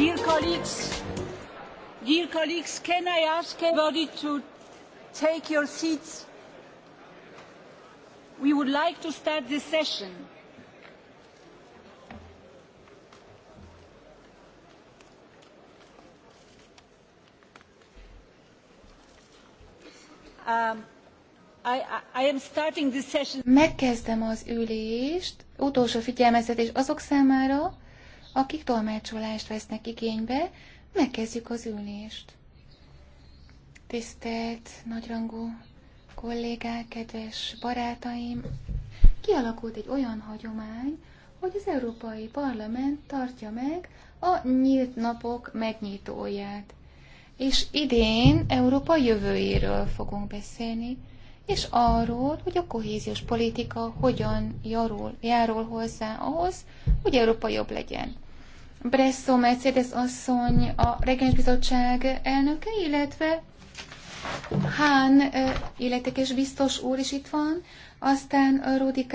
Dear can I ask everybody to take your seats? We would like to start this session. Um, I, I am starting this session. Megkezdem az ülést. Utolsó figyelmeztetés azok számára, akik tolmácsolást vesznek igénybe, megkezdjük az ülést. Tisztelt, nagyrangú kollégák, kedves barátaim! Kialakult egy olyan hagyomány, hogy az Európai Parlament tartja meg a nyílt napok megnyitóját. És idén Európa jövőjéről fogunk beszélni és arról, hogy a kohéziós politika hogyan jarul, járul hozzá ahhoz, hogy Európa jobb legyen. Bresso Mercedes asszony, a Regens Bizottság elnöke, illetve Hán illetékes biztos úr is itt van, aztán Rudi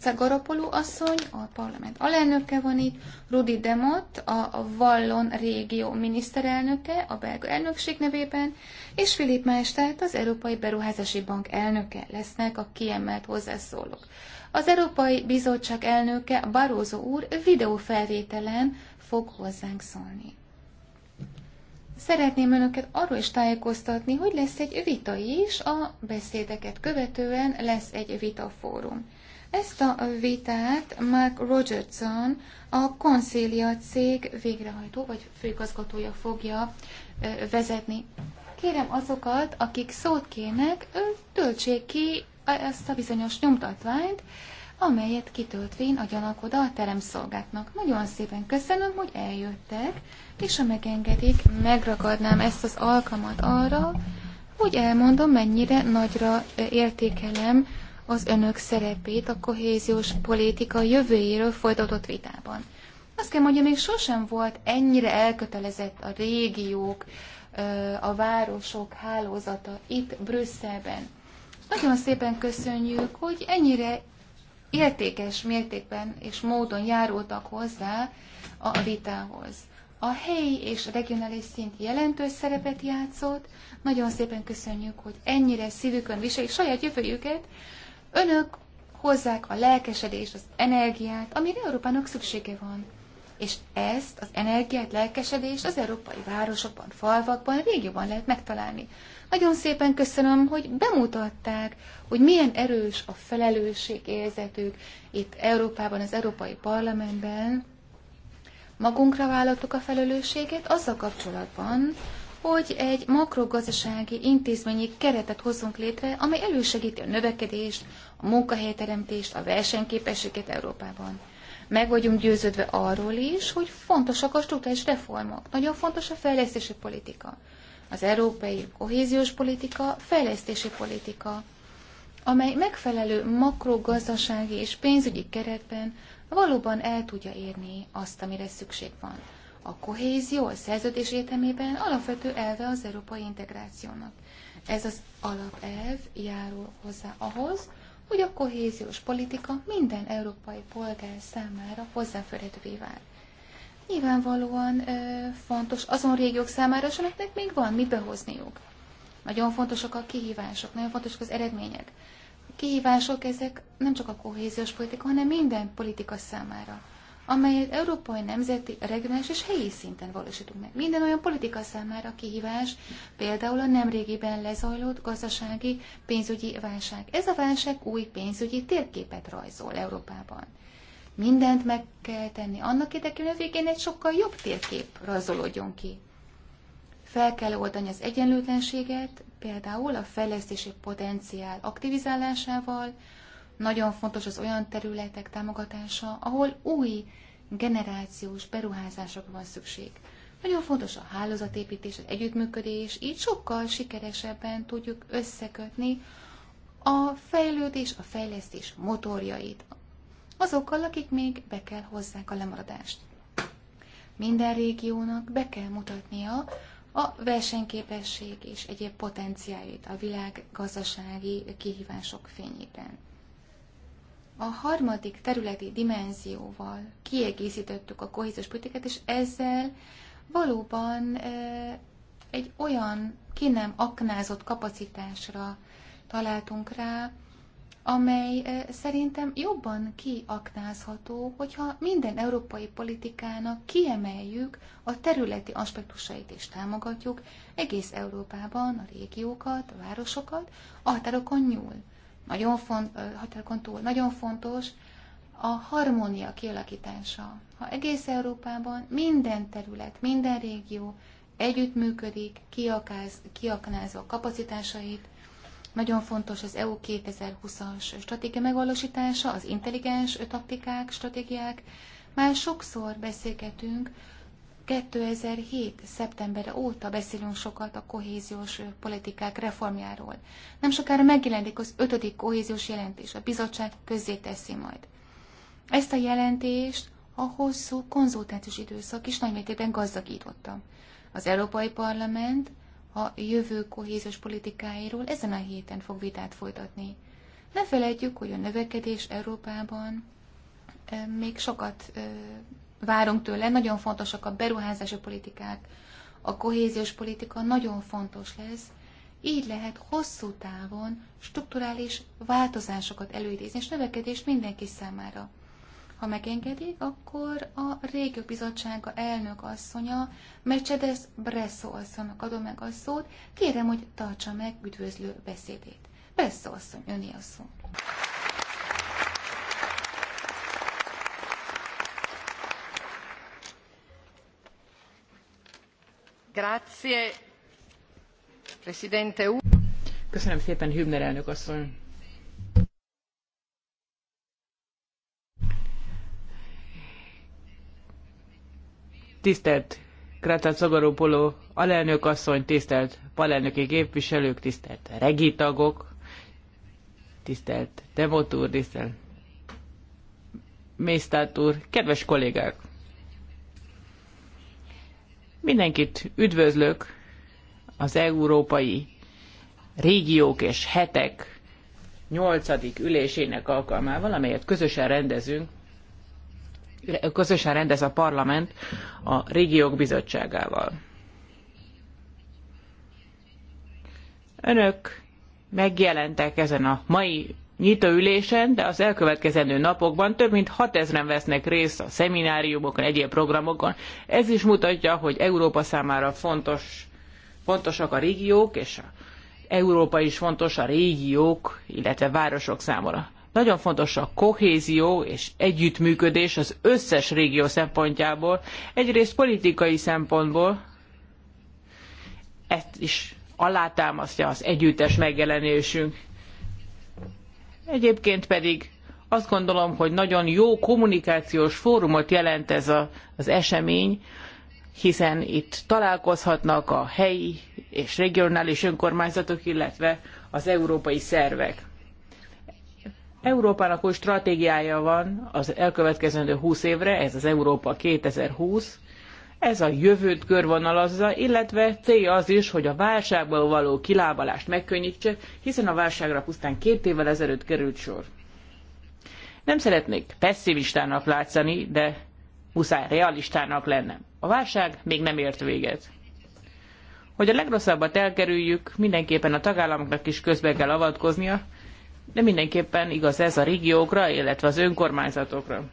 Cagaropolú asszony, a parlament alelnöke van itt, Rudi Demott, a Vallon régió miniszterelnöke, a belga elnökség nevében, és Filip Maestát, az Európai Beruházási Bank elnöke lesznek a kiemelt hozzászólók. Az Európai Bizottság elnöke Barózó úr videófelvételen fog hozzánk szólni. Szeretném önöket arról is tájékoztatni, hogy lesz egy vita is, a beszédeket követően lesz egy vitafórum. Ezt a vitát Mark Rogerson, a Consilia cég végrehajtó vagy főigazgatója fogja vezetni. Kérem azokat, akik szót kérnek, töltsék ki ezt a bizonyos nyomtatványt, amelyet kitöltvén a oda a teremszolgáknak. Nagyon szépen köszönöm, hogy eljöttek, és ha megengedik, megragadnám ezt az alkalmat arra, hogy elmondom, mennyire nagyra e, értékelem az önök szerepét a kohéziós politika jövőjéről folytatott vitában. Azt kell mondjam, még sosem volt ennyire elkötelezett a régiók, e, a városok hálózata itt Brüsszelben. Nagyon szépen köszönjük, hogy ennyire értékes mértékben és módon járultak hozzá a vitához. A helyi és a regionális szint jelentős szerepet játszott. Nagyon szépen köszönjük, hogy ennyire szívükön viselik saját jövőjüket. Önök hozzák a lelkesedést, az energiát, amire Európának szüksége van. És ezt az energiát, lelkesedést az európai városokban, falvakban, régióban lehet megtalálni. Nagyon szépen köszönöm, hogy bemutatták, hogy milyen erős a felelősség érzetük itt Európában, az Európai Parlamentben. Magunkra vállaltuk a felelősséget azzal kapcsolatban, hogy egy makrogazdasági intézményi keretet hozzunk létre, amely elősegíti a növekedést, a munkahelyteremtést, a versenyképességet Európában. Meg vagyunk győződve arról is, hogy fontosak a struktúrális reformok, nagyon fontos a fejlesztési politika az európai kohéziós politika fejlesztési politika, amely megfelelő makrogazdasági és pénzügyi keretben valóban el tudja érni azt, amire szükség van. A kohézió a szerződés értelmében alapvető elve az európai integrációnak. Ez az alapelv járul hozzá ahhoz, hogy a kohéziós politika minden európai polgár számára hozzáférhetővé vált nyilvánvalóan ö, fontos azon régiók számára, és amiknek még van mit behozniuk. Nagyon fontosak a kihívások, nagyon fontosak az eredmények. A kihívások ezek nem csak a kohéziós politika, hanem minden politika számára, amelyet európai, nemzeti, regionális és helyi szinten valósítunk meg. Minden olyan politika számára a kihívás, például a nemrégiben lezajlott gazdasági pénzügyi válság. Ez a válság új pénzügyi térképet rajzol Európában. Mindent meg kell tenni annak érdekében, hogy végén egy sokkal jobb térkép rajzolódjon ki. Fel kell oldani az egyenlőtlenséget, például a fejlesztési potenciál aktivizálásával, nagyon fontos az olyan területek támogatása, ahol új generációs beruházásokra van szükség. Nagyon fontos a hálózatépítés, az együttműködés, így sokkal sikeresebben tudjuk összekötni a fejlődés, a fejlesztés motorjait, azokkal, akik még be kell hozzák a lemaradást. Minden régiónak be kell mutatnia a versenyképesség és egyéb potenciáit a világ gazdasági kihívások fényében. A harmadik területi dimenzióval kiegészítettük a kohéziós politikát, és ezzel valóban egy olyan ki nem aknázott kapacitásra találtunk rá, amely szerintem jobban kiaknázható, hogyha minden európai politikának kiemeljük a területi aspektusait és támogatjuk egész Európában a régiókat, a városokat, a határokon nyúl. Nagyon font, határokon túl. Nagyon fontos a harmónia kialakítása. Ha egész Európában minden terület, minden régió együttműködik, kiaknázva kiaknázza a kapacitásait, nagyon fontos az EU 2020-as stratégia megvalósítása, az intelligens taktikák, stratégiák. Már sokszor beszélgetünk, 2007. szeptember óta beszélünk sokat a kohéziós politikák reformjáról. Nem sokára megjelenik az ötödik kohéziós jelentés, a bizottság közzé teszi majd. Ezt a jelentést a hosszú konzultációs időszak is nagymértékben gazdagította. Az Európai Parlament a jövő kohéziós politikáiról ezen a héten fog vitát folytatni. Ne felejtjük, hogy a növekedés Európában még sokat várunk tőle, nagyon fontosak a beruházási politikák, a kohéziós politika nagyon fontos lesz, így lehet hosszú távon strukturális változásokat előidézni, és növekedést mindenki számára. Ha megengedi, akkor a Régiók Bizottsága elnök asszonya, Mercedes Bresso asszonynak adom meg a szót. Kérem, hogy tartsa meg üdvözlő beszédét. Bresso asszony, öné a szó. Grazie, Presidente Köszönöm szépen, Hübner elnök asszony! Tisztelt Krátán Szagaropoló alelnök asszony, tisztelt palelnöki képviselők, tisztelt regitagok, tisztelt Demot úr, tisztelt Mésztát úr, kedves kollégák! Mindenkit üdvözlök az európai régiók és hetek nyolcadik ülésének alkalmával, amelyet közösen rendezünk közösen rendez a parlament a régiók bizottságával. Önök megjelentek ezen a mai nyitóülésen, de az elkövetkezendő napokban több mint 6000-en vesznek részt a szemináriumokon, egyéb programokon. Ez is mutatja, hogy Európa számára fontos, fontosak a régiók, és a Európa is fontos a régiók, illetve városok számára. Nagyon fontos a kohézió és együttműködés az összes régió szempontjából, egyrészt politikai szempontból, ezt is alátámasztja az együttes megjelenésünk. Egyébként pedig azt gondolom, hogy nagyon jó kommunikációs fórumot jelent ez a, az esemény, hiszen itt találkozhatnak a helyi és regionális önkormányzatok, illetve az európai szervek. Európának új stratégiája van az elkövetkezendő 20 évre, ez az Európa 2020, ez a jövőt körvonalazza, illetve célja az is, hogy a válságból való kilábalást megkönnyítse, hiszen a válságra pusztán két évvel ezelőtt került sor. Nem szeretnék pessimistának látszani, de muszáj realistának lennem. A válság még nem ért véget. Hogy a legrosszabbat elkerüljük, mindenképpen a tagállamoknak is közbe kell avatkoznia, de mindenképpen igaz ez a régiókra, illetve az önkormányzatokra.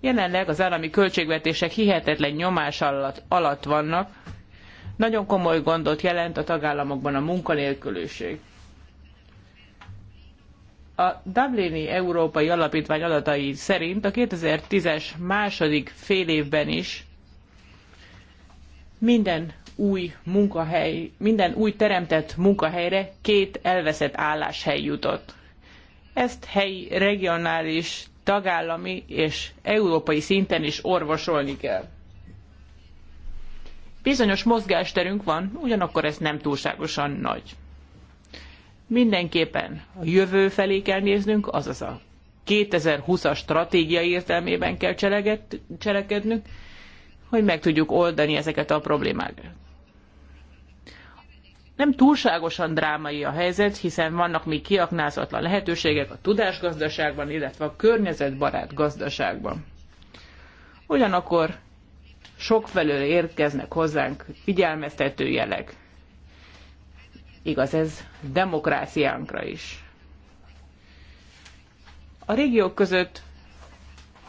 Jelenleg az állami költségvetések hihetetlen nyomás alatt, alatt vannak, nagyon komoly gondot jelent a tagállamokban a munkanélküliség. A Dublini Európai Alapítvány adatai szerint a 2010-es második félévben is minden új munkahely, minden új teremtett munkahelyre két elveszett álláshely jutott. Ezt helyi, regionális, tagállami és európai szinten is orvosolni kell. Bizonyos mozgásterünk van, ugyanakkor ez nem túlságosan nagy. Mindenképpen a jövő felé kell néznünk, azaz a 2020-as stratégia értelmében kell cselekednünk, hogy meg tudjuk oldani ezeket a problémákat nem túlságosan drámai a helyzet, hiszen vannak még kiaknázatlan lehetőségek a tudásgazdaságban, illetve a környezetbarát gazdaságban. Ugyanakkor sokfelől érkeznek hozzánk figyelmeztető jelek. Igaz ez demokráciánkra is. A régiók között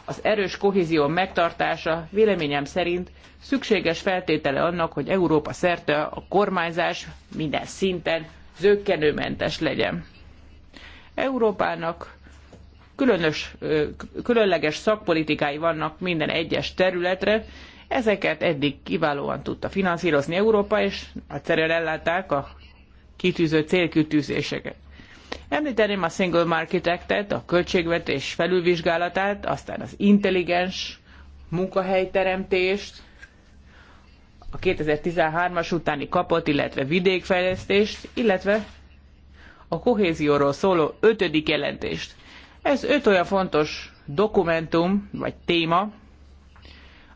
az erős kohézió megtartása véleményem szerint szükséges feltétele annak, hogy Európa szerte a kormányzás minden szinten zöggenőmentes legyen. Európának különös, különleges szakpolitikái vannak minden egyes területre, ezeket eddig kiválóan tudta finanszírozni Európa, és egyszerűen ellátták a kitűző célkütűzéseket. Említeném a Single Market Act-et, a költségvetés felülvizsgálatát, aztán az intelligens munkahelyteremtést, a 2013-as utáni kapott illetve vidékfejlesztést, illetve a kohézióról szóló ötödik jelentést. Ez öt olyan fontos dokumentum, vagy téma,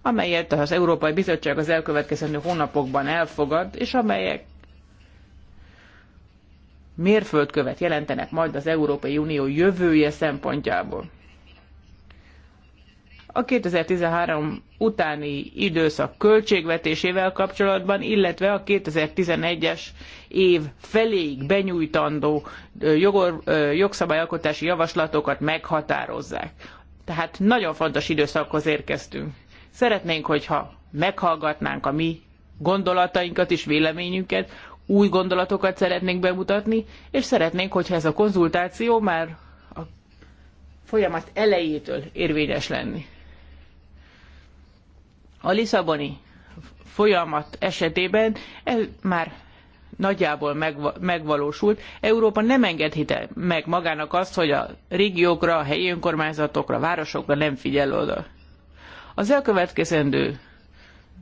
amelyet az Európai Bizottság az elkövetkezendő hónapokban elfogad, és amelyek mérföldkövet jelentenek majd az Európai Unió jövője szempontjából a 2013 utáni időszak költségvetésével kapcsolatban, illetve a 2011-es év feléig benyújtandó jogor, jogszabályalkotási javaslatokat meghatározzák. Tehát nagyon fontos időszakhoz érkeztünk. Szeretnénk, hogyha meghallgatnánk a mi gondolatainkat és véleményünket, új gondolatokat szeretnénk bemutatni, és szeretnénk, hogyha ez a konzultáció már a folyamat elejétől érvényes lenni. A Lisszaboni folyamat esetében ez már nagyjából megvalósult. Európa nem engedhite meg magának azt, hogy a régiókra, a helyi önkormányzatokra, a városokra nem figyel oda. Az elkövetkezendő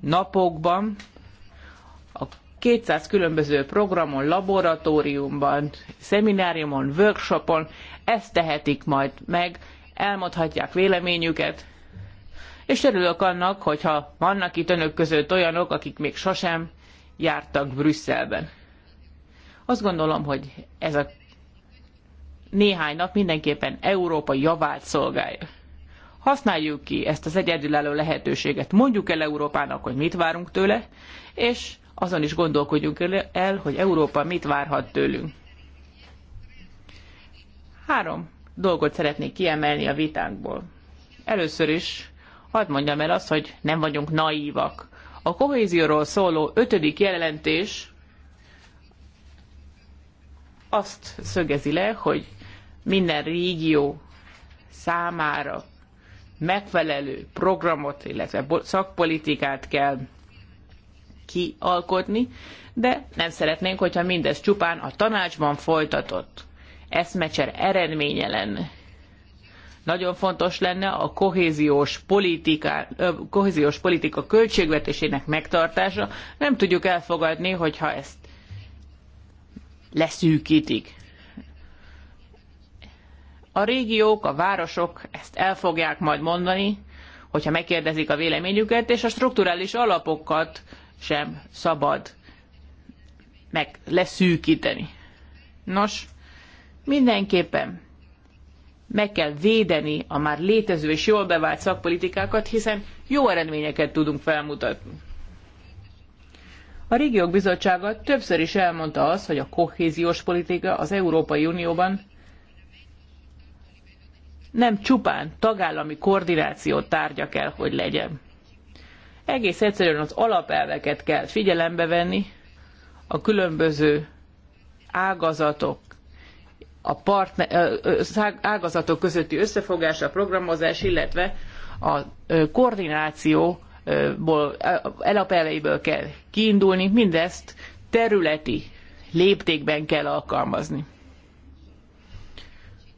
napokban a 200 különböző programon, laboratóriumban, szemináriumon, workshopon ezt tehetik majd meg, elmondhatják véleményüket, és örülök annak, hogyha vannak itt önök között olyanok, akik még sosem jártak Brüsszelben. Azt gondolom, hogy ez a néhány nap mindenképpen Európa javát szolgálja. Használjuk ki ezt az egyedülálló lehetőséget, mondjuk el Európának, hogy mit várunk tőle, és azon is gondolkodjunk el, hogy Európa mit várhat tőlünk. Három dolgot szeretnék kiemelni a vitánkból. Először is Hadd mondjam el azt, hogy nem vagyunk naívak. A kohézióról szóló ötödik jelentés azt szögezi le, hogy minden régió számára megfelelő programot, illetve szakpolitikát kell kialkotni, de nem szeretnénk, hogyha mindez csupán a tanácsban folytatott eszmecser eredménye lenne. Nagyon fontos lenne a kohéziós, politika, kohéziós politika költségvetésének megtartása. Nem tudjuk elfogadni, hogyha ezt leszűkítik. A régiók, a városok ezt el fogják majd mondani, hogyha megkérdezik a véleményüket, és a strukturális alapokat sem szabad meg leszűkíteni. Nos, mindenképpen meg kell védeni a már létező és jól bevált szakpolitikákat, hiszen jó eredményeket tudunk felmutatni. A régiók bizottsága többször is elmondta azt, hogy a kohéziós politika az Európai Unióban nem csupán tagállami koordináció tárgya kell, hogy legyen. Egész egyszerűen az alapelveket kell figyelembe venni, a különböző ágazatok a partner, ágazatok közötti összefogás, a programozás, illetve a koordinációból, elapeleiből kell kiindulni, mindezt területi léptékben kell alkalmazni.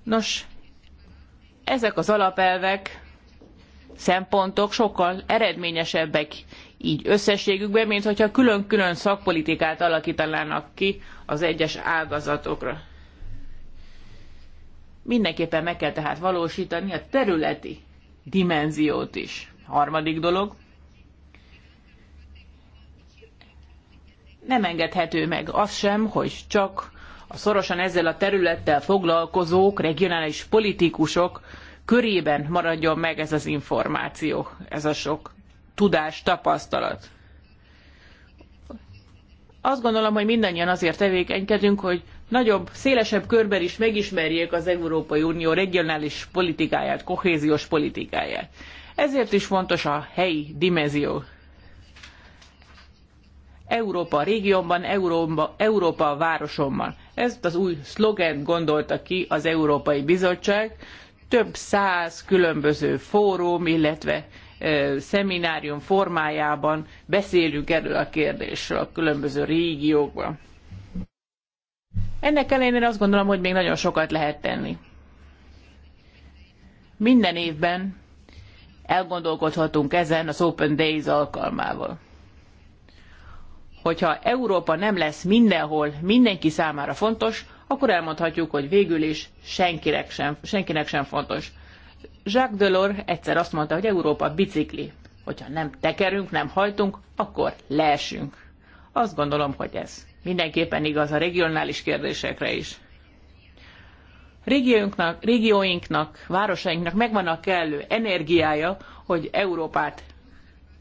Nos, ezek az alapelvek, szempontok sokkal eredményesebbek így összességükben, mint hogyha külön-külön szakpolitikát alakítanának ki az egyes ágazatokra. Mindenképpen meg kell tehát valósítani a területi dimenziót is. Harmadik dolog, nem engedhető meg az sem, hogy csak a szorosan ezzel a területtel foglalkozók, regionális politikusok körében maradjon meg ez az információ, ez a sok tudás, tapasztalat. Azt gondolom, hogy mindannyian azért tevékenykedünk, hogy nagyobb, szélesebb körben is megismerjék az Európai Unió regionális politikáját, kohéziós politikáját. Ezért is fontos a helyi dimenzió. Európa a régióban, Európa, Európa a városomban. Ezt az új szlogent gondolta ki az Európai Bizottság. Több száz különböző fórum, illetve ö, szeminárium formájában beszélünk erről a kérdésről a különböző régiókban. Ennek ellenére azt gondolom, hogy még nagyon sokat lehet tenni. Minden évben elgondolkodhatunk ezen az Open Days alkalmával. Hogyha Európa nem lesz mindenhol mindenki számára fontos, akkor elmondhatjuk, hogy végül is senkinek sem, senkinek sem fontos. Jacques Delors egyszer azt mondta, hogy Európa bicikli. Hogyha nem tekerünk, nem hajtunk, akkor leesünk. Azt gondolom, hogy ez mindenképpen igaz a regionális kérdésekre is. Régióinknak, régióinknak, városainknak megvan a kellő energiája, hogy Európát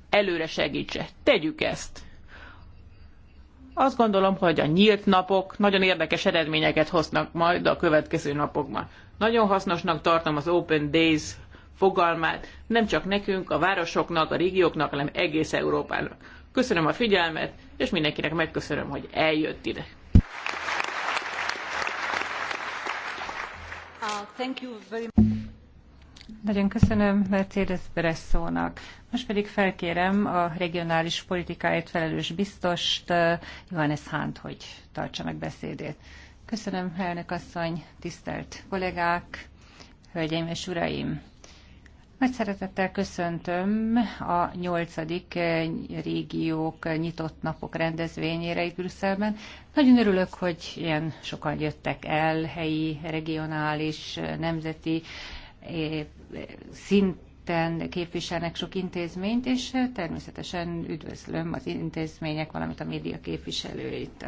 előre segítse. Tegyük ezt! Azt gondolom, hogy a nyílt napok nagyon érdekes eredményeket hoznak majd a következő napokban. Nagyon hasznosnak tartom az Open Days fogalmát, nem csak nekünk, a városoknak, a régióknak, hanem egész Európának. Köszönöm a figyelmet, és mindenkinek megköszönöm, hogy eljött ide. Uh, Nagyon köszönöm Mercedes Bresszónak. Most pedig felkérem a regionális politikáért felelős biztost, uh, Johannes Hánt, hogy tartsa meg beszédét. Köszönöm, elnök asszony, tisztelt kollégák, hölgyeim és uraim! Nagy szeretettel köszöntöm a nyolcadik eh, régiók eh, nyitott napok rendezvényére itt Brüsszelben. Nagyon örülök, hogy ilyen sokan jöttek el helyi, regionális, eh, nemzeti szint képviselnek sok intézményt, és természetesen üdvözlöm az intézmények, valamint a média képviselőit.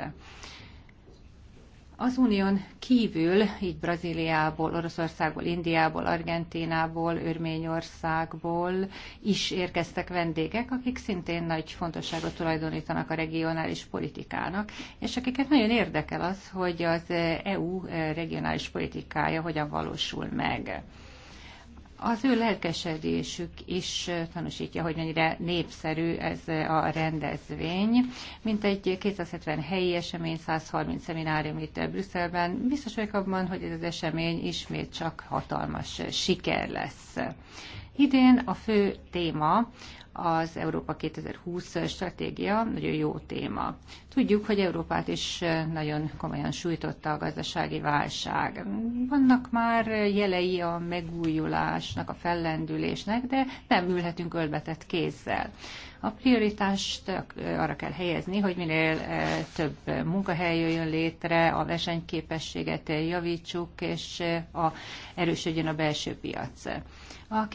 Az unión kívül, így Brazíliából, Oroszországból, Indiából, Argentinából, Örményországból is érkeztek vendégek, akik szintén nagy fontosságot tulajdonítanak a regionális politikának, és akiket nagyon érdekel az, hogy az EU regionális politikája hogyan valósul meg. Az ő lelkesedésük is tanúsítja, hogy mennyire népszerű ez a rendezvény. Mint egy 270 helyi esemény, 130 szeminárium itt Brüsszelben. Biztos vagyok abban, hogy ez az esemény ismét csak hatalmas siker lesz. Idén a fő téma az Európa 2020 stratégia nagyon jó téma. Tudjuk, hogy Európát is nagyon komolyan sújtotta a gazdasági válság. Vannak már jelei a megújulásnak, a fellendülésnek, de nem ülhetünk ölbetett kézzel. A prioritást arra kell helyezni, hogy minél eh, több munkahely jöjjön létre, a versenyképességet javítsuk, és eh, a, erősödjön a belső piac. A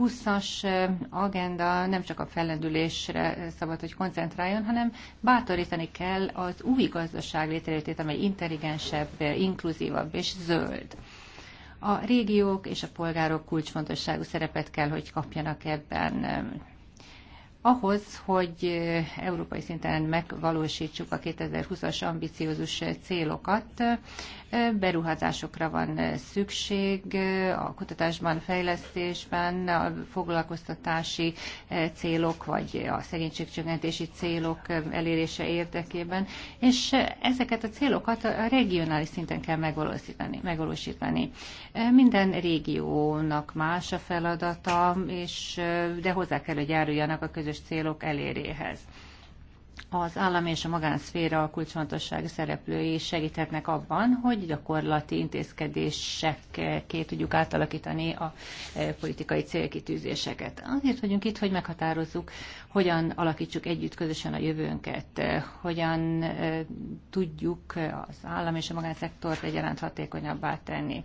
20-as agenda nem csak a fellendülésre szabad, hogy koncentráljon, hanem bátorítani kell az új gazdaság létrejöttét, amely intelligensebb, inkluzívabb és zöld. A régiók és a polgárok kulcsfontosságú szerepet kell, hogy kapjanak ebben ahhoz, hogy eh, európai szinten megvalósítsuk a 2020-as ambiciózus célokat, eh, beruházásokra van eh, szükség a kutatásban, fejlesztésben, a foglalkoztatási célok, vagy a szegénységcsökkentési célok elérése érdekében, és ezeket a célokat a regionális szinten kell megvalósítani. megvalósítani. Minden régiónak más a feladata, és de hozzá kell, hogy járuljanak a közös közös célok eléréhez. Az állam és a magánszféra a kulcsfontosságú szereplői segíthetnek abban, hogy gyakorlati intézkedésekké tudjuk átalakítani a e, politikai célkitűzéseket. Azért vagyunk itt, hogy meghatározzuk, hogyan alakítsuk együtt közösen a jövőnket, hogyan e, tudjuk az állam és a magánszektort egyaránt hatékonyabbá tenni.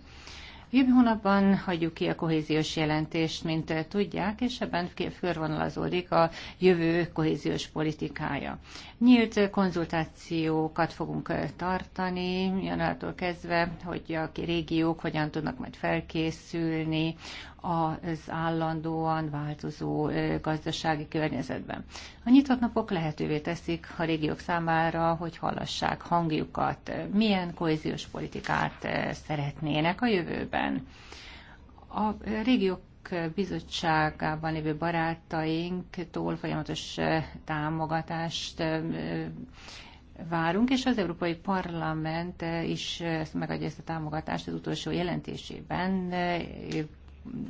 Jövő hónapban hagyjuk ki a kohéziós jelentést, mint tudják, és ebben fölvonalazódik a jövő kohéziós politikája. Nyílt konzultációkat fogunk tartani, januártól kezdve, hogy a régiók hogyan tudnak majd felkészülni az állandóan változó gazdasági környezetben. A nyitott napok lehetővé teszik a régiók számára, hogy hallassák hangjukat, milyen kohéziós politikát szeretnének a jövőben. A régiók bizottságában lévő barátainktól folyamatos támogatást várunk, és az Európai Parlament is megadja ezt a támogatást az utolsó jelentésében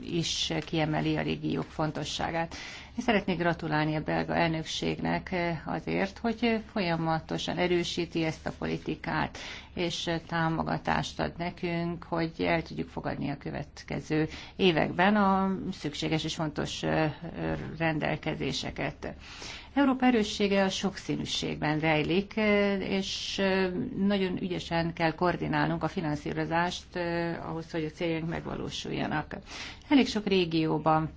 is kiemeli a régiók fontosságát. Én szeretnék gratulálni a belga elnökségnek azért, hogy folyamatosan erősíti ezt a politikát, és támogatást ad nekünk, hogy el tudjuk fogadni a következő években a szükséges és fontos rendelkezéseket. Európa erőssége a sokszínűségben rejlik, és nagyon ügyesen kell koordinálnunk a finanszírozást ahhoz, hogy a céljaink megvalósuljanak. Elég sok régióban,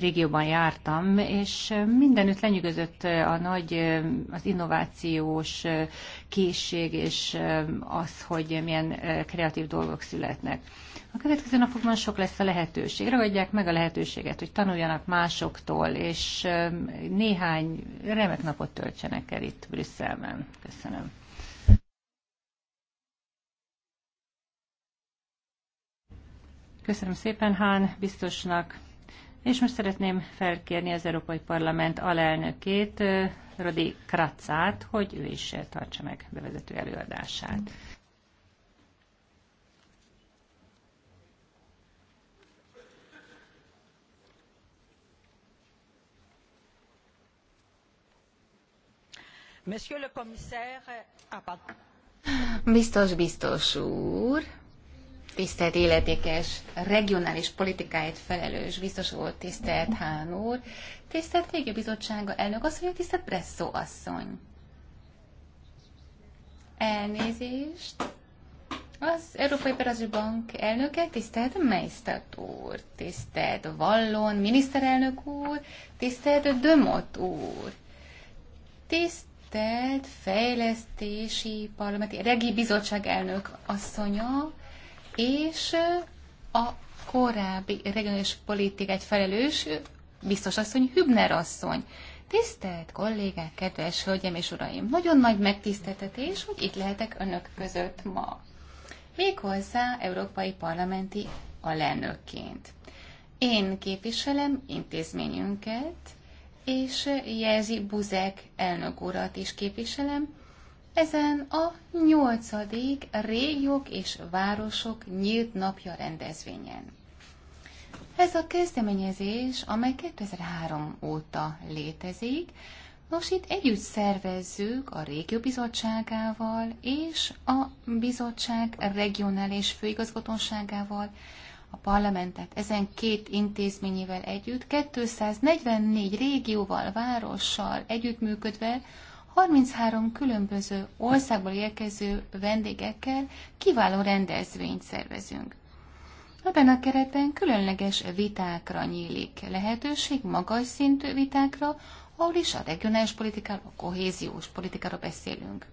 régióban jártam, és mindenütt lenyűgözött a nagy, az innovációs készség, és az, hogy milyen kreatív dolgok születnek. A következő napokban sok lesz a lehetőség. Ragadják meg a lehetőséget, hogy tanuljanak másoktól, és néhány remek napot töltsenek el itt Brüsszelben. Köszönöm. Köszönöm szépen Hán biztosnak. És most szeretném felkérni az Európai Parlament alelnökét, Rodi Kratzát, hogy ő is tartsa meg bevezető előadását. Ah, biztos, biztos úr, tisztelt életékes, regionális politikáért felelős, biztos volt tisztelt Hán úr, tisztelt Régi Bizottsága elnök asszony, tisztelt Bresszó asszony. Elnézést. Az Európai Perazsi Bank elnöke, tisztelt Meisztat úr, tisztelt Vallon miniszterelnök úr, tisztelt Dömot úr, tiszt tisztelt fejlesztési parlamenti regi bizottság elnök asszonya és a korábbi regionális egy felelős biztos asszony, Hübner asszony. Tisztelt kollégák, kedves hölgyem és uraim! Nagyon nagy megtiszteltetés, hogy itt lehetek önök között ma. Méghozzá Európai Parlamenti alelnökként. Én képviselem intézményünket, és Jelzi Buzek elnök urat is képviselem. Ezen a nyolcadik régiók és városok nyílt napja rendezvényen. Ez a kezdeményezés, amely 2003 óta létezik, most itt együtt szervezzük a Régió Bizottságával és a Bizottság Regionális Főigazgatóságával a parlamentet ezen két intézményével együtt, 244 régióval, várossal együttműködve, 33 különböző országból érkező vendégekkel kiváló rendezvényt szervezünk. Ebben a keretben különleges vitákra nyílik lehetőség, magas szintű vitákra, ahol is a regionális politikáról, a kohéziós politikáról beszélünk.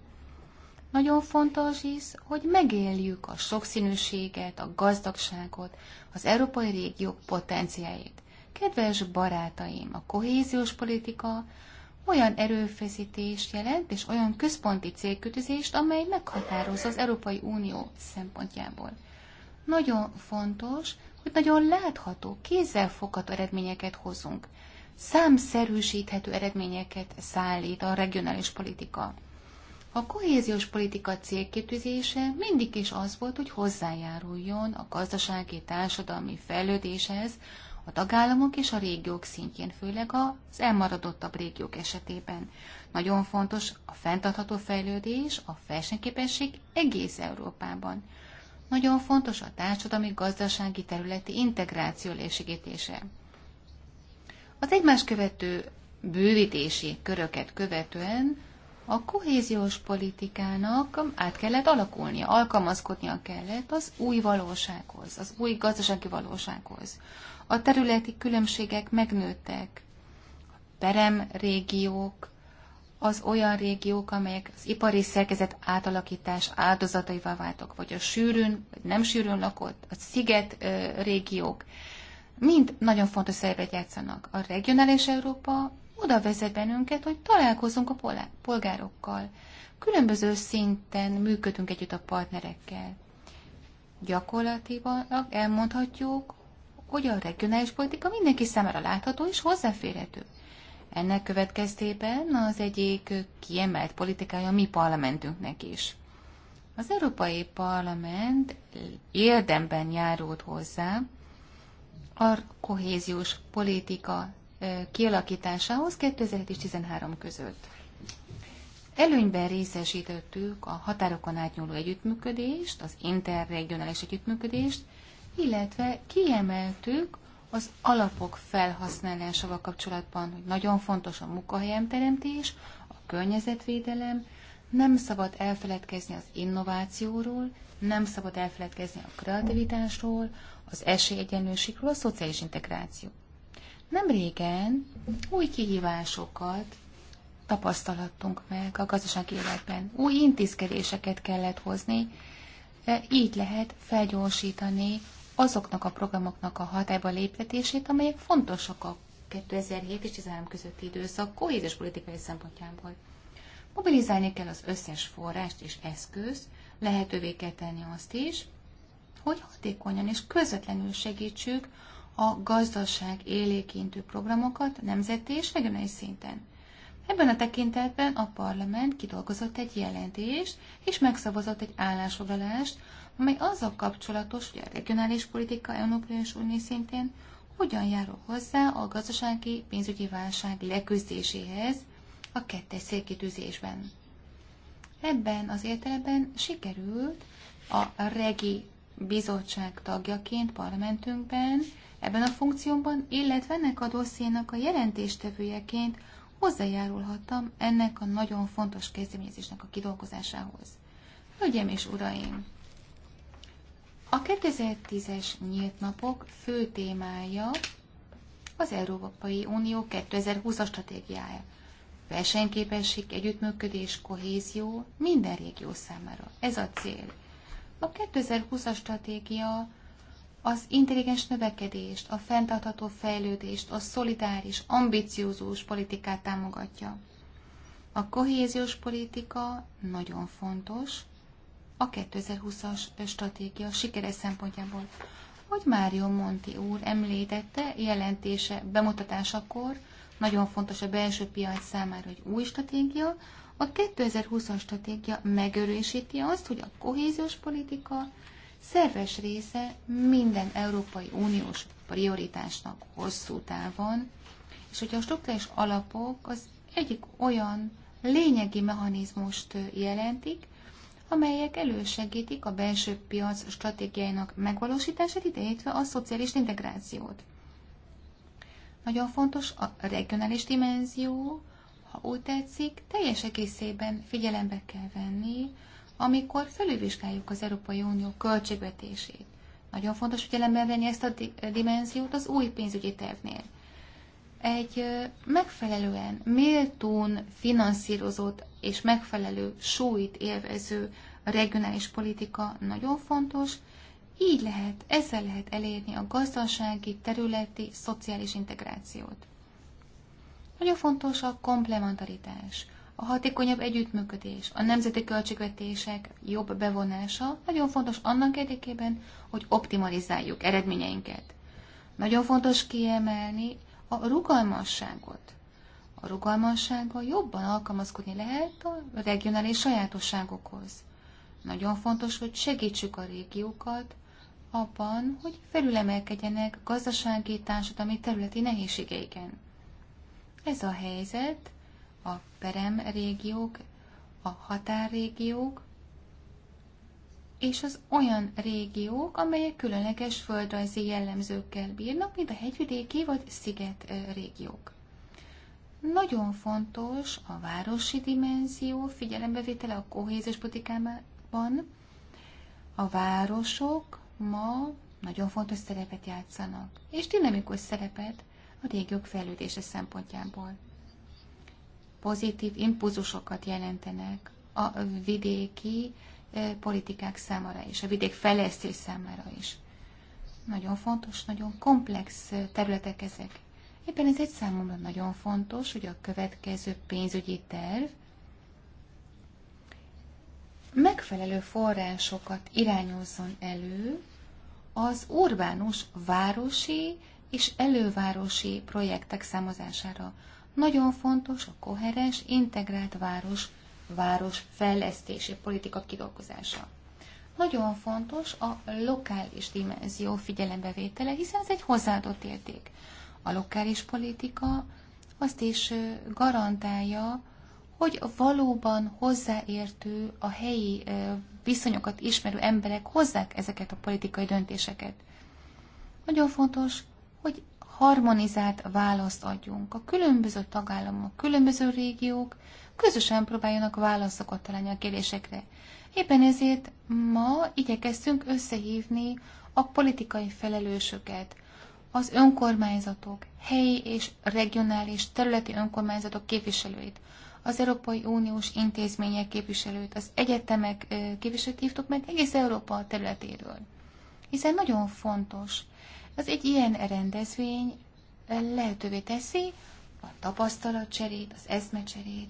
Nagyon fontos is, hogy megéljük a sokszínűséget, a gazdagságot, az európai régiók potenciáit. Kedves barátaim, a kohéziós politika olyan erőfeszítést jelent, és olyan központi célkütözést, amely meghatározza az Európai Unió szempontjából. Nagyon fontos, hogy nagyon látható, kézzelfogható eredményeket hozunk. Számszerűsíthető eredményeket szállít a regionális politika. A kohéziós politika célkitűzése mindig is az volt, hogy hozzájáruljon a gazdasági, társadalmi fejlődéshez a tagállamok és a régiók szintjén, főleg az elmaradottabb régiók esetében. Nagyon fontos a fenntartható fejlődés, a versenyképesség egész Európában. Nagyon fontos a társadalmi gazdasági területi integráció lésegítése. Az egymás követő bővítési köröket követően a kohéziós politikának át kellett alakulnia, alkalmazkodnia kellett az új valósághoz, az új gazdasági valósághoz. A területi különbségek megnőttek. A perem régiók, az olyan régiók, amelyek az ipari szerkezet átalakítás áldozataival váltak, vagy a sűrűn, vagy nem sűrűn lakott, a sziget régiók, mind nagyon fontos szerepet játszanak. A regionális Európa oda vezet bennünket, hogy találkozunk a polgárokkal. Különböző szinten működünk együtt a partnerekkel. Gyakorlatilag elmondhatjuk, hogy a regionális politika mindenki számára látható és hozzáférhető. Ennek következtében az egyik kiemelt politikája a mi parlamentünknek is. Az Európai Parlament érdemben járult hozzá a kohéziós politika kialakításához 2013 között. Előnyben részesítettük a határokon átnyúló együttműködést, az interregionális együttműködést, illetve kiemeltük az alapok felhasználásával kapcsolatban, hogy nagyon fontos a munkahelyemteremtés, a környezetvédelem, nem szabad elfeledkezni az innovációról, nem szabad elfeledkezni a kreativitásról, az esélyegyenlőségről, a szociális integrációról. Nem régen új kihívásokat tapasztalattunk meg a gazdasági életben. Új intézkedéseket kellett hozni, e, így lehet felgyorsítani azoknak a programoknak a hatályba léptetését, amelyek fontosak a 2007 és 2013 közötti időszak kohézes politikai szempontjából. Mobilizálni kell az összes forrást és eszközt, lehetővé kell tenni azt is, hogy hatékonyan és közvetlenül segítsük a gazdaság élékintő programokat nemzeti és regionális szinten. Ebben a tekintetben a parlament kidolgozott egy jelentést, és megszavazott egy állásfoglalást, amely azzal kapcsolatos, hogy a regionális politika Európai Unió szintén hogyan járul hozzá a gazdasági pénzügyi válság leküzdéséhez a kettes szélkitűzésben. Ebben az értelemben sikerült a Regi Bizottság tagjaként parlamentünkben Ebben a funkciómban, illetve ennek a dossziénak a jelentéstevőjeként hozzájárulhattam ennek a nagyon fontos kezdeményezésnek a kidolgozásához. Hölgyeim és uraim! A 2010-es nyílt napok fő témája az Európai Unió 2020-as stratégiája. Versenyképesség, együttműködés, kohézió minden régió számára. Ez a cél. A 2020-as stratégia az intelligens növekedést, a fenntartható fejlődést, a szolidáris, ambiciózus politikát támogatja. A kohéziós politika nagyon fontos a 2020-as stratégia sikere szempontjából. Hogy Mário Monti úr említette jelentése bemutatásakor, nagyon fontos a belső piac számára egy új stratégia. A 2020-as stratégia megerősíti azt, hogy a kohéziós politika szerves része minden Európai Uniós prioritásnak hosszú távon, és hogy a struktúrás alapok az egyik olyan lényegi mechanizmust jelentik, amelyek elősegítik a belső piac stratégiájának megvalósítását, ideértve a szociális integrációt. Nagyon fontos a regionális dimenzió, ha úgy tetszik, teljes egészében figyelembe kell venni amikor felülvizsgáljuk az Európai Unió költségvetését. Nagyon fontos figyelembe venni ezt a dimenziót az új pénzügyi tervnél. Egy megfelelően, méltón finanszírozott és megfelelő súlyt élvező regionális politika nagyon fontos, így lehet, ezzel lehet elérni a gazdasági, területi, szociális integrációt. Nagyon fontos a komplementaritás, a hatékonyabb együttműködés, a nemzeti költségvetések jobb bevonása nagyon fontos annak érdekében, hogy optimalizáljuk eredményeinket. Nagyon fontos kiemelni a rugalmasságot. A rugalmassággal jobban alkalmazkodni lehet a regionális sajátosságokhoz. Nagyon fontos, hogy segítsük a régiókat abban, hogy felülemelkedjenek gazdasági, társadalmi területi nehézségeiken. Ez a helyzet a perem régiók, a határrégiók, és az olyan régiók, amelyek különleges földrajzi jellemzőkkel bírnak, mint a hegyvidéki vagy sziget régiók. Nagyon fontos a városi dimenzió figyelembevétele a kohéziós politikában. A városok ma nagyon fontos szerepet játszanak, és dinamikus szerepet a régiók fejlődése szempontjából pozitív impulzusokat jelentenek a vidéki eh, politikák számára is, a vidék fejlesztés számára is. Nagyon fontos, nagyon komplex eh, területek ezek. Éppen ez egy számomra nagyon fontos, hogy a következő pénzügyi terv megfelelő forrásokat irányozzon elő az urbánus, városi és elővárosi projektek számozására, nagyon fontos a koherens, integrált város, város fejlesztési politika kidolgozása. Nagyon fontos a lokális dimenzió figyelembevétele, hiszen ez egy hozzáadott érték. A lokális politika azt is garantálja, hogy valóban hozzáértő, a helyi viszonyokat ismerő emberek hozzák ezeket a politikai döntéseket. Nagyon fontos, hogy harmonizált választ adjunk. A különböző tagállamok, különböző régiók közösen próbáljanak válaszokat találni a kérdésekre. Éppen ezért ma igyekeztünk összehívni a politikai felelősöket, az önkormányzatok, helyi és regionális területi önkormányzatok képviselőit, az Európai Uniós intézmények képviselőit, az egyetemek képviselőt hívtuk meg egész Európa területéről. Hiszen nagyon fontos, az egy ilyen rendezvény lehetővé teszi a tapasztalatcserét, az eszmecserét,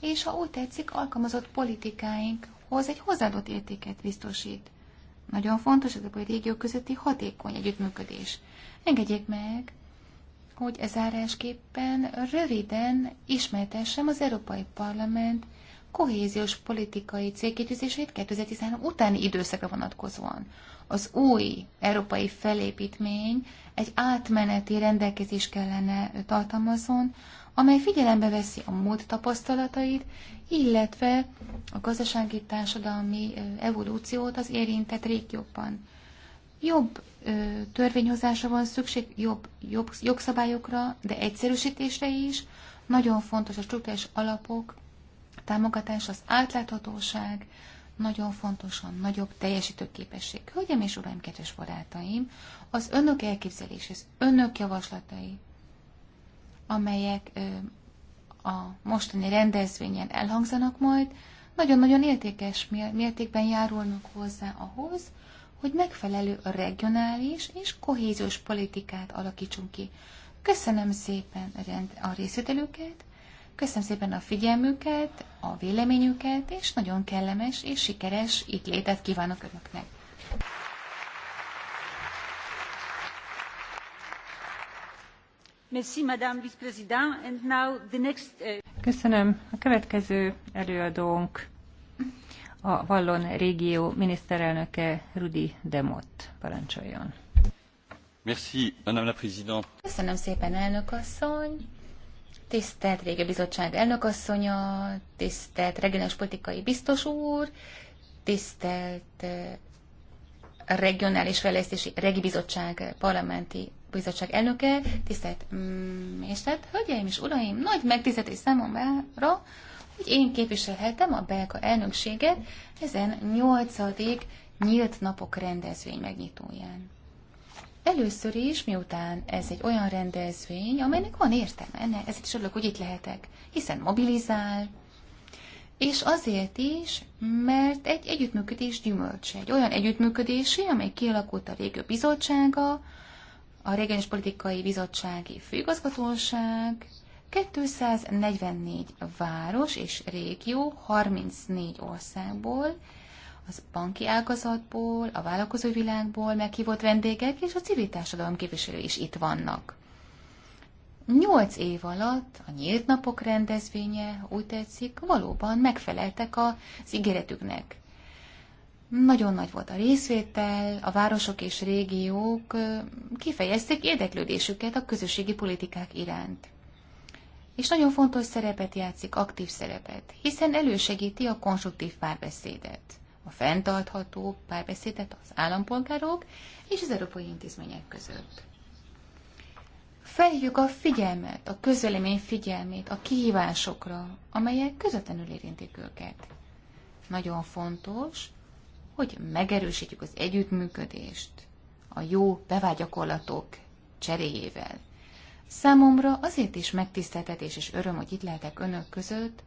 és ha úgy tetszik, alkalmazott politikáinkhoz egy hozzáadott értéket biztosít. Nagyon fontos ez a régiók közötti hatékony együttműködés. Engedjék meg, hogy ezárásképpen röviden ismertessem az Európai Parlament kohéziós politikai célkitűzéseit 2013 utáni időszakra vonatkozóan. Az új európai felépítmény egy átmeneti rendelkezés kellene tartalmazon, amely figyelembe veszi a múlt tapasztalatait, illetve a gazdasági társadalmi evolúciót az érintett régióban. Jobb ö, törvényhozásra van szükség, jobb jobb jogszabályokra, de egyszerűsítésre is. Nagyon fontos a struktúrás alapok támogatás, az átláthatóság nagyon fontos a nagyobb teljesítőképesség. Hölgyem és uraim, kedves barátaim, az önök elképzelés, az önök javaslatai, amelyek a mostani rendezvényen elhangzanak majd, nagyon-nagyon értékes mértékben járulnak hozzá ahhoz, hogy megfelelő a regionális és kohéziós politikát alakítsunk ki. Köszönöm szépen a részvételőket, Köszönöm szépen a figyelmüket, a véleményüket, és nagyon kellemes és sikeres itt létet kívánok Önöknek. Uh, Köszönöm. A következő előadónk a Vallon régió miniszterelnöke Rudi Demott. Parancsoljon. Merci, Madame la Présidente. Köszönöm szépen, elnök asszony tisztelt Régi Bizottság elnökasszonya, tisztelt regionális politikai biztos úr, tisztelt eh, regionális fejlesztési regi bizottság parlamenti bizottság elnöke, tisztelt mm, és tehát, hölgyeim és uraim, nagy megtiszteltés számomra, hogy én képviselhetem a belga elnökséget ezen nyolcadik nyílt napok rendezvény megnyitóján. Először is, miután ez egy olyan rendezvény, amelynek van értelme, ennek, ezért is örülök, hogy itt lehetek, hiszen mobilizál, és azért is, mert egy együttműködés gyümölcse, egy olyan együttműködési, amely kialakult a régió bizottsága, a Régiós politikai bizottsági főigazgatóság, 244 város és régió 34 országból, az banki ágazatból, a vállalkozói világból meghívott vendégek és a civil társadalom képviselői is itt vannak. Nyolc év alatt a nyílt napok rendezvénye, úgy tetszik, valóban megfeleltek az ígéretüknek. Nagyon nagy volt a részvétel, a városok és régiók kifejezték érdeklődésüket a közösségi politikák iránt. És nagyon fontos szerepet játszik, aktív szerepet, hiszen elősegíti a konstruktív párbeszédet a fenntartható párbeszédet az állampolgárok és az európai intézmények között. Felhívjuk a figyelmet, a közvélemény figyelmét a kihívásokra, amelyek közvetlenül érintik őket. Nagyon fontos, hogy megerősítjük az együttműködést a jó bevágyakorlatok cseréjével. Számomra azért is megtiszteltetés és öröm, hogy itt lehetek önök között,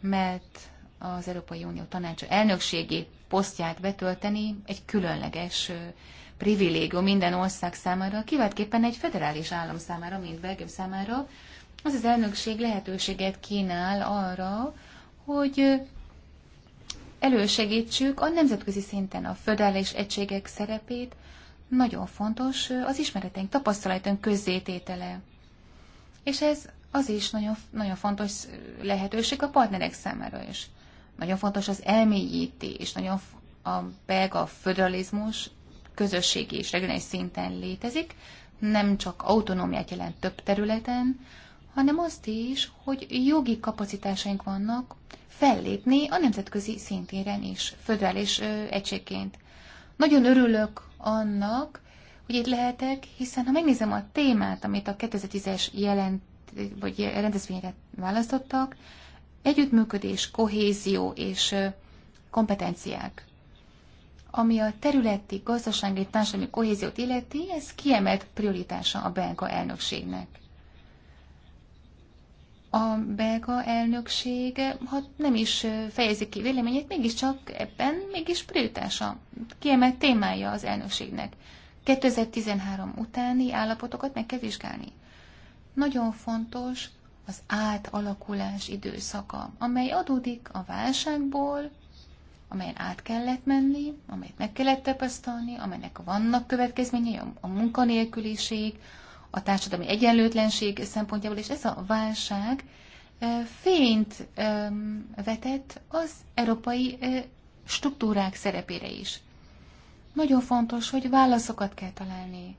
mert az Európai Unió tanácsa elnökségi posztját betölteni egy különleges privilégium minden ország számára, kiváltképpen egy federális állam számára, mint Belgium számára. Az az elnökség lehetőséget kínál arra, hogy elősegítsük a nemzetközi szinten a föderális egységek szerepét, nagyon fontos az ismereteink, tapasztalatunk közzététele. És ez az is nagyon, nagyon fontos lehetőség a partnerek számára is. Nagyon fontos az elmélyítés, nagyon a belga föderalizmus közösségi és regionális szinten létezik, nem csak autonómiát jelent több területen, hanem azt is, hogy jogi kapacitásaink vannak fellépni a nemzetközi szintéren is, föderális egységként. Nagyon örülök annak, hogy itt lehetek, hiszen ha megnézem a témát, amit a 2010-es jelent, vagy rendezvényre választottak, Együttműködés, kohézió és kompetenciák. Ami a területi, gazdasági, társadalmi kohéziót illeti, ez kiemelt prioritása a belga elnökségnek. A belga elnökség, ha nem is fejezi ki véleményét, mégiscsak ebben mégis prioritása, kiemelt témája az elnökségnek. 2013 utáni állapotokat meg kell vizsgálni. Nagyon fontos, az átalakulás időszaka, amely adódik a válságból, amelyen át kellett menni, amelyet meg kellett tapasztalni, amelynek vannak következményei, a munkanélküliség, a társadalmi egyenlőtlenség szempontjából, és ez a válság fényt vetett az európai struktúrák szerepére is. Nagyon fontos, hogy válaszokat kell találni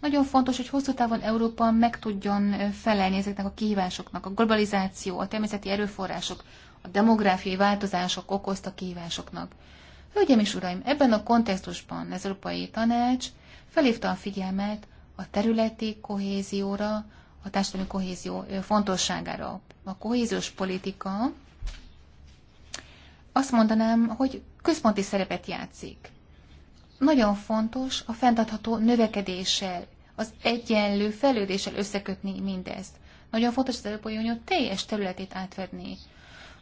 nagyon fontos, hogy hosszú távon Európa meg tudjon felelni ezeknek a kihívásoknak. A globalizáció, a természeti erőforrások, a demográfiai változások okozta kihívásoknak. Hölgyeim és uraim, ebben a kontextusban az Európai Tanács felhívta a figyelmet a területi kohézióra, a társadalmi kohézió fontosságára. A kohéziós politika azt mondanám, hogy központi szerepet játszik. Nagyon fontos a fenntartható növekedéssel, az egyenlő fejlődéssel összekötni mindezt. Nagyon fontos az Európai Unió teljes területét átvedni.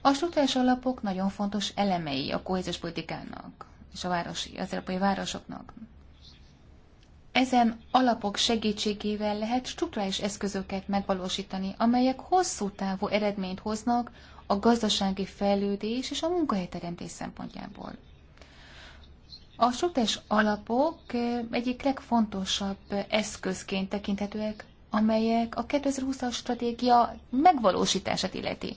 A struktúrás alapok nagyon fontos elemei a kohéziós politikának és a városi, az európai városoknak. Ezen alapok segítségével lehet struktúrális eszközöket megvalósítani, amelyek hosszú távú eredményt hoznak a gazdasági fejlődés és a munkahelyteremtés szempontjából. A struktúrás alapok egyik legfontosabb eszközként tekinthetőek, amelyek a 2020-as stratégia megvalósítását illeti.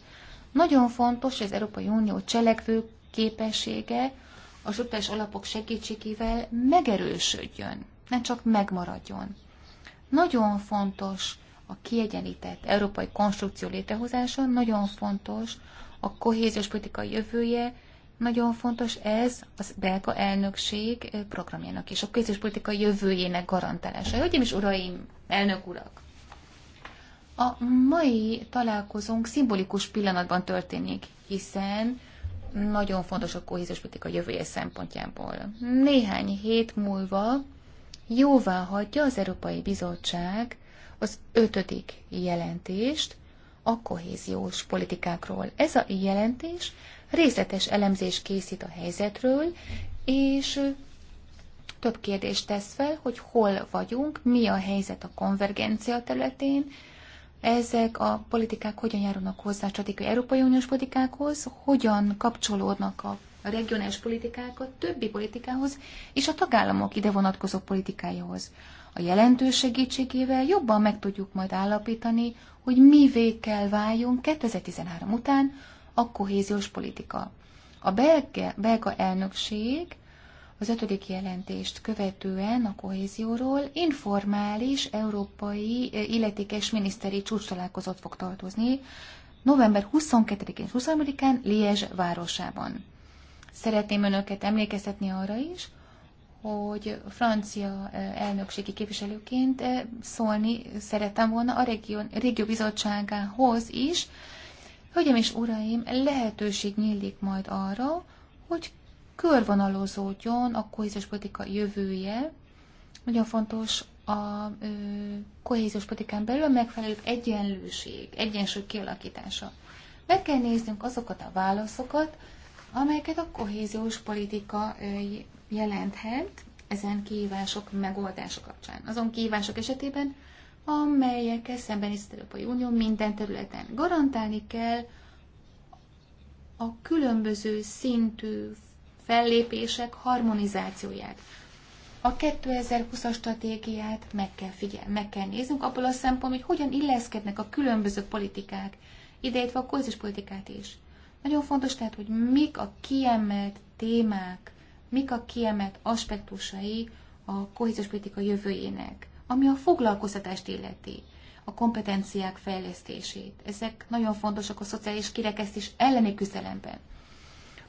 Nagyon fontos, hogy az Európai Unió cselekvő képessége a struktúrás alapok segítségével megerősödjön, nem csak megmaradjon. Nagyon fontos a kiegyenlített európai konstrukció létrehozása, nagyon fontos a kohéziós politika jövője, nagyon fontos ez az belga elnökség programjának és a politika jövőjének garantálása. Hölgyeim és uraim, elnök urak! A mai találkozónk szimbolikus pillanatban történik, hiszen nagyon fontos a kohéziós politika jövője szempontjából. Néhány hét múlva jóvá hagyja az Európai Bizottság az ötödik jelentést a kohéziós politikákról. Ez a jelentés részletes elemzés készít a helyzetről, és több kérdést tesz fel, hogy hol vagyunk, mi a helyzet a konvergencia területén, ezek a politikák hogyan járulnak hozzá a stratégiai Európai Uniós politikákhoz, hogyan kapcsolódnak a regionális politikák a többi politikához és a tagállamok ide vonatkozó politikájához. A jelentős segítségével jobban meg tudjuk majd állapítani, hogy mivé kell váljunk 2013 után, a kohéziós politika. A belga, belga elnökség az ötödik jelentést követően a kohézióról informális európai eh, illetékes miniszteri csúcstalálkozót fog tartozni november 22-én és 23-án Liezs városában. Szeretném önöket emlékeztetni arra is, hogy francia eh, elnökségi képviselőként eh, szólni szerettem volna a régió, régió bizottságához is, Hölgyem és uraim, lehetőség nyílik majd arra, hogy körvonalozódjon a kohéziós politika jövője. Nagyon fontos a ö, kohéziós politikán belül a megfelelő egyenlőség, egyensúly kialakítása. Meg kell néznünk azokat a válaszokat, amelyeket a kohéziós politika jelenthet ezen kihívások megoldása kapcsán. Azon kihívások esetében, amelyekkel is az Európai Unió minden területen. Garantálni kell a különböző szintű fellépések harmonizációját. A 2020-as stratégiát meg kell, figyel, meg kell néznünk abból a szempontból, hogy hogyan illeszkednek a különböző politikák, ideértve a kohéziós politikát is. Nagyon fontos tehát, hogy mik a kiemelt témák, mik a kiemelt aspektusai a kohéziós politika jövőjének ami a foglalkoztatást illeti, a kompetenciák fejlesztését. Ezek nagyon fontosak a szociális kirekesztés elleni küzdelemben. Ha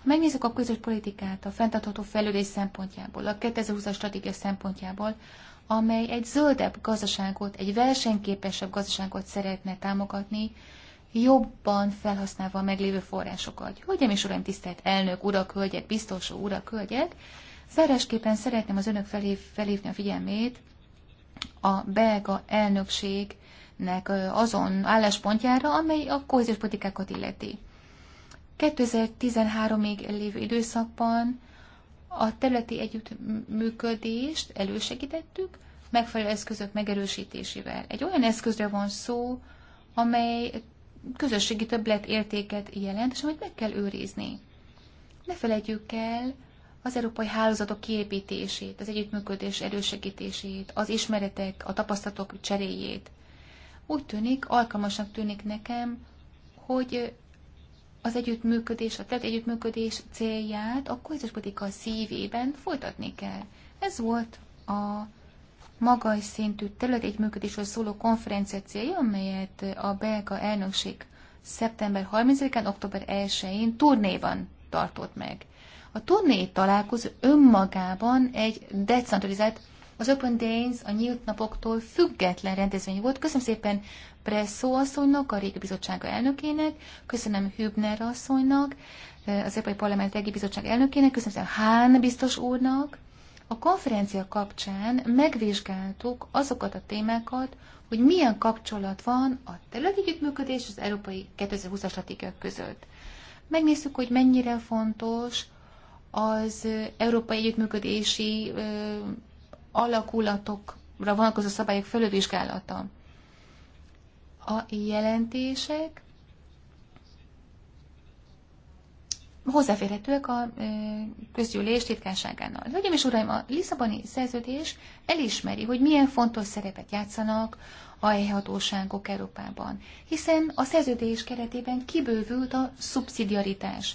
megnézzük a közös politikát a fenntartható fejlődés szempontjából, a 2020-as stratégia szempontjából, amely egy zöldebb gazdaságot, egy versenyképesebb gazdaságot szeretne támogatni, jobban felhasználva a meglévő forrásokat. Hölgyeim és Uraim, tisztelt elnök, urak, hölgyek, biztos urak, hölgyek, zárásképpen szeretném az önök felé felhívni a figyelmét a belga elnökségnek azon álláspontjára, amely a kohéziós politikákat illeti. 2013-ig lévő időszakban a területi együttműködést elősegítettük, megfelelő eszközök megerősítésével. Egy olyan eszközre van szó, amely közösségi többlet értéket jelent, és amit meg kell őrizni. Ne felejtjük el, az európai hálózatok kiépítését, az együttműködés erősegítését, az ismeretek, a tapasztalatok cseréjét. Úgy tűnik, alkalmasnak tűnik nekem, hogy az együttműködés, a tett együttműködés célját a politika szívében folytatni kell. Ez volt a magas szintű terület együttműködésről szóló konferencia célja, amelyet a belga elnökség szeptember 30-án, október 1-én turnéban tartott meg. A turné találkozó önmagában egy decentralizált, az Open Days a nyílt napoktól független rendezvény volt. Köszönöm szépen Presszó asszonynak, a régi bizottsága elnökének, köszönöm Hübner asszonynak, az Európai Parlament régi bizottság elnökének, köszönöm szépen Hán biztos úrnak. A konferencia kapcsán megvizsgáltuk azokat a témákat, hogy milyen kapcsolat van a területi együttműködés az Európai 2020-as stratégiák között. Megnéztük, hogy mennyire fontos az európai együttműködési alakulatokra vonatkozó szabályok fölvizsgálata. A jelentések hozzáférhetőek a közgyűlés titkárságánál. Hölgyeim és uraim, a Lisszaboni szerződés elismeri, hogy milyen fontos szerepet játszanak a helyhatóságok Európában, hiszen a szerződés keretében kibővült a szubszidiaritás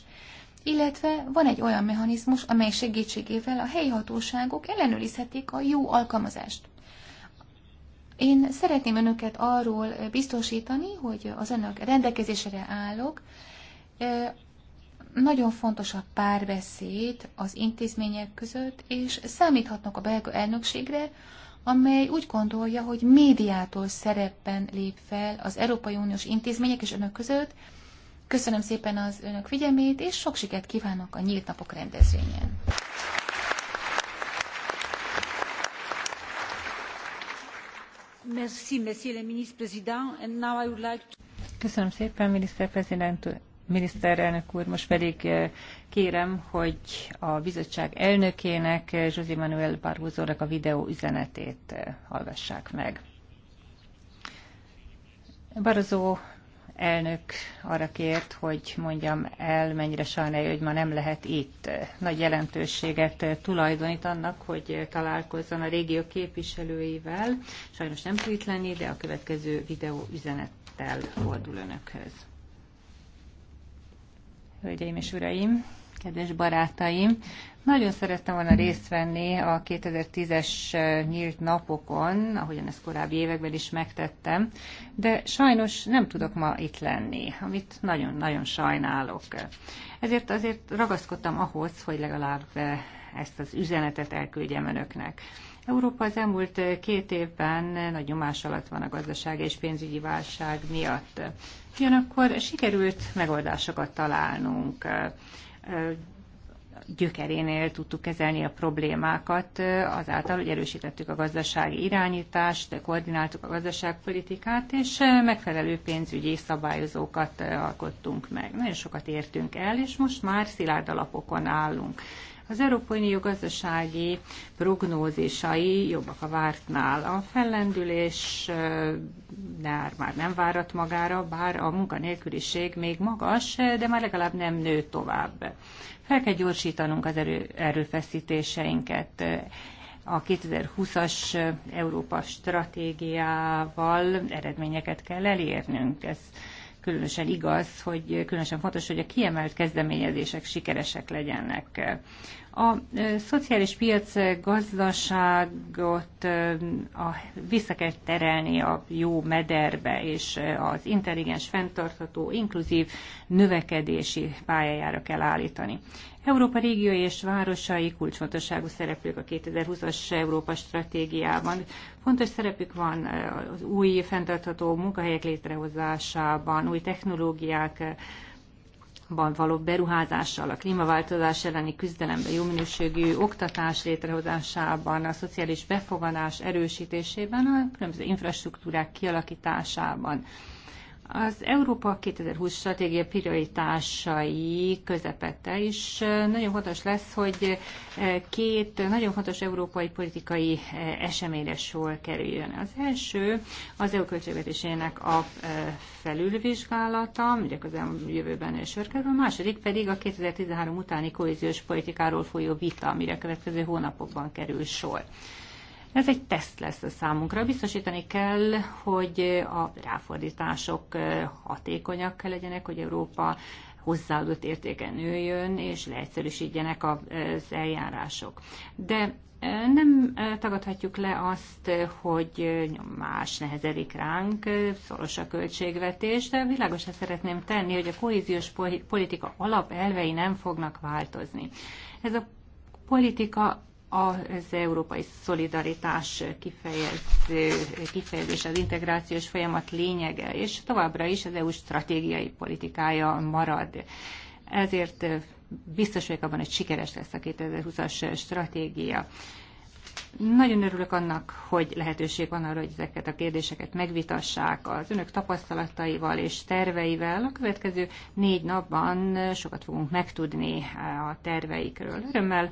illetve van egy olyan mechanizmus, amely segítségével a helyi hatóságok ellenőrizhetik a jó alkalmazást. Én szeretném önöket arról biztosítani, hogy az önök rendelkezésére állok. Nagyon fontos a párbeszéd az intézmények között, és számíthatnak a belga elnökségre, amely úgy gondolja, hogy médiától szerepben lép fel az Európai Uniós intézmények és önök között, Köszönöm szépen az önök figyelmét, és sok sikert kívánok a Nyílt Napok rendezvényen. Merci, monsieur le ministre-président. And now I would like to... Köszönöm szépen, miniszterprezident miniszterelnök úr, most pedig eh, kérem, hogy a bizottság elnökének, eh, José Manuel barroso a videó üzenetét eh, hallgassák meg. Barroso elnök arra kért, hogy mondjam el, mennyire sajnálja, hogy ma nem lehet itt. Nagy jelentőséget tulajdonít annak, hogy találkozzon a régió képviselőivel. Sajnos nem tud lenni, de a következő videó üzenettel fordul önökhöz. Hölgyeim és uraim, kedves barátaim, nagyon szerettem volna részt venni a 2010-es eh, nyílt napokon, ahogyan ezt korábbi években is megtettem, de sajnos nem tudok ma itt lenni, amit nagyon-nagyon sajnálok. Ezért azért ragaszkodtam ahhoz, hogy legalább eh, ezt az üzenetet elküldjem önöknek. Európa az elmúlt eh, két évben nagy nyomás alatt van a gazdaság és pénzügyi válság miatt. Ugyanakkor sikerült megoldásokat találnunk gyökerénél tudtuk kezelni a problémákat azáltal, hogy erősítettük a gazdasági irányítást, koordináltuk a gazdaságpolitikát, és megfelelő pénzügyi szabályozókat alkottunk meg. Nagyon sokat értünk el, és most már szilárd alapokon állunk. Az Európai Unió gazdasági prognózisai jobbak a vártnál. A fellendülés már, már nem várat magára, bár a munkanélküliség még magas, de már legalább nem nő tovább. Fel kell gyorsítanunk az erő, erőfeszítéseinket a 2020-as Európa stratégiával eredményeket kell elérnünk. Ez különösen igaz, hogy különösen fontos, hogy a kiemelt kezdeményezések sikeresek legyenek. A szociális piac gazdaságot a, vissza kell terelni a jó mederbe, és az intelligens, fenntartható, inkluzív növekedési pályájára kell állítani. Európa régiói és városai kulcsfontosságú szereplők a 2020-as Európa stratégiában. Fontos szerepük van eh, az új fenntartható munkahelyek létrehozásában, új technológiák való beruházással, a klímaváltozás elleni küzdelemben, jó minőségű oktatás létrehozásában, a szociális befogadás erősítésében, a különböző infrastruktúrák kialakításában. Az Európa 2020 stratégia prioritásai közepette is nagyon fontos lesz, hogy két nagyon fontos európai politikai eseményre sor kerüljön. Az első az EU költségvetésének a felülvizsgálata, ugye az jövőben sor kerül, a második pedig a 2013 utáni kohéziós politikáról folyó vita, amire a következő hónapokban kerül sor. Ez egy teszt lesz a számunkra. Biztosítani kell, hogy a ráfordítások hatékonyak legyenek, hogy Európa hozzáadott értéken nőjön, és leegyszerűsítjenek az eljárások. De nem tagadhatjuk le azt, hogy más nehezedik ránk, szoros a költségvetés, de világosan szeretném tenni, hogy a kohéziós politika alapelvei nem fognak változni. Ez a politika az európai szolidaritás kifejező, kifejezés az integrációs folyamat lényege, és továbbra is az EU stratégiai politikája marad. Ezért biztos vagyok abban, hogy sikeres lesz a 2020-as stratégia. Nagyon örülök annak, hogy lehetőség van arra, hogy ezeket a kérdéseket megvitassák az önök tapasztalataival és terveivel. A következő négy napban sokat fogunk megtudni a terveikről. Örömmel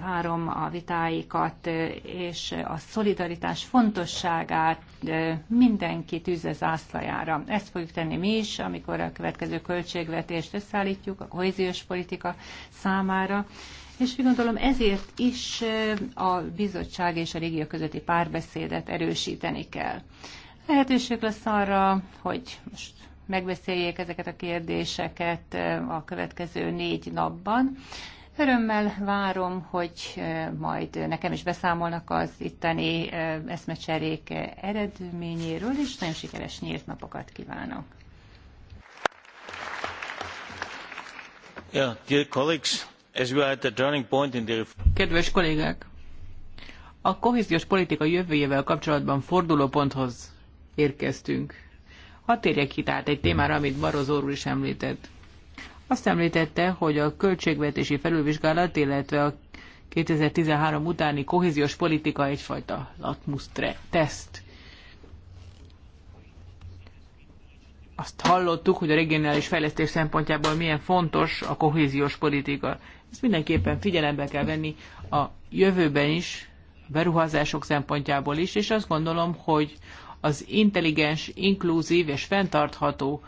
várom a vitáikat és a szolidaritás fontosságát mindenki tűzze zászlajára. Ezt fogjuk tenni mi is, amikor a következő költségvetést összeállítjuk a kohéziós politika számára és úgy gondolom ezért is a bizottság és a régió közötti párbeszédet erősíteni kell. Lehetőség lesz arra, hogy most megbeszéljék ezeket a kérdéseket a következő négy napban. Örömmel várom, hogy majd nekem is beszámolnak az itteni eszmecserék eredményéről, és nagyon sikeres nyílt napokat kívánok. Yeah, dear colleagues, Kedves kollégák! A kohéziós politika jövőjével kapcsolatban fordulóponthoz érkeztünk. Hadd térjek ki tehát egy témára, amit Barozó úr is említett. Azt említette, hogy a költségvetési felülvizsgálat, illetve a 2013 utáni kohéziós politika egyfajta latmus teszt. Azt hallottuk, hogy a regionális fejlesztés szempontjából milyen fontos a kohéziós politika. Ezt mindenképpen figyelembe kell venni a jövőben is, a beruházások szempontjából is, és azt gondolom, hogy az intelligens, inkluzív és fenntartható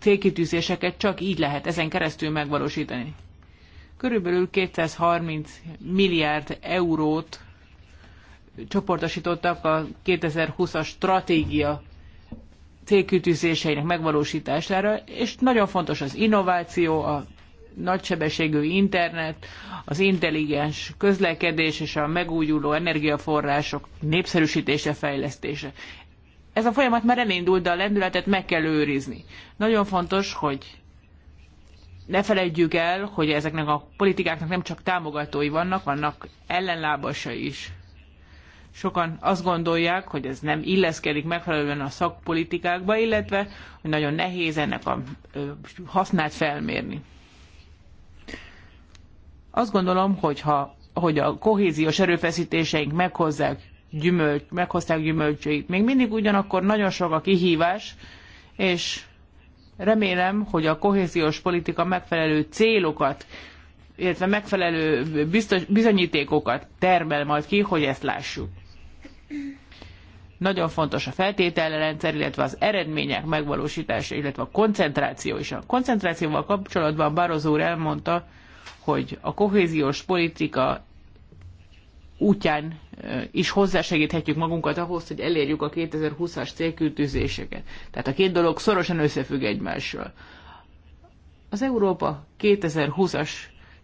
célkitűzéseket csak így lehet ezen keresztül megvalósítani. Körülbelül 230 milliárd eurót csoportosítottak a 2020-as stratégia célkütűzéseinek megvalósítására, és nagyon fontos az innováció, a nagysebességű internet, az intelligens közlekedés és a megújuló energiaforrások népszerűsítése, fejlesztése. Ez a folyamat már elindult, de a lendületet meg kell őrizni. Nagyon fontos, hogy ne felejtjük el, hogy ezeknek a politikáknak nem csak támogatói vannak, vannak ellenlábasai is. Sokan azt gondolják, hogy ez nem illeszkedik megfelelően a szakpolitikákba, illetve hogy nagyon nehéz ennek a hasznát felmérni. Azt gondolom, hogy ha hogy a kohéziós erőfeszítéseink meghozzák gyümölcs, meghozták gyümölcsöit. Még mindig ugyanakkor nagyon sok a kihívás, és remélem, hogy a kohéziós politika megfelelő célokat, illetve megfelelő biztos, bizonyítékokat termel majd ki, hogy ezt lássuk. Nagyon fontos a feltételrendszer, illetve az eredmények megvalósítása, illetve a koncentráció is. A koncentrációval kapcsolatban Barozó úr elmondta, hogy a kohéziós politika útján is hozzásegíthetjük magunkat ahhoz, hogy elérjük a 2020-as célkültőzéseket. Tehát a két dolog szorosan összefügg egymással. Az Európa 2020-as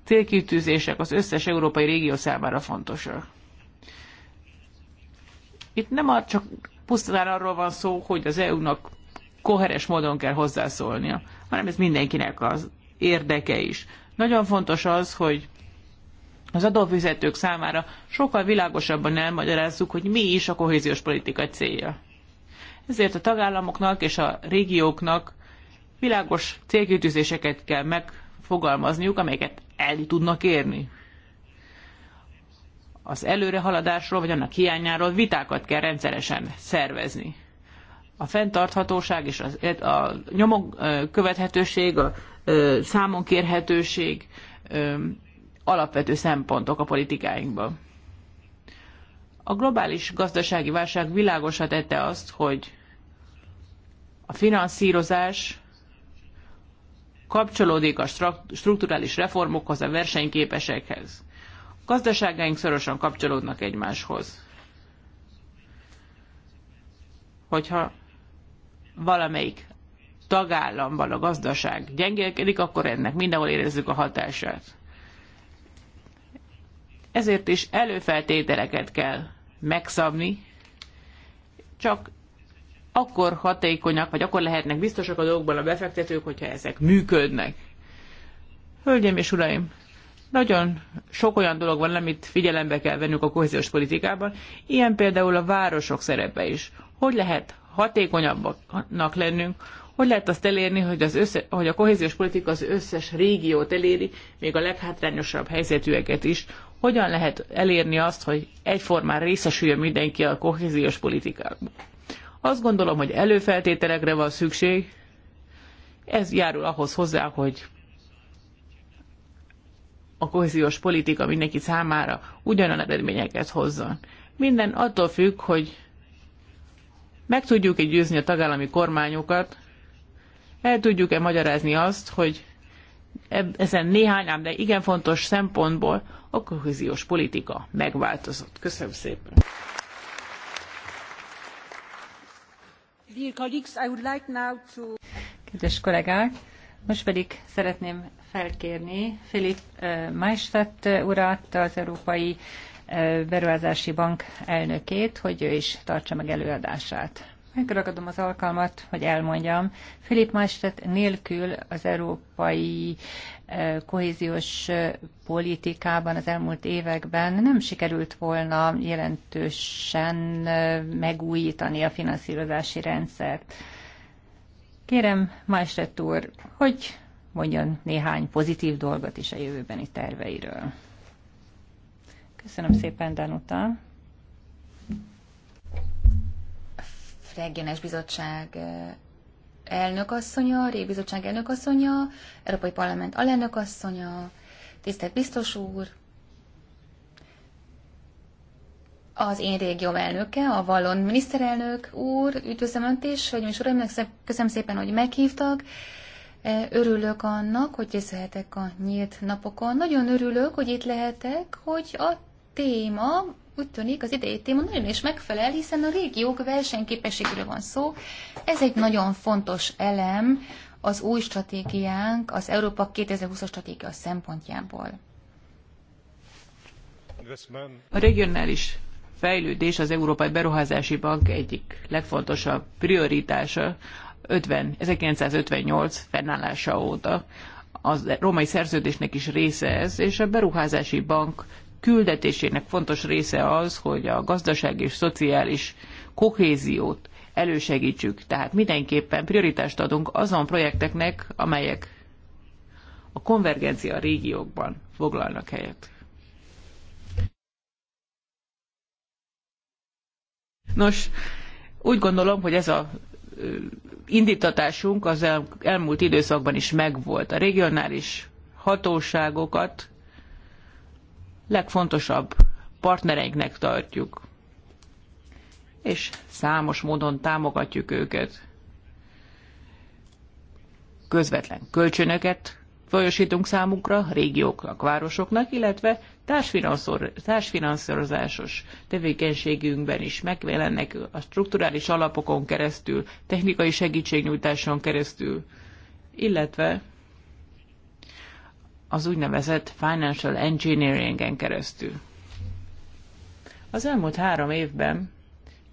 célkültőzések az összes európai régió számára fontosak. Itt nem csak pusztán arról van szó, hogy az EU-nak koheres módon kell hozzászólnia, hanem ez mindenkinek az érdeke is. Nagyon fontos az, hogy az adófizetők számára sokkal világosabban elmagyarázzuk, hogy mi is a kohéziós politika célja. Ezért a tagállamoknak és a régióknak világos célkitűzéseket kell megfogalmazniuk, amelyeket el tudnak érni. Az előrehaladásról vagy annak hiányáról vitákat kell rendszeresen szervezni a fenntarthatóság és a, a nyomok követhetőség, a, számon kérhetőség alapvető szempontok a politikáinkban. A globális gazdasági válság világosat tette azt, hogy a finanszírozás kapcsolódik a strukturális reformokhoz, a versenyképesekhez. A gazdaságaink szorosan kapcsolódnak egymáshoz. Hogyha valamelyik tagállamban a gazdaság gyengélkedik, akkor ennek mindenhol érezzük a hatását. Ezért is előfeltételeket kell megszabni, csak akkor hatékonyak, vagy akkor lehetnek biztosak a dolgokban a befektetők, hogyha ezek működnek. Hölgyeim és uraim, nagyon sok olyan dolog van, amit figyelembe kell vennünk a kohéziós politikában, ilyen például a városok szerepe is. Hogy lehet hatékonyabbnak lennünk, hogy lehet azt elérni, hogy, az össze, hogy a kohéziós politika az összes régiót eléri, még a leghátrányosabb helyzetűeket is. Hogyan lehet elérni azt, hogy egyformán részesüljön mindenki a kohéziós politikákban? Azt gondolom, hogy előfeltételekre van szükség. Ez járul ahhoz hozzá, hogy a kohéziós politika mindenki számára ugyanan eredményeket hozzon. Minden attól függ, hogy meg tudjuk-e győzni a tagállami kormányokat? El tudjuk-e magyarázni azt, hogy ezen néhány, ám de igen fontos szempontból a kohéziós politika megváltozott. Köszönöm szépen! Kedves kollégák, most pedig szeretném felkérni Filip eh, Maistat eh, urat, az Európai beruházási bank elnökét, hogy ő is tartsa meg előadását. Megragadom az alkalmat, hogy elmondjam. Filip Maestet nélkül az európai kohéziós politikában az elmúlt években nem sikerült volna jelentősen megújítani a finanszírozási rendszert. Kérem, Maestet úr, hogy mondjon néhány pozitív dolgot is a jövőbeni terveiről. Köszönöm szépen, Danuta. Regionális Bizottság eh, elnökasszonya, Régi Bizottság elnökasszonya, Európai Parlament alelnökasszonya, tisztelt biztos úr, az én régióm elnöke, a Vallon miniszterelnök úr, üdvözlöm Önt is, hogy és uraim, köszönöm szépen, hogy meghívtak. Eh, örülök annak, hogy részlehetek a nyílt napokon. Nagyon örülök, hogy itt lehetek, hogy a téma, úgy tűnik az idei téma nagyon is megfelel, hiszen a régiók versenyképességről van szó. Ez egy nagyon fontos elem az új stratégiánk, az Európa 2020-as stratégia szempontjából. A regionális fejlődés az Európai Beruházási Bank egyik legfontosabb prioritása 50, 1958 fennállása óta. A római szerződésnek is része ez, és a Beruházási Bank küldetésének fontos része az, hogy a gazdaság és szociális kohéziót elősegítsük. Tehát mindenképpen prioritást adunk azon projekteknek, amelyek a konvergencia régiókban foglalnak helyet. Nos, úgy gondolom, hogy ez a indítatásunk az elmúlt időszakban is megvolt. A regionális hatóságokat legfontosabb partnereinknek tartjuk, és számos módon támogatjuk őket. Közvetlen kölcsönöket folyosítunk számukra, régióknak, városoknak, illetve társfinanszírozásos tevékenységünkben is megjelennek a strukturális alapokon keresztül, technikai segítségnyújtáson keresztül, illetve az úgynevezett financial engineeringen keresztül. Az elmúlt három évben,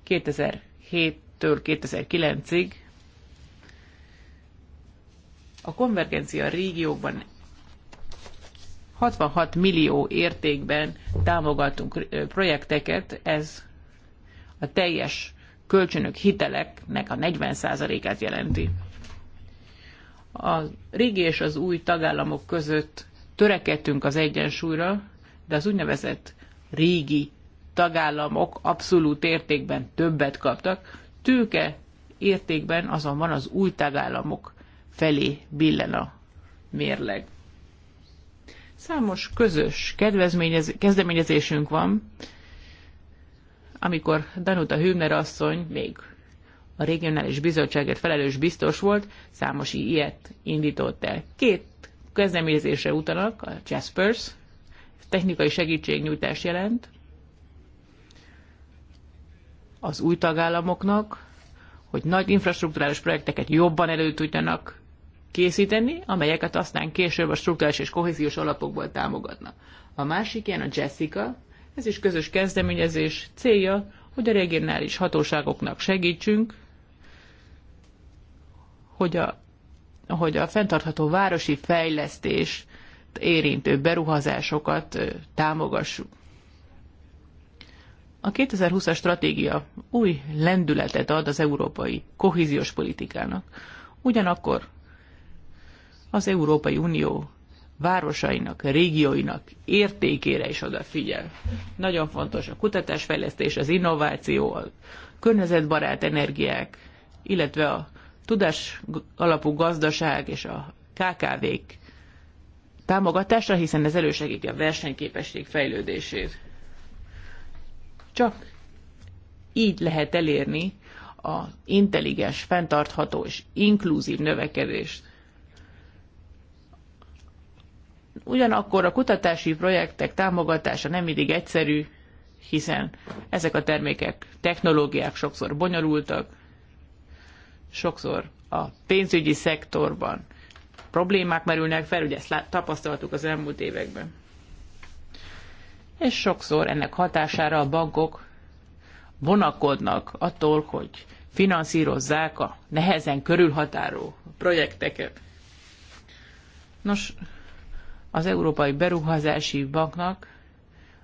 2007-től 2009-ig a konvergencia régiókban 66 millió értékben támogatunk projekteket, ez a teljes kölcsönök hiteleknek a 40%-át jelenti. A régi és az új tagállamok között törekedtünk az egyensúlyra, de az úgynevezett régi tagállamok abszolút értékben többet kaptak, tőke értékben azonban az új tagállamok felé billen a mérleg. Számos közös kezdeményezésünk van, amikor Danuta Hübner asszony még a regionális bizottságért felelős biztos volt, számos ilyet indított el. Két kezdeményezésre utalak, a Jaspers, technikai segítségnyújtás jelent az új tagállamoknak, hogy nagy infrastruktúrális projekteket jobban elő tudjanak készíteni, amelyeket aztán később a struktúrális és kohéziós alapokból támogatnak. A másik ilyen a Jessica, ez is közös kezdeményezés célja, hogy a regionális hatóságoknak segítsünk, hogy a hogy a fenntartható városi fejlesztés érintő beruházásokat támogassuk. A 2020-as stratégia új lendületet ad az európai kohéziós politikának. Ugyanakkor az Európai Unió városainak, régióinak értékére is odafigyel. Nagyon fontos a kutatásfejlesztés, az innováció, a környezetbarát energiák, illetve a tudás alapú gazdaság és a KKV-k támogatásra, hiszen ez elősegíti a versenyképesség fejlődését. Csak így lehet elérni az intelligens, fenntartható és inkluzív növekedést. Ugyanakkor a kutatási projektek támogatása nem mindig egyszerű, hiszen ezek a termékek, technológiák sokszor bonyolultak, sokszor a pénzügyi szektorban problémák merülnek fel, ugye ezt tapasztaltuk az elmúlt években. És sokszor ennek hatására a bankok vonakodnak attól, hogy finanszírozzák a nehezen körülhatáró projekteket. Nos, az Európai Beruházási Banknak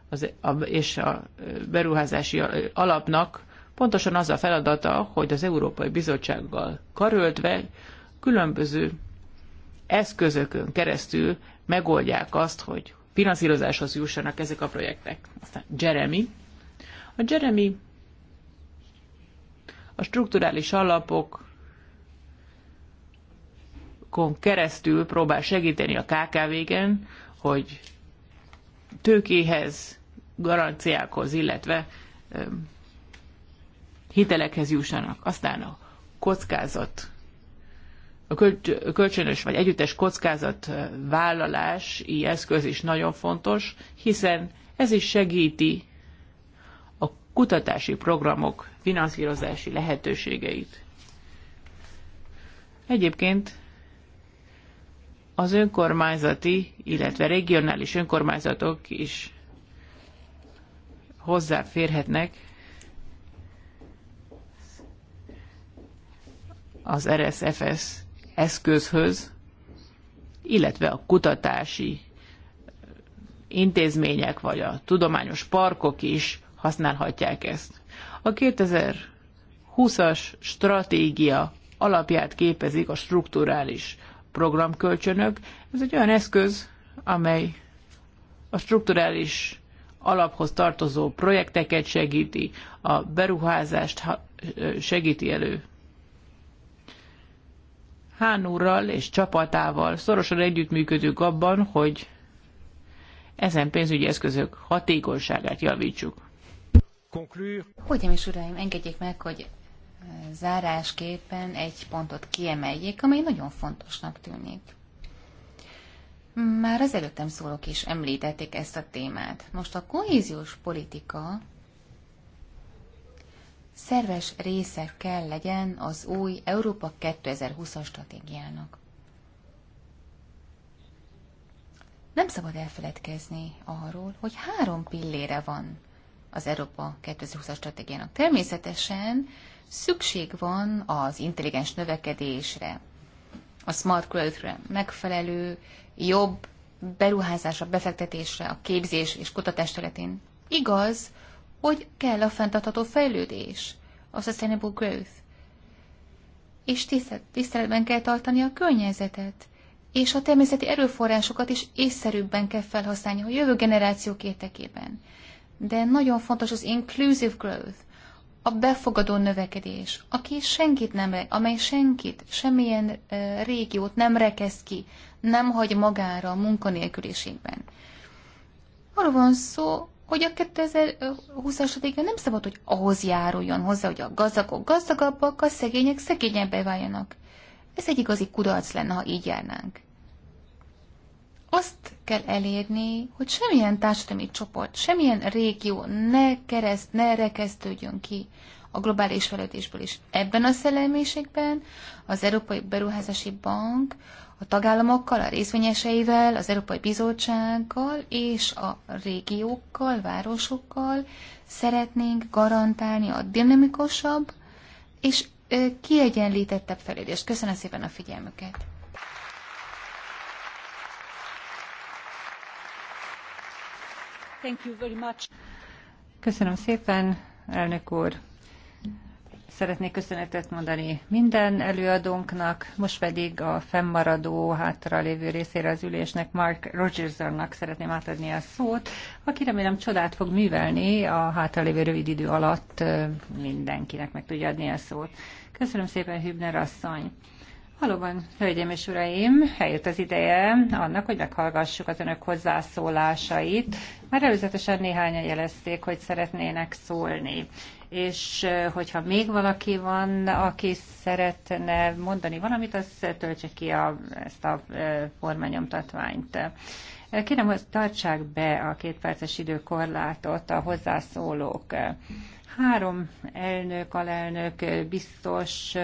az, a, és a beruházási alapnak Pontosan az a feladata, hogy az Európai Bizottsággal karöltve különböző eszközökön keresztül megoldják azt, hogy finanszírozáshoz jussanak ezek a projektek. Aztán Jeremy. A Jeremy a strukturális alapokon keresztül próbál segíteni a KKV-ken, hogy tőkéhez, garanciákhoz, illetve hitelekhez jussanak. Aztán a kockázat, a kölcsönös vagy együttes kockázat eh, vállalási eszköz is nagyon fontos, hiszen ez is segíti a kutatási programok finanszírozási lehetőségeit. Egyébként az önkormányzati, illetve regionális önkormányzatok is hozzáférhetnek az RSFS eszközhöz, illetve a kutatási eh, intézmények vagy a tudományos parkok is használhatják ezt. A 2020-as stratégia alapját képezik a strukturális programkölcsönök. Ez egy olyan eszköz, amely a strukturális alaphoz tartozó projekteket segíti, a beruházást eh, segíti elő. Hán úrral és csapatával szorosan együttműködünk abban, hogy ezen pénzügyi eszközök hatékonyságát javítsuk. Hölgyeim és uraim, engedjék meg, hogy zárásképpen egy pontot kiemeljék, amely nagyon fontosnak tűnik. Már az előttem szólók is említették ezt a témát. Most a kohéziós politika szerves része kell legyen az új Európa 2020-as stratégiának. Nem szabad elfeledkezni arról, hogy három pillére van az Európa 2020-as stratégiának. Természetesen szükség van az intelligens növekedésre, a smart growth-re megfelelő, jobb beruházásra, befektetésre, a képzés és kutatás területén. Igaz, hogy kell a fenntartható fejlődés, a sustainable growth. És tiszteletben kell tartani a környezetet, és a természeti erőforrásokat is észszerűbben kell felhasználni a jövő generációk értekében. De nagyon fontos az inclusive growth, a befogadó növekedés, aki senkit nem, amely senkit, semmilyen régiót nem rekesz ki, nem hagy magára a munkanélküliségben. Arról van szó, hogy a 2020-as stratégia nem szabad, hogy ahhoz járuljon hozzá, hogy a gazdagok gazdagabbak, a szegények szegényebbé váljanak. Ez egy igazi kudarc lenne, ha így járnánk. Azt kell elérni, hogy semmilyen társadalmi csoport, semmilyen régió ne kereszt, ne rekesztődjön ki a globális fejlődésből is. Ebben a szellemiségben az Európai Beruházási Bank a tagállamokkal, a részvényeseivel, az Európai Bizottsággal és a régiókkal, városokkal szeretnénk garantálni a dinamikusabb és kiegyenlítettebb fejlődést. Köszönöm szépen a figyelmüket! Thank you very much. Köszönöm szépen, elnök úr! Szeretnék köszönetet mondani minden előadónknak, most pedig a fennmaradó lévő részére az ülésnek Mark Rogersonnak szeretném átadni a szót, aki remélem csodát fog művelni a lévő rövid idő alatt mindenkinek meg tudja adni a szót. Köszönöm szépen, Hübner asszony! Valóban, hölgyeim és uraim, eljött az ideje annak, hogy meghallgassuk az önök hozzászólásait. Már előzetesen néhányan jelezték, hogy szeretnének szólni és hogyha még valaki van, aki szeretne mondani valamit, az töltse ki a, ezt a formanyomtatványt. Kérem, hogy tartsák be a perces időkorlátot a hozzászólók. Három elnök, alelnök biztos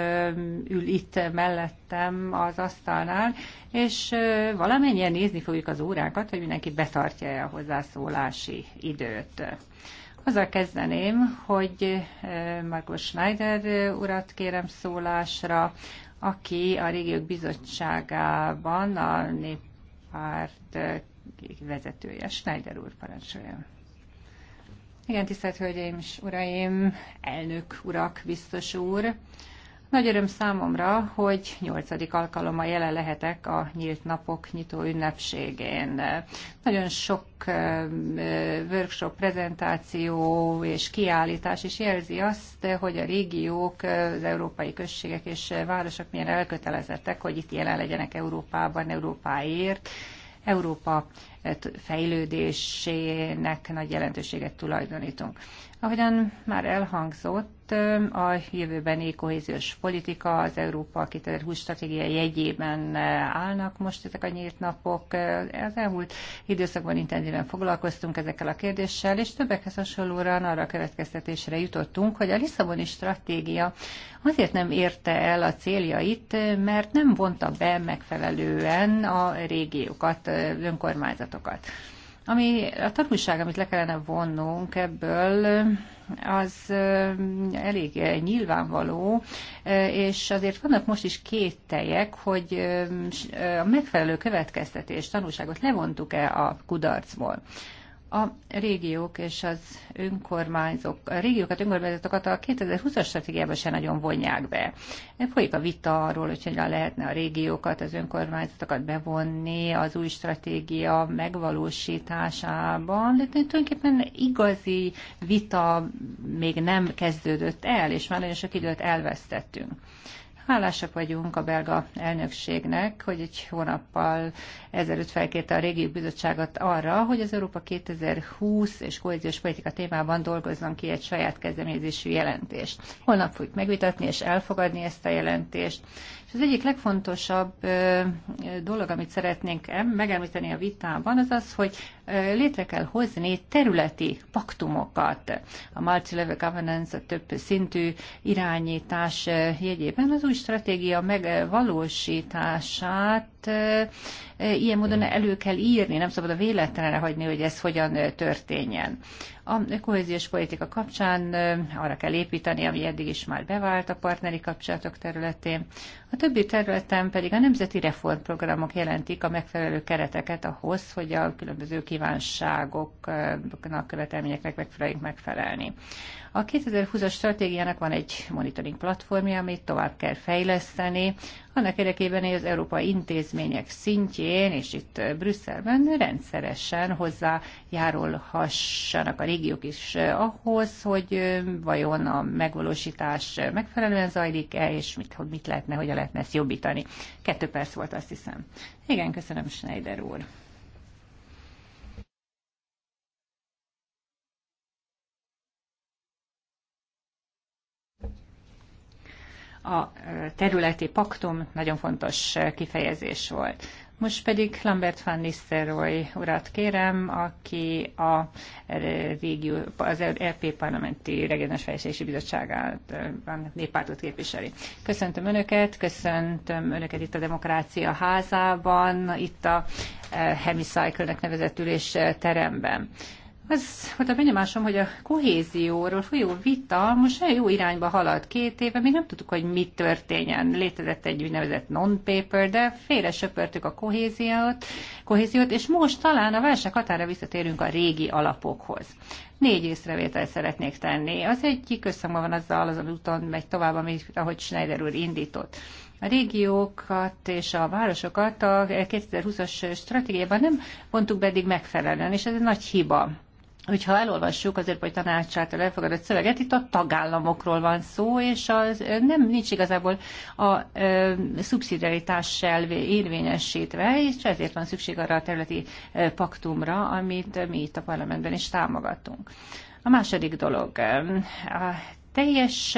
ül itt mellettem az asztalnál, és valamennyien nézni fogjuk az órákat, hogy mindenki betartja -e a hozzászólási időt. Azzal kezdeném, hogy eh, Margot Schneider eh, urat kérem szólásra, aki a Régiók Bizottságában a néppárt eh, vezetője. Schneider úr, parancsoljon. Igen, tisztelt Hölgyeim és Uraim, elnök urak, biztos úr. Nagy öröm számomra, hogy nyolcadik alkalommal jelen lehetek a Nyílt Napok nyitó ünnepségén. Nagyon sok workshop, prezentáció és kiállítás is jelzi azt, hogy a régiók, az európai községek és városok milyen elkötelezettek, hogy itt jelen legyenek Európában, Európáért, Európa fejlődésének nagy jelentőséget tulajdonítunk. Ahogyan már elhangzott, a jövőbeni kohéziós politika az Európa 2020 stratégia jegyében állnak most ezek a nyílt napok. Az elmúlt időszakban intenzíven foglalkoztunk ezekkel a kérdéssel, és többekhez hasonlóan arra a következtetésre jutottunk, hogy a Lisszaboni stratégia azért nem érte el a céljait, mert nem vonta be megfelelően a régiókat, önkormányzatokat. Ami a tanulság, amit le kellene vonnunk ebből, az eh, elég eh, nyilvánvaló, eh, és azért vannak most is két tejek, hogy a megfelelő következtetés, tanulságot levontuk-e a kudarcból a régiók és az önkormányzók, a régiókat, önkormányzatokat a 2020-as stratégiában se nagyon vonják be. Folyik a vita arról, hogy hogyan lehetne a régiókat, az önkormányzatokat bevonni az új stratégia megvalósításában, de tulajdonképpen igazi vita még nem kezdődött el, és már nagyon sok időt elvesztettünk. Hálásak vagyunk a belga elnökségnek, hogy egy hónappal ezelőtt felkérte a régi bizottságot arra, hogy az Európa 2020 és kohéziós politika témában dolgozzon ki egy saját kezdeményezésű jelentést. Holnap fogjuk megvitatni és elfogadni ezt a jelentést. És az egyik legfontosabb dolog, amit szeretnénk megemlíteni a vitában, az az, hogy létre kell hozni területi paktumokat. A multi-level governance, a több szintű irányítás jegyében az új stratégia megvalósítását ilyen módon elő kell írni, nem szabad a véletlenre hagyni, hogy ez hogyan történjen. A kohéziós politika kapcsán arra kell építeni, ami eddig is már bevált a partneri kapcsolatok területén. A többi területen pedig a nemzeti reformprogramok jelentik a megfelelő kereteket ahhoz, hogy a különböző kívánságoknak, követelményeknek megfeleljünk megfelelni. A 2020-as stratégiának van egy monitoring platformja, amit tovább kell fejleszteni, annak érdekében, hogy az európai intézmények szintjén és itt Brüsszelben rendszeresen hozzájárulhassanak a régiók is ahhoz, hogy vajon a megvalósítás megfelelően zajlik-e, és mit, hogy mit lehetne, hogyan lehetne ezt jobbítani. Kettő perc volt, azt hiszem. Igen, köszönöm, Schneider úr. A területi paktum nagyon fontos kifejezés volt. Most pedig Lambert van Nistelrooy urat kérem, aki a régió, az EP Parlamenti Regionális Fejlesztési Bizottságát, a néppártot képviseli. Köszöntöm Önöket, köszöntöm Önöket itt a Demokrácia házában, itt a Hemicycle-nek nevezett ülés teremben. Az volt a benyomásom, hogy a kohézióról folyó vita most nagyon jó irányba halad két éve, még nem tudtuk, hogy mit történjen. Létezett egy úgynevezett non-paper, de félre söpörtük a kohéziót, kohéziót, és most talán a válság határa visszatérünk a régi alapokhoz. Négy észrevételt szeretnék tenni. Az egyik összhangban van azzal, az úton megy tovább, amit, ahogy Schneider úr indított a régiókat és a városokat a 2020-as eh, stratégiában nem vontuk be eddig megfelelően, és ez egy nagy hiba hogyha elolvassuk az Európai Tanács által elfogadott szöveget, itt a tagállamokról van szó, és az nem nincs igazából a e, szubszidiaritás elvé érvényesítve, és ezért van szükség arra a területi e, paktumra, amit mi itt a parlamentben is támogatunk. A második dolog, a teljes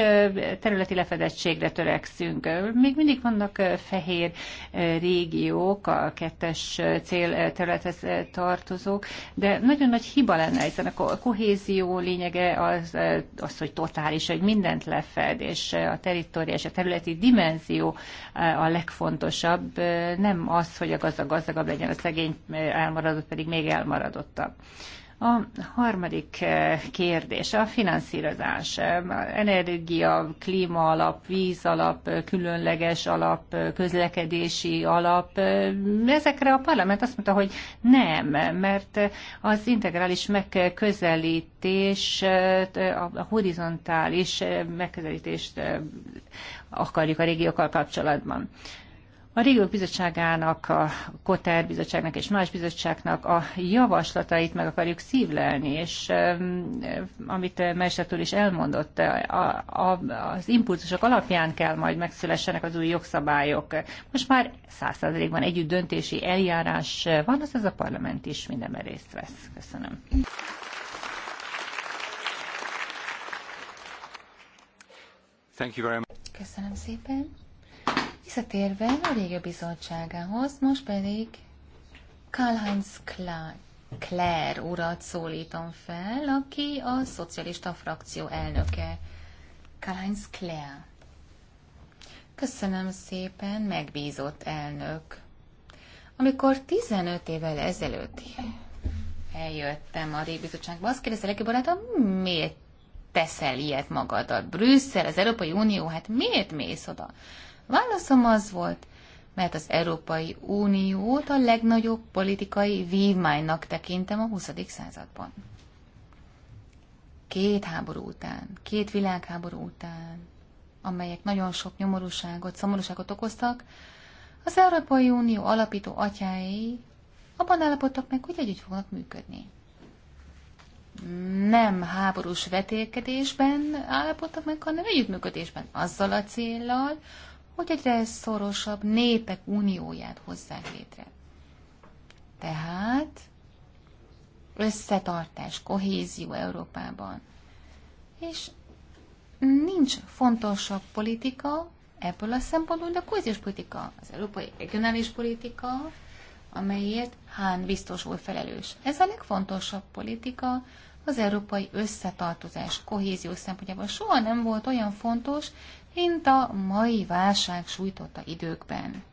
területi lefedettségre törekszünk. Még mindig vannak fehér régiók, a kettes területhez tartozók, de nagyon nagy hiba lenne, hiszen a kohézió lényege az, az hogy totális, hogy mindent lefed, és a teritoria és a területi dimenzió a legfontosabb, nem az, hogy a gazdag gazdagabb legyen, a szegény elmaradott pedig még elmaradottabb. A harmadik eh, kérdés a finanszírozás. Eh, energia, klíma alap, víz alap, eh, különleges alap, közlekedési alap. Ezekre a parlament azt mondta, hogy nem, mert az integrális megközelítés, a horizontális megközelítést akarjuk a régiókkal kapcsolatban. A Régiók Bizottságának, a Koter Bizottságnak és más bizottságnak a javaslatait meg akarjuk szívlelni, és amit Mester is elmondott, a, a, az impulzusok alapján kell majd megszülessenek az új jogszabályok. Most már százszerzalékban együtt döntési eljárás van, az ez a parlament is mindenben részt vesz. Köszönöm. Thank you very much. Köszönöm szépen. Visszatérve a régi bizottságához, most pedig Karl-Heinz Claire urat szólítom fel, aki a szocialista frakció elnöke. Karl-Heinz Claire. Köszönöm szépen, megbízott elnök. Amikor 15 évvel ezelőtt eljöttem a régi bizottságba, azt kérdezte legjobb barátom, miért teszel ilyet magadat? Brüsszel, az Európai Unió, hát miért mész oda? Válaszom az volt, mert az Európai Uniót a legnagyobb politikai vívmánynak tekintem a 20. században. Két háború után, két világháború után, amelyek nagyon sok nyomorúságot, szomorúságot okoztak, az Európai Unió alapító atyái abban állapodtak meg, hogy együtt fognak működni. Nem háborús vetélkedésben állapodtak meg, hanem együttműködésben azzal a céllal, hogy egyre szorosabb népek unióját hozzák létre. Tehát összetartás, kohézió Európában. És nincs fontosabb politika ebből a szempontból, de a kohéziós politika, az európai regionális politika, amelyért Hán biztos volt felelős. Ez a legfontosabb politika az európai összetartozás, kohézió szempontjából. Soha nem volt olyan fontos, mint a mai válság sújtotta időkben.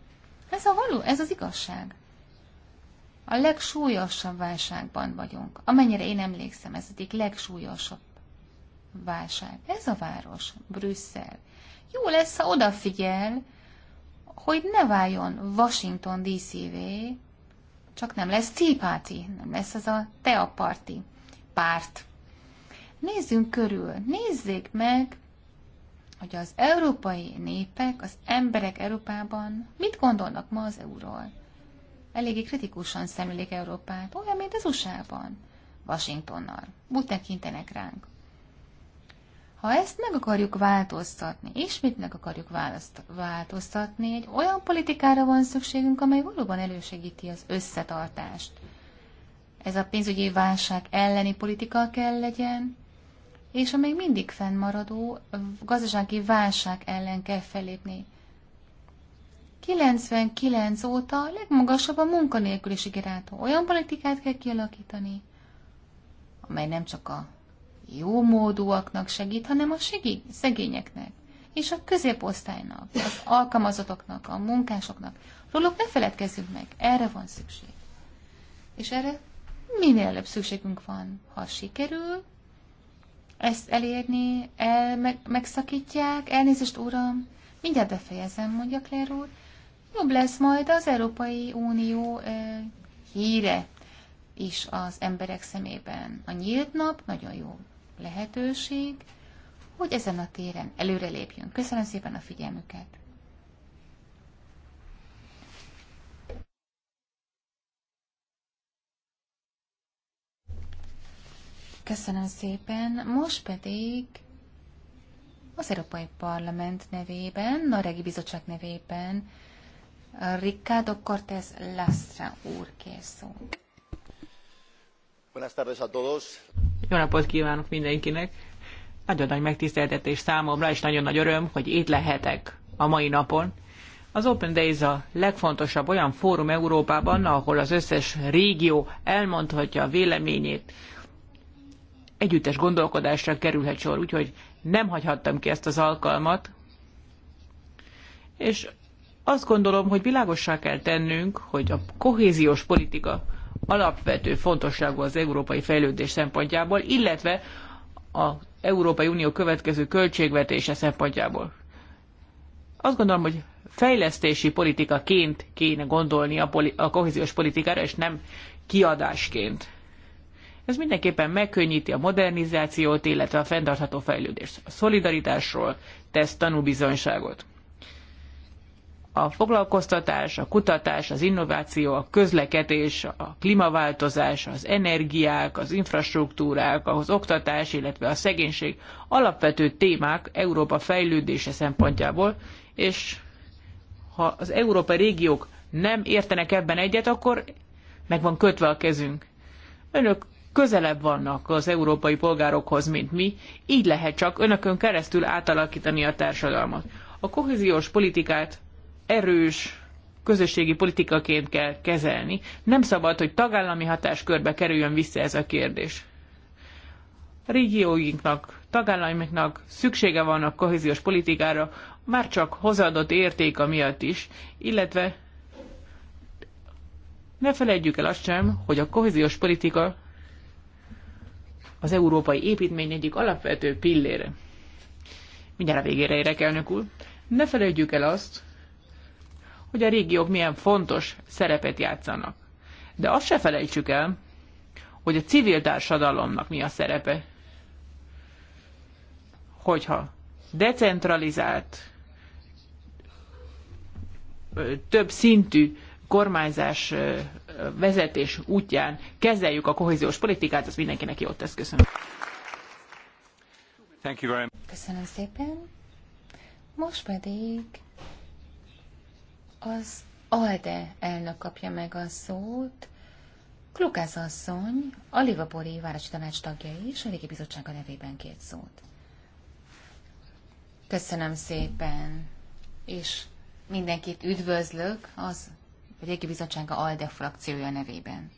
Ez a való, ez az igazság. A legsúlyosabb válságban vagyunk. Amennyire én emlékszem, ez egyik legsúlyosabb válság. Ez a város, Brüsszel. Jó lesz, ha odafigyel, hogy ne váljon Washington DC-vé, csak nem lesz Tea Party, nem lesz ez a Tea Party párt. Nézzünk körül, nézzék meg, hogy az európai népek, az emberek Európában mit gondolnak ma az euróról? Eléggé kritikusan szemlélik Európát, olyan, mint az USA-ban, Washingtonnal. Úgy tekintenek ránk. Ha ezt meg akarjuk változtatni, ismét meg akarjuk változtatni, egy olyan politikára van szükségünk, amely valóban elősegíti az összetartást. Ez a pénzügyi válság elleni politika kell legyen, és a még mindig fennmaradó gazdasági válság ellen kell felépni. 99 óta a legmagasabb a munkanélküliség iránytó. Olyan politikát kell kialakítani, amely nem csak a jó módúaknak segít, hanem a segít, szegényeknek, és a középosztálynak, az alkalmazatoknak, a munkásoknak. Róluk ne feledkezzünk meg, erre van szükség. És erre minél előbb szükségünk van. Ha sikerül, ezt elérni, el, meg, megszakítják. Elnézést, uram, mindjárt befejezem, mondja Claire úr. Jobb lesz majd az Európai Unió e, híre is az emberek szemében. A nyílt nap nagyon jó lehetőség, hogy ezen a téren előrelépjünk. Köszönöm szépen a figyelmüket! Köszönöm szépen. Most pedig az Európai Parlament nevében, a Regi Bizottság nevében Ricardo Cortés Lastra úr kér szó. Jó napot kívánok mindenkinek! Nagyon nagy megtiszteltetés számomra, és nagyon nagy öröm, hogy itt lehetek a mai napon. Az Open Days a legfontosabb olyan fórum Európában, ahol az összes régió elmondhatja a véleményét együttes gondolkodásra kerülhet sor, úgyhogy nem hagyhattam ki ezt az alkalmat. És azt gondolom, hogy világossá kell tennünk, hogy a kohéziós politika alapvető fontosságú az európai fejlődés szempontjából, illetve az Európai Unió következő költségvetése szempontjából. Azt gondolom, hogy fejlesztési politikaként kéne gondolni a, poli- a kohéziós politikára, és nem kiadásként. Ez mindenképpen megkönnyíti a modernizációt, illetve a fenntartható fejlődést. A szolidaritásról tesz tanúbizonyságot. A foglalkoztatás, a kutatás, az innováció, a közlekedés, a klímaváltozás, az energiák, az infrastruktúrák, az oktatás, illetve a szegénység alapvető témák Európa fejlődése szempontjából, és ha az Európa régiók nem értenek ebben egyet, akkor meg van kötve a kezünk. Önök közelebb vannak az európai polgárokhoz, mint mi, így lehet csak önökön keresztül átalakítani a társadalmat. A kohéziós politikát erős közösségi politikaként kell kezelni. Nem szabad, hogy tagállami hatáskörbe kerüljön vissza ez a kérdés. A régióinknak, tagállamoknak szüksége van a kohéziós politikára, már csak hozzáadott értéka miatt is, illetve ne felejtjük el azt sem, hogy a kohéziós politika az európai építmény egyik alapvető pillére. Mindjárt a végére érek, elnök úr. Ne felejtjük el azt, hogy a régiók milyen fontos szerepet játszanak. De azt se felejtsük el, hogy a civil társadalomnak mi a szerepe. Hogyha decentralizált, több szintű kormányzás vezetés útján kezeljük a kohéziós politikát, az mindenkinek jót tesz. Köszönöm. Köszönöm szépen. Most pedig az ALDE elnök kapja meg a szót. Klukász asszony, a Liverpooli Városi Tanács tagja és a Régi Bizottsága nevében két szót. Köszönöm szépen, és mindenkit üdvözlök az a Régi Bizottsága ALDE frakciója nevében.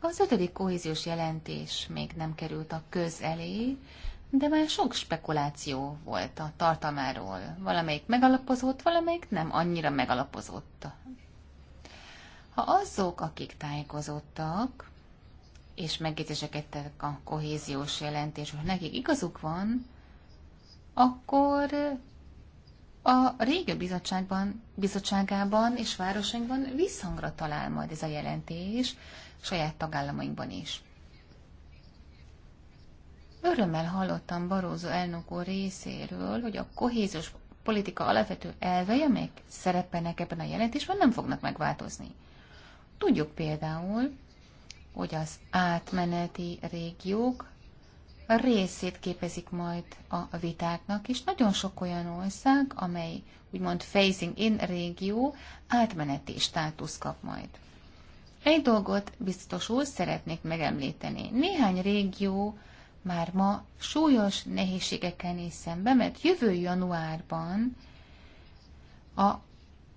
Az ötödik kohéziós jelentés még nem került a köz elé, de már sok spekuláció volt a tartalmáról. Valamelyik megalapozott, valamelyik nem annyira megalapozott. Ha azok, akik tájékozottak, és megjegyzéseket tettek a kohéziós jelentés, hogy nekik igazuk van, akkor a régi bizottságban, bizottságában és városainkban visszhangra talál majd ez a jelentés, saját tagállamainkban is. Örömmel hallottam Barózó elnök úr részéről, hogy a kohéziós politika alapvető elvei, amelyek szerepelnek ebben a jelentésben, nem fognak megváltozni. Tudjuk például, hogy az átmeneti régiók részét képezik majd a vitáknak, és nagyon sok olyan ország, amely úgymond phasing in régió átmeneti státusz kap majd. Egy dolgot biztosul szeretnék megemlíteni. Néhány régió már ma súlyos nehézségekkel néz szembe, mert jövő januárban a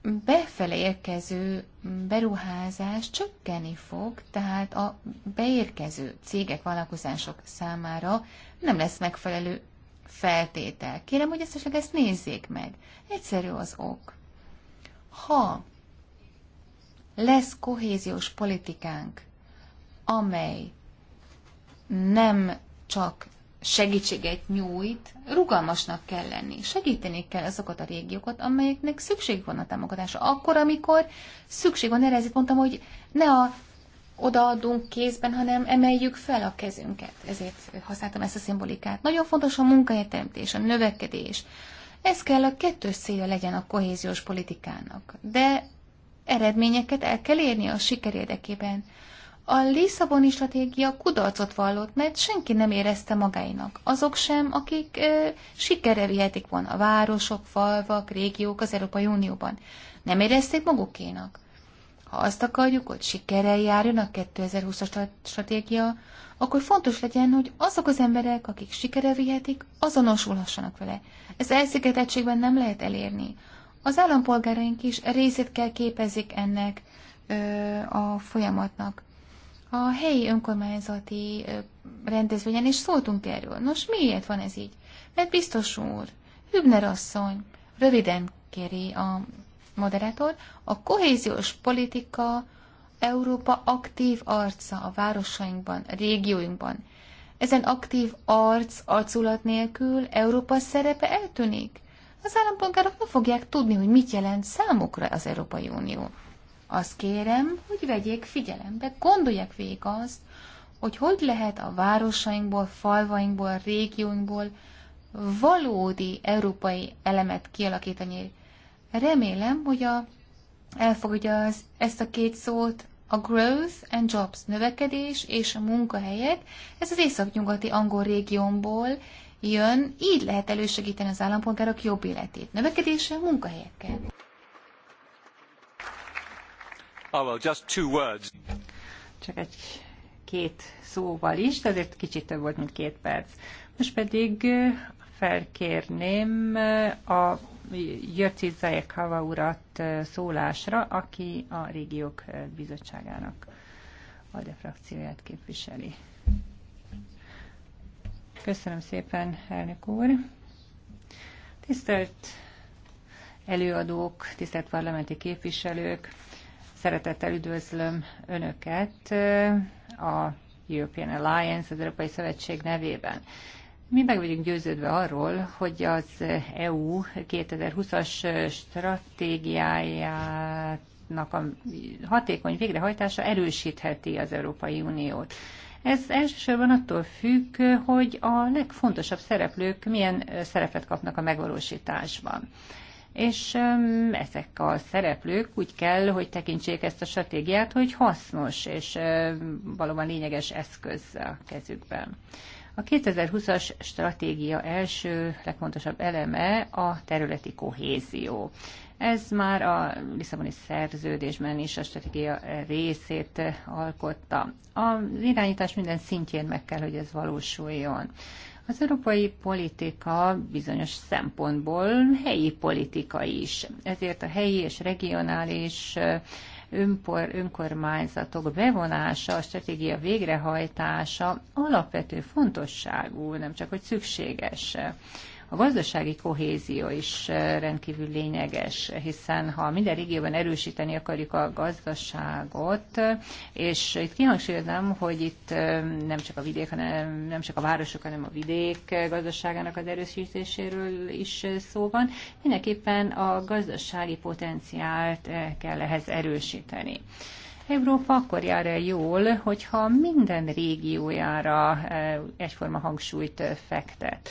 befele érkező beruházás csökkeni fog, tehát a beérkező cégek, vállalkozások számára nem lesz megfelelő feltétel. Kérem, hogy ezt esetleg ezt nézzék meg. Egyszerű az ok. Ha lesz kohéziós politikánk, amely nem csak segítséget nyújt, rugalmasnak kell lenni. Segíteni kell azokat a régiókat, amelyeknek szükség van a támogatásra. Akkor, amikor szükség van erre, ezért mondtam, hogy ne a odaadunk kézben, hanem emeljük fel a kezünket. Ezért használtam ezt a szimbolikát. Nagyon fontos a munkahelyteremtés, a növekedés. Ez kell a kettős célja legyen a kohéziós politikának. De eredményeket el kell érni a siker érdekében. A Lisszaboni stratégia kudarcot vallott, mert senki nem érezte magáinak. Azok sem, akik ö, sikere vihetik volna a városok, falvak, régiók az Európai Unióban. Nem érezték magukénak. Ha azt akarjuk, hogy sikerrel járjon a 2020-as stratégia, akkor fontos legyen, hogy azok az emberek, akik sikere vihetik, azonosulhassanak vele. Ez elszigetettségben nem lehet elérni. Az állampolgáraink is részét kell képezik ennek ö, a folyamatnak a helyi önkormányzati rendezvényen is szóltunk erről. Nos, miért van ez így? Mert biztos úr, Hübner asszony, röviden kéri a moderátor, a kohéziós politika Európa aktív arca a városainkban, a régióinkban. Ezen aktív arc, arculat nélkül Európa szerepe eltűnik. Az állampolgárok nem fogják tudni, hogy mit jelent számukra az Európai Unió. Azt kérem, hogy vegyék figyelembe, gondolják végig azt, hogy hogy lehet a városainkból, falvainkból, régióinkból valódi európai elemet kialakítani. Remélem, hogy a, elfogadja az, ezt a két szót, a growth and jobs, növekedés és a munkahelyek, ez az északnyugati angol régiómból jön, így lehet elősegíteni az állampolgárok jobb életét, növekedéssel, munkahelyekkel. Oh, well, just two words. Csak egy két szóval is, de azért kicsit több volt, mint két perc. Most pedig felkérném a Jörci Zajekhava urat szólásra, aki a régiók bizottságának a defrakcióját képviseli. Köszönöm szépen, elnök úr! Tisztelt előadók, tisztelt parlamenti képviselők! Szeretettel üdvözlöm Önöket a European Alliance, az Európai Szövetség nevében. Mi meg vagyunk győződve arról, hogy az EU 2020-as stratégiájának a hatékony végrehajtása erősítheti az Európai Uniót. Ez elsősorban attól függ, hogy a legfontosabb szereplők milyen szerepet kapnak a megvalósításban és ezek a szereplők úgy kell, hogy tekintsék ezt a stratégiát, hogy hasznos és valóban lényeges eszköz a kezükben. A 2020-as stratégia első legfontosabb eleme a területi kohézió. Ez már a Lisszaboni szerződésben is a stratégia részét alkotta. Az irányítás minden szintjén meg kell, hogy ez valósuljon. Az európai politika bizonyos szempontból helyi politika is. Ezért a helyi és regionális önpor, önkormányzatok bevonása, a stratégia végrehajtása alapvető fontosságú, nem csak hogy szükséges. A gazdasági kohézió is rendkívül lényeges, hiszen ha minden régióban erősíteni akarjuk a gazdaságot, és itt kihangsúlyoznám, hogy itt nem csak a vidék, hanem nem csak a városok, hanem a vidék gazdaságának az erősítéséről is szó van, mindenképpen a gazdasági potenciált kell ehhez erősíteni. Európa akkor jár el jól, hogyha minden régiójára egyforma hangsúlyt fektet.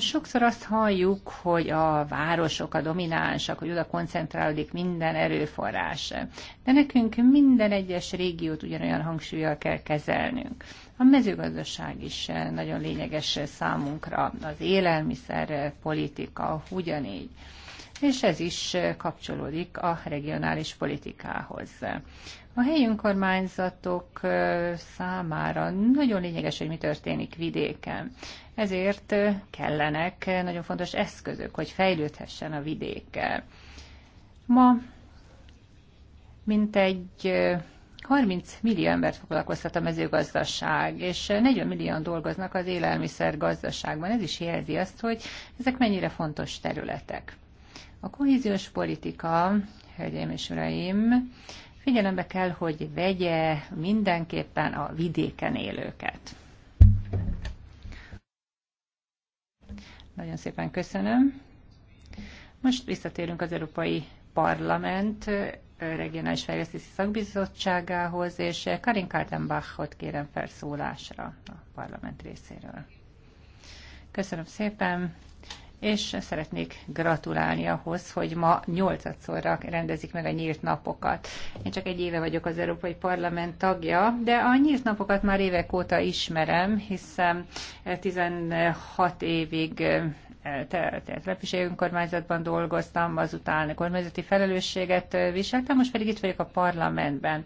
Sokszor azt halljuk, hogy a városok a dominánsak, hogy oda koncentrálódik minden erőforrás. De nekünk minden egyes régiót ugyanolyan hangsúlyjal kell kezelnünk. A mezőgazdaság is nagyon lényeges számunkra, az élelmiszer politika ugyanígy. És ez is kapcsolódik a regionális politikához. A helyi önkormányzatok számára nagyon lényeges, hogy mi történik vidéken. Ezért kellenek nagyon fontos eszközök, hogy fejlődhessen a vidék. Ma mintegy 30 millió embert foglalkoztat a mezőgazdaság, és 40 millióan dolgoznak az élelmiszergazdaságban. Ez is jelzi azt, hogy ezek mennyire fontos területek. A kohéziós politika, hölgyeim és uraim, figyelembe kell, hogy vegye mindenképpen a vidéken élőket. Nagyon szépen köszönöm. Most visszatérünk az Európai Parlament Regionális Fejlesztési Szakbizottságához, és Karin Kaltenbachot kérem felszólásra a parlament részéről. Köszönöm szépen és szeretnék gratulálni ahhoz, hogy ma nyolcadszorra rendezik meg a nyílt napokat. Én csak egy éve vagyok az Európai Parlament tagja, de a nyílt napokat már évek óta ismerem, hiszen 16 évig tehát repülési önkormányzatban dolgoztam, azután kormányzati felelősséget viseltem, most pedig itt vagyok a parlamentben.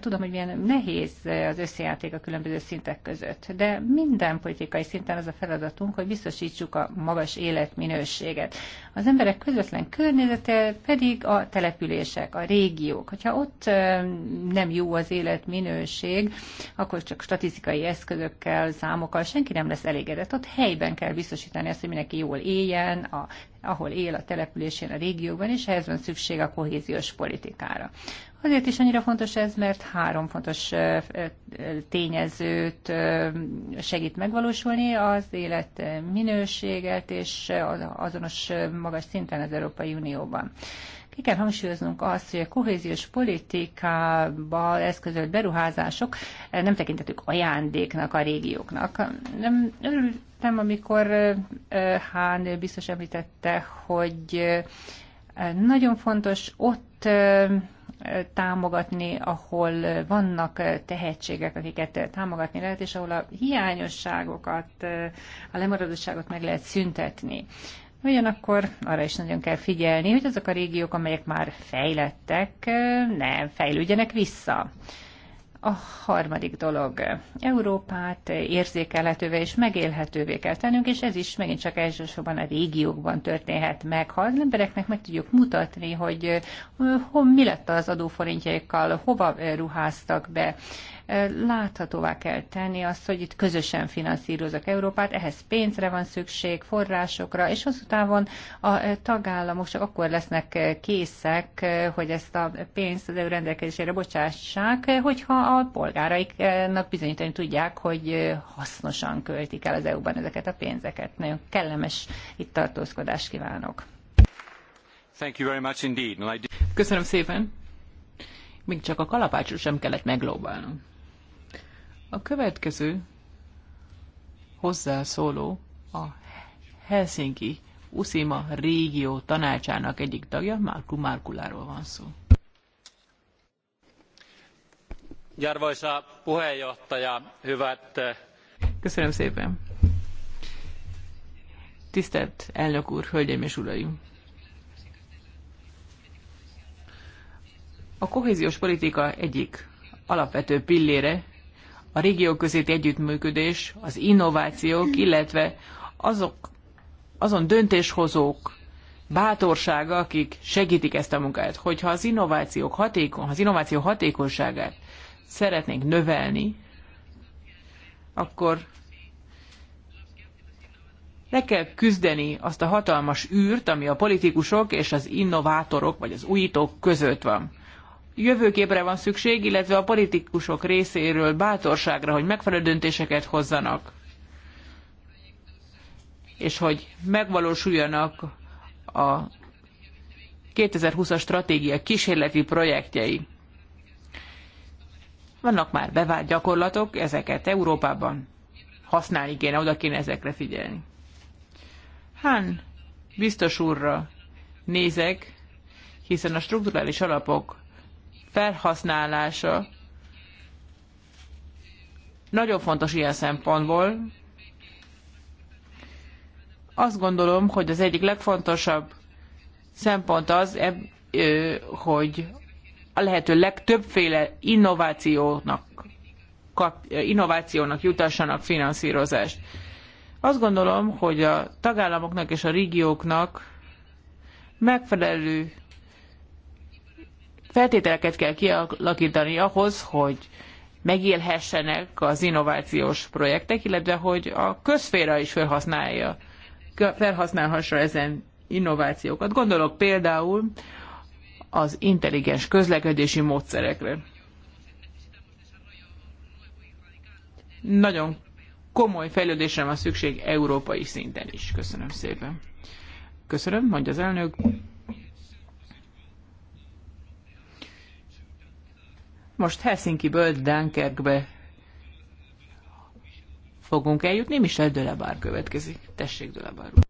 Tudom, hogy milyen nehéz az összejáték a különböző szintek között, de minden politikai szinten az a feladatunk, hogy biztosítsuk a magas életminőséget. Az emberek közvetlen környezete pedig a települések, a régiók. Hogyha ott nem jó az életminőség, akkor csak statisztikai eszközökkel, számokkal senki nem lesz elégedett. Ott helyben kell biztosítani azt, hogy mindenki jó ahol éljen, a, ahol él a településén, a régióban, és ehhez van szükség a kohéziós politikára. Azért is annyira fontos ez, mert három fontos tényezőt segít megvalósulni, az élet minőséget és azonos magas szinten az Európai Unióban. Ki kell hangsúlyoznunk azt, hogy a kohéziós politikába eszközölt beruházások eh, nem tekintetük ajándéknak a régióknak. Nem, örültem, amikor eh, Hán biztos említette, hogy eh, nagyon fontos ott támogatni, ahol vannak tehetségek, akiket támogatni lehet, és ahol a hiányosságokat, a lemaradottságot meg lehet szüntetni. Ugyanakkor arra is nagyon kell figyelni, hogy azok a régiók, amelyek már fejlettek, ne fejlődjenek vissza. A harmadik dolog, Európát érzékelhetővé és megélhetővé kell tennünk, és ez is megint csak elsősorban a régiókban történhet meg, ha az embereknek meg tudjuk mutatni, hogy mi lett az adóforintjaikkal, hova ruháztak be, láthatóvá kell tenni azt, hogy itt közösen finanszírozok Európát, ehhez pénzre van szükség, forrásokra, és hosszú távon a tagállamok csak akkor lesznek készek, hogy ezt a pénzt az EU rendelkezésére bocsássák, hogyha a polgáraiknak bizonyítani tudják, hogy hasznosan költik el az EU-ban ezeket a pénzeket. Nagyon kellemes itt tartózkodást kívánok. Thank you very much indeed. Köszönöm szépen. Még csak a kalapácsot sem kellett meglóbálnom. A következő hozzászóló a Helsinki Uszima régió tanácsának egyik tagja, Márku Márkuláról van szó. Arvoisa puheenjohtaja, hyvät... Eh, Köszönöm szépen. Tisztelt elnök úr, hölgyeim és uraim! A kohéziós politika egyik alapvető pillére a régió közötti együttműködés, az innovációk, illetve azok, azon döntéshozók bátorsága, akik segítik ezt a munkát. Hogyha az, innovációk hatékony, ha az innováció hatékonyságát szeretnénk növelni, akkor le kell küzdeni azt a hatalmas űrt, ami a politikusok és az innovátorok, vagy az újítók között van jövőképre van szükség, illetve a politikusok részéről bátorságra, hogy megfelelő döntéseket hozzanak, és hogy megvalósuljanak a 2020-as stratégia kísérleti projektjei. Vannak már bevált gyakorlatok, ezeket Európában használni kéne, oda kéne ezekre figyelni. Hán biztos úrra nézek, hiszen a strukturális alapok felhasználása nagyon fontos ilyen szempontból. Azt gondolom, hogy az egyik legfontosabb szempont az, e, hogy a lehető legtöbbféle innovációnak, kap, innovációnak jutassanak finanszírozást. Azt gondolom, hogy a tagállamoknak és a régióknak megfelelő feltételeket kell kialakítani ahhoz, hogy megélhessenek az innovációs projektek, illetve hogy a közféra is felhasználja, felhasználhassa ezen innovációkat. Gondolok például az intelligens közlekedési módszerekre. Nagyon komoly fejlődésre van szükség európai szinten is. Köszönöm szépen. Köszönöm, mondja az elnök. Most Helsinki-ből Dunkerkbe fogunk eljutni. Michel Dölebár következik. Tessék, Dölebár úr.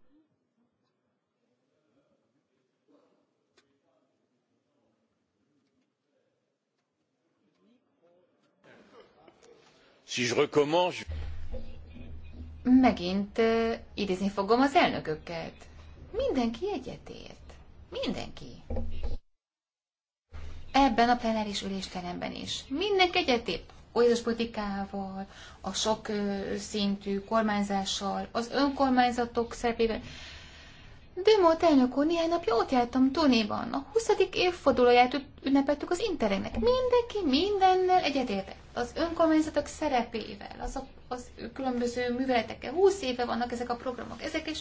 Si je recommence... Megint uh, idézni fogom az elnököket. Mindenki egyetért. Mindenki ebben a plenáris ülésteremben is. Minden egyetép kohéziós politikával, a sok szintű kormányzással, az önkormányzatok szerepével. Dömolt elnök úr, néhány napja ott jártam Tunéban. A 20. évfordulóját ünnepeltük az Interregnek. Mindenki mindennel egyetértett. Az önkormányzatok szerepével, az, a, az különböző műveletekkel. 20 éve vannak ezek a programok, ezek is.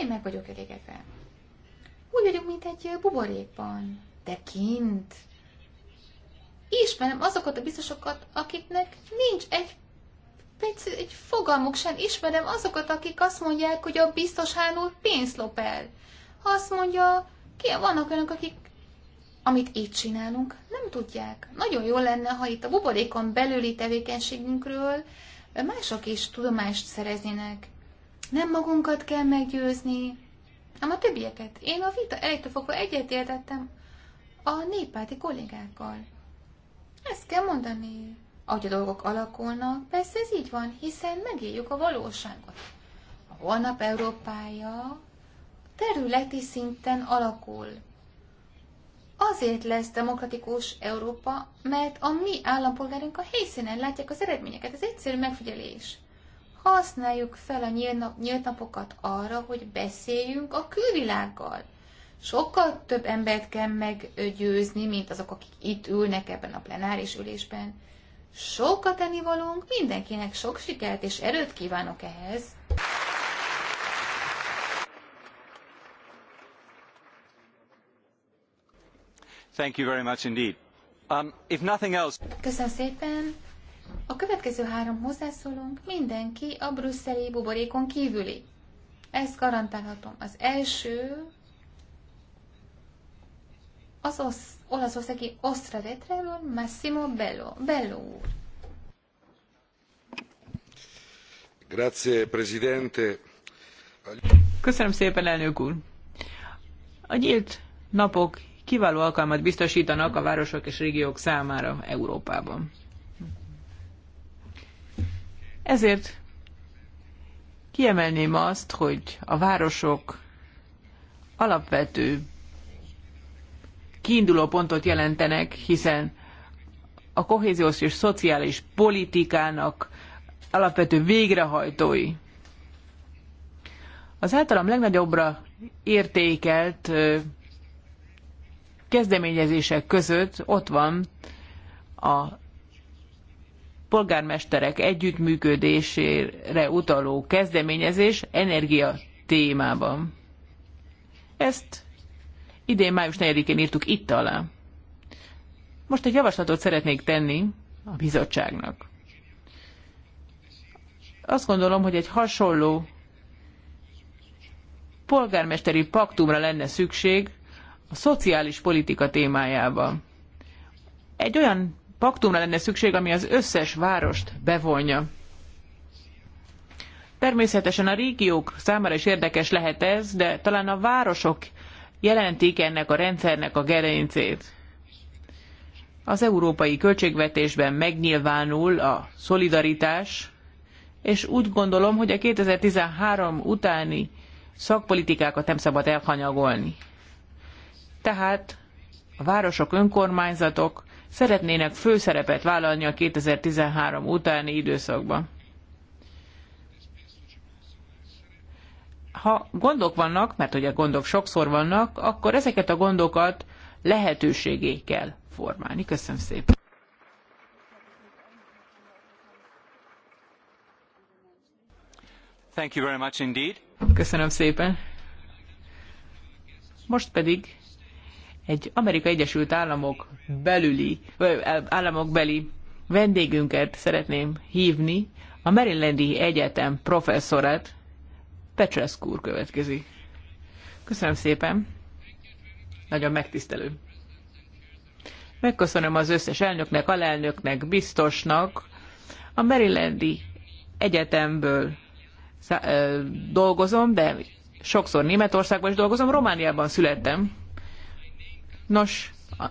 Én meg vagyok elégedve. Úgy vagyok, mint egy buborékban. De kint, ismerem azokat a biztosokat, akiknek nincs egy, egy, egy fogalmuk sem. Ismerem azokat, akik azt mondják, hogy a biztos hánul úr pénzt lop el. Azt mondja, ki vannak önök, akik amit így csinálunk, nem tudják. Nagyon jó lenne, ha itt a buborékon belüli tevékenységünkről mások is tudomást szereznének. Nem magunkat kell meggyőzni, hanem a többieket. Én a vita elejétől fogva egyetértettem a néppárti kollégákkal. Ezt kell mondani. Ahogy a dolgok alakulnak, persze ez így van, hiszen megéljük a valóságot. A holnap Európája területi szinten alakul. Azért lesz demokratikus Európa, mert a mi állampolgárunk a helyszínen látják az eredményeket. Ez egyszerű megfigyelés. Használjuk fel a nyílt napokat arra, hogy beszéljünk a külvilággal – sokkal több embert kell meggyőzni, mint azok, akik itt ülnek ebben a plenáris ülésben. Sokat a tennivalónk, mindenkinek sok sikert és erőt kívánok ehhez. Thank you very much indeed. Um, if nothing else... Köszönöm szépen. A következő három hozzászólónk mindenki a brüsszeli buborékon kívüli. Ezt garantálhatom. Az első az osz, olaszországi osztravekről Massimo Bello. Bello úr. Grazie, Presidente. Köszönöm szépen, elnök úr. A nyílt napok kiváló alkalmat biztosítanak a városok és régiók számára Európában. Ezért kiemelném azt, hogy a városok alapvető kiinduló pontot jelentenek, hiszen a kohéziós és szociális politikának alapvető végrehajtói. Az általam legnagyobbra értékelt kezdeményezések között ott van a polgármesterek együttműködésére utaló kezdeményezés energia témában. Ezt idén május 4-én írtuk itt alá. Most egy javaslatot szeretnék tenni a bizottságnak. Azt gondolom, hogy egy hasonló polgármesteri paktumra lenne szükség a szociális politika témájában. Egy olyan paktumra lenne szükség, ami az összes várost bevonja. Természetesen a régiók számára is érdekes lehet ez, de talán a városok jelentik ennek a rendszernek a gerincét. Az európai költségvetésben megnyilvánul a szolidaritás, és úgy gondolom, hogy a 2013 utáni szakpolitikákat nem szabad elhanyagolni. Tehát a városok, önkormányzatok szeretnének főszerepet vállalni a 2013 utáni időszakban. ha gondok vannak, mert ugye gondok sokszor vannak, akkor ezeket a gondokat lehetőségé kell formálni. Köszönöm szépen. Thank you very much indeed. Köszönöm szépen. Most pedig egy Amerika Egyesült Államok belüli, vagy államok beli vendégünket szeretném hívni, a Marylandi Egyetem professzorát, Pecselszk úr következik. Köszönöm szépen. Nagyon megtisztelő. Megköszönöm az összes elnöknek, alelnöknek, biztosnak, a Marylandi Egyetemből dolgozom, de sokszor Németországban is dolgozom, Romániában születtem. Nos, a,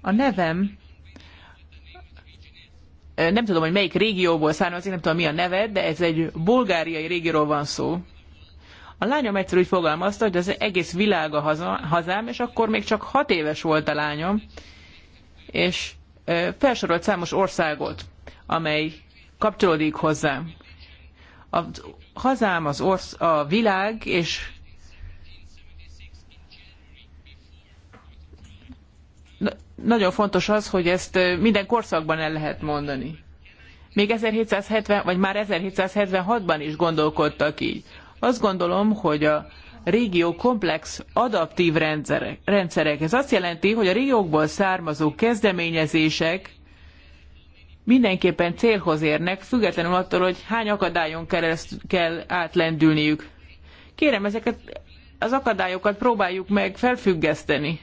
a nevem nem tudom, hogy melyik régióból származik, nem tudom mi a neve, de ez egy bulgáriai régióról van szó. A lányom egyszer úgy fogalmazta, hogy az egész világ a hazám, és akkor még csak hat éves volt a lányom, és felsorolt számos országot, amely kapcsolódik hozzám. A hazám, az orsz, a világ, és nagyon fontos az, hogy ezt minden korszakban el lehet mondani. Még 1770, vagy már 1776-ban is gondolkodtak így. Azt gondolom, hogy a régió komplex adaptív rendszerek, rendszerek. Ez azt jelenti, hogy a régiókból származó kezdeményezések mindenképpen célhoz érnek, függetlenül attól, hogy hány akadályon kereszt kell átlendülniük. Kérem, ezeket az akadályokat próbáljuk meg felfüggeszteni.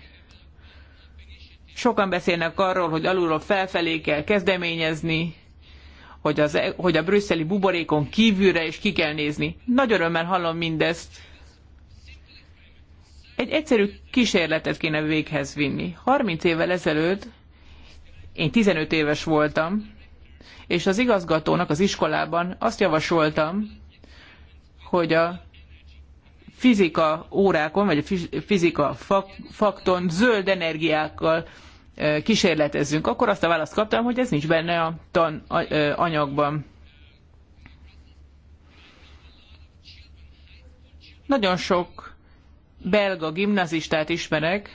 Sokan beszélnek arról, hogy alulról felfelé kell kezdeményezni, hogy, az, e- hogy a brüsszeli buborékon kívülre is ki kell nézni. Nagy örömmel hallom mindezt. Egy egyszerű kísérletet kéne véghez vinni. 30 évvel ezelőtt én 15 éves voltam, és az igazgatónak az iskolában azt javasoltam, hogy a fizika órákon, vagy a fizika fakton zöld energiákkal kísérletezzünk, akkor azt a választ kaptam, hogy ez nincs benne a tananyagban. Nagyon sok belga gimnazistát ismerek,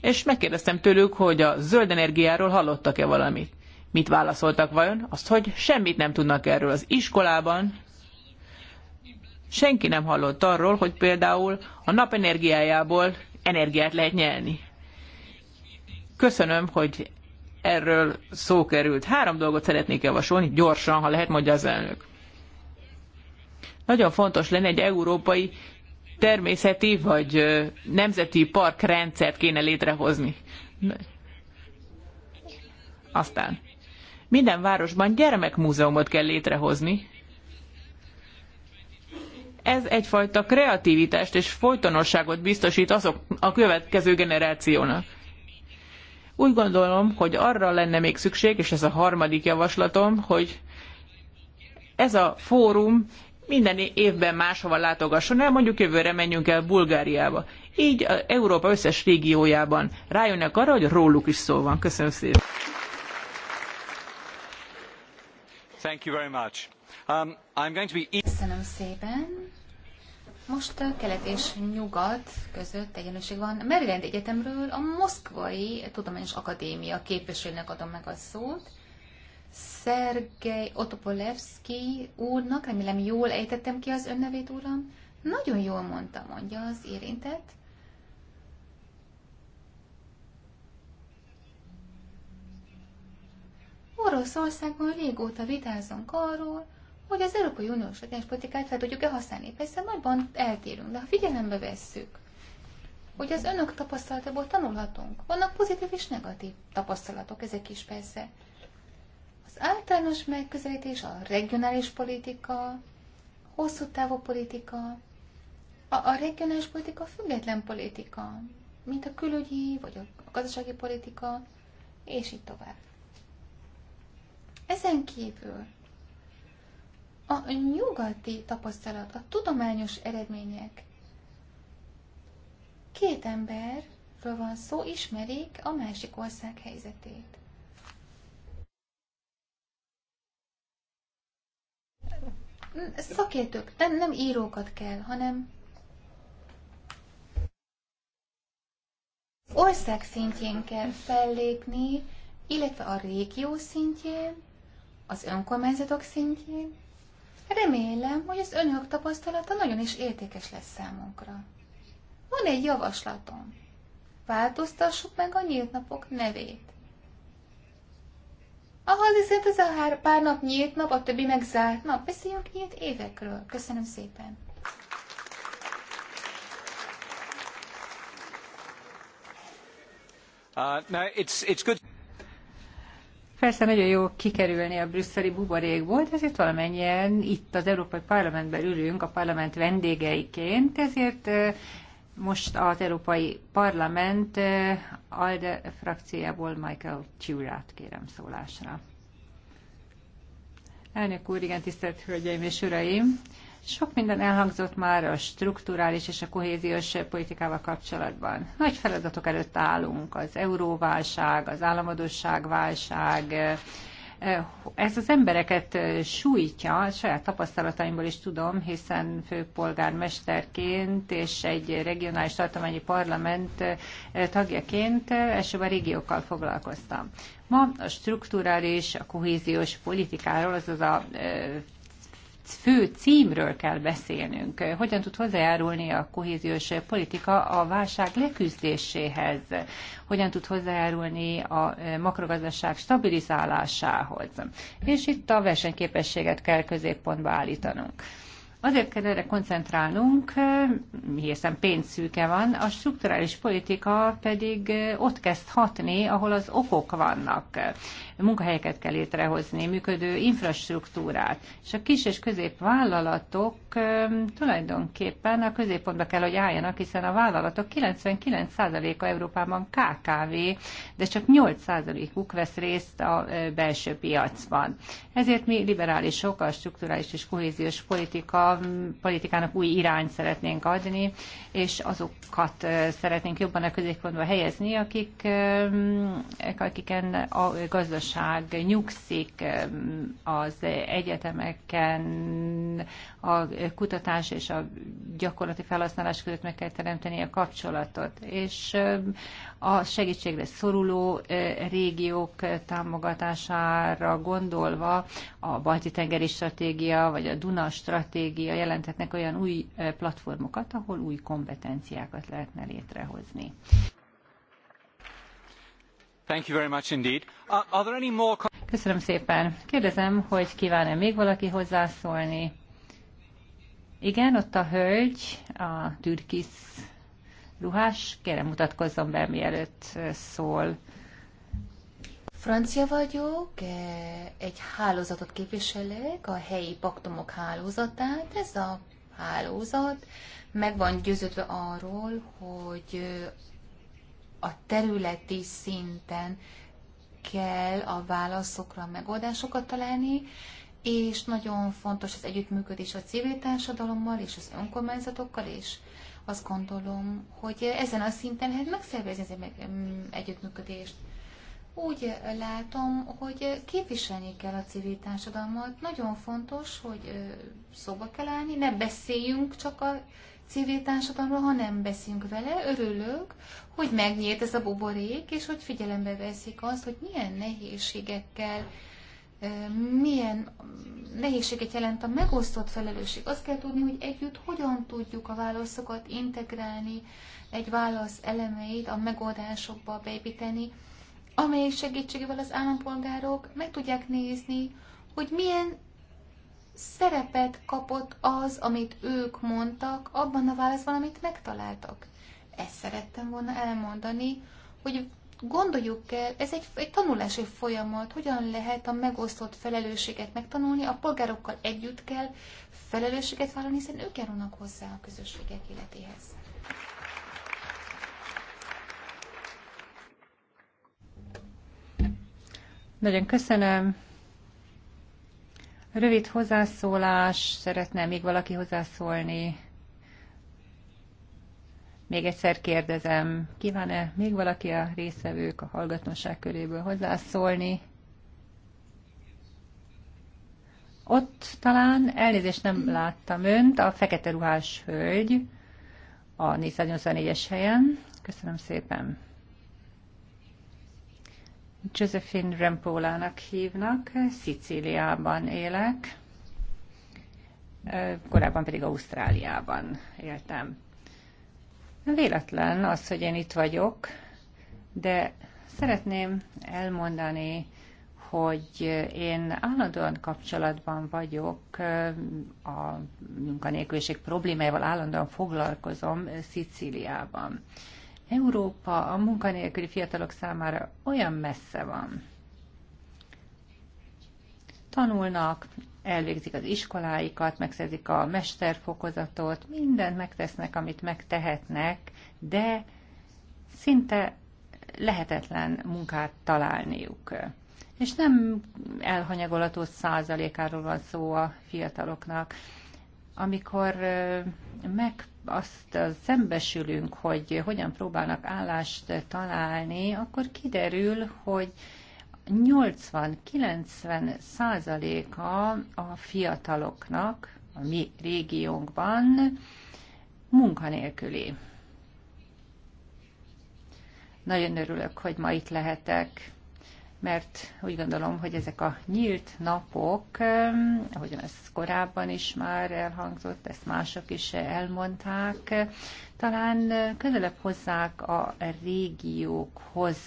és megkérdeztem tőlük, hogy a zöld energiáról hallottak-e valamit. Mit válaszoltak vajon? Azt, hogy semmit nem tudnak erről. Az iskolában senki nem hallott arról, hogy például a energiájából energiát lehet nyerni. Köszönöm, hogy erről szó került. Három dolgot szeretnék javasolni, gyorsan, ha lehet, mondja az elnök. Nagyon fontos lenne egy európai természeti vagy nemzeti parkrendszert kéne létrehozni. Aztán minden városban gyermekmúzeumot kell létrehozni. Ez egyfajta kreativitást és folytonosságot biztosít azok a következő generációnak. Úgy gondolom, hogy arra lenne még szükség, és ez a harmadik javaslatom, hogy ez a fórum minden évben máshova látogasson el, mondjuk jövőre menjünk el Bulgáriába. Így a Európa összes régiójában rájönnek arra, hogy róluk is szó van. Köszönöm szépen. Thank you very much. Um, I'm going to be... Köszönöm szépen. Most a eh, kelet és nyugat között egyenlőség van. Maryland Egyetemről a Moszkvai Tudományos Akadémia képviselőnek adom meg a szót. Szergej Otopolevski úrnak, remélem jól ejtettem ki az önnevét, uram. Nagyon jól mondta, mondja az érintett. Oroszországban régóta vitázunk arról, hogy az Európai Uniós politikát fel tudjuk-e használni. Persze nagyban eltérünk, de ha figyelembe vesszük, hogy az önök tapasztalatából tanulhatunk. Vannak pozitív és negatív tapasztalatok, ezek is persze. Az általános megközelítés, a regionális politika, hosszú távú politika, a, a regionális politika a független politika, mint a külügyi vagy a gazdasági politika, és így tovább. Ezen kívül a nyugati tapasztalat, a tudományos eredmények. Két emberről van szó, ismerik a másik ország helyzetét. Szakértők, nem, nem írókat kell, hanem ország szintjén kell fellépni, illetve a régió szintjén, az önkormányzatok szintjén, Remélem, hogy az önök tapasztalata nagyon is értékes lesz számunkra. Van egy javaslatom. Változtassuk meg a nyílt napok nevét. Ahhoz viszont ez a hár, pár nap nyílt nap, a többi meg zárt nap. Beszéljünk nyílt évekről. Köszönöm szépen. Uh, no, it's, it's good. Persze nagyon jó kikerülni a brüsszeli buborékból, de ezért valamennyien itt az Európai Parlamentben ülünk a parlament vendégeiként, ezért most az Európai Parlament ALDE frakciából Michael Turát kérem szólásra. Elnök úr, igen, tisztelt Hölgyeim és Uraim! Sok minden elhangzott már a strukturális és a kohéziós politikával kapcsolatban. Nagy feladatok előtt állunk, az euróválság, az államadosságválság. ez az embereket sújtja, saját tapasztalataimból is tudom, hiszen főpolgármesterként és egy regionális tartományi parlament tagjaként a régiókkal foglalkoztam. Ma a strukturális, a kohéziós politikáról, azaz a fő címről kell beszélnünk. Hogyan tud hozzájárulni a kohéziós politika a válság leküzdéséhez? Hogyan tud hozzájárulni a eh, makrogazdaság stabilizálásához? És itt a versenyképességet kell középpontba állítanunk. Azért kell erre koncentrálnunk, eh, hiszen pénzszűke van, a strukturális politika pedig eh, ott kezd hatni, ahol az okok vannak. Munkahelyeket kell létrehozni, működő infrastruktúrát, és a kis és középvállalatok eh, tulajdonképpen a középpontba kell, hogy álljanak, hiszen a vállalatok 99%-a Európában KKV, de csak 8%-uk vesz részt a belső piacban. Ezért mi liberálisok a strukturális és kohéziós politika politikának új irányt szeretnénk adni, és azokat szeretnénk jobban a középpontba helyezni, akik, akiken a gazdaság nyugszik az egyetemeken, a kutatás és a gyakorlati felhasználás között meg kell teremteni a kapcsolatot. És a segítségre szoruló régiók támogatására gondolva a Balti-tengeri stratégia vagy a Duna stratégia jelentetnek olyan új platformokat, ahol új kompetenciákat lehetne létrehozni. Thank you very much indeed. Are there any more... Köszönöm szépen. Kérdezem, hogy kíván-e még valaki hozzászólni? Igen, ott a hölgy, a türkisz ruhás. Kérem, mutatkozzon be, mielőtt szól. Francia vagyok, e, egy hálózatot képviselek, a helyi paktumok hálózatát. Ez a hálózat meg van győződve arról, hogy a területi szinten kell a válaszokra megoldásokat találni, és nagyon fontos az együttműködés a civil társadalommal és az önkormányzatokkal és Azt gondolom, hogy ezen a szinten lehet megszervezni az együttműködést. Úgy látom, hogy képviselni kell a civil társadalmat. Nagyon fontos, hogy szóba kell állni, ne beszéljünk csak a civil társadalomra, ha nem beszélünk vele, örülök, hogy megnyílt ez a buborék, és hogy figyelembe veszik azt, hogy milyen nehézségekkel milyen nehézséget jelent a megosztott felelősség. Azt kell tudni, hogy együtt hogyan tudjuk a válaszokat integrálni, egy válasz elemeit a megoldásokba beépíteni, amely segítségével az állampolgárok meg tudják nézni, hogy milyen szerepet kapott az, amit ők mondtak, abban a válaszban, amit megtaláltak. Ezt szerettem volna elmondani, hogy gondoljuk el, ez egy, egy tanulási folyamat, hogyan lehet a megosztott felelősséget megtanulni, a polgárokkal együtt kell felelősséget vállalni, hiszen ők járulnak hozzá a közösségek életéhez. Nagyon köszönöm. Rövid hozzászólás, szeretne még valaki hozzászólni? Még egyszer kérdezem, kíván-e még valaki a részevők a hallgatóság köréből hozzászólni? Ott talán, elnézést nem láttam önt, a fekete ruhás hölgy a 484-es helyen. Köszönöm szépen. Josephine Rempolának hívnak, Szicíliában élek, korábban pedig Ausztráliában éltem. Véletlen az, hogy én itt vagyok, de szeretném elmondani, hogy én állandóan kapcsolatban vagyok a munkanélküliség problémájával, állandóan foglalkozom Szicíliában. Európa a munkanélküli fiatalok számára olyan messze van tanulnak, elvégzik az iskoláikat, megszerzik a mesterfokozatot, mindent megtesznek, amit megtehetnek, de szinte lehetetlen munkát találniuk. És nem elhanyagolható százalékáról van szó a fiataloknak. Amikor meg azt szembesülünk, hogy hogyan próbálnak állást találni, akkor kiderül, hogy 80-90 százaléka a fiataloknak a mi régiónkban munkanélküli. Nagyon örülök, hogy ma itt lehetek, mert úgy gondolom, hogy ezek a nyílt napok, ahogyan ez korábban is már elhangzott, ezt mások is elmondták, talán közelebb hozzák a régiókhoz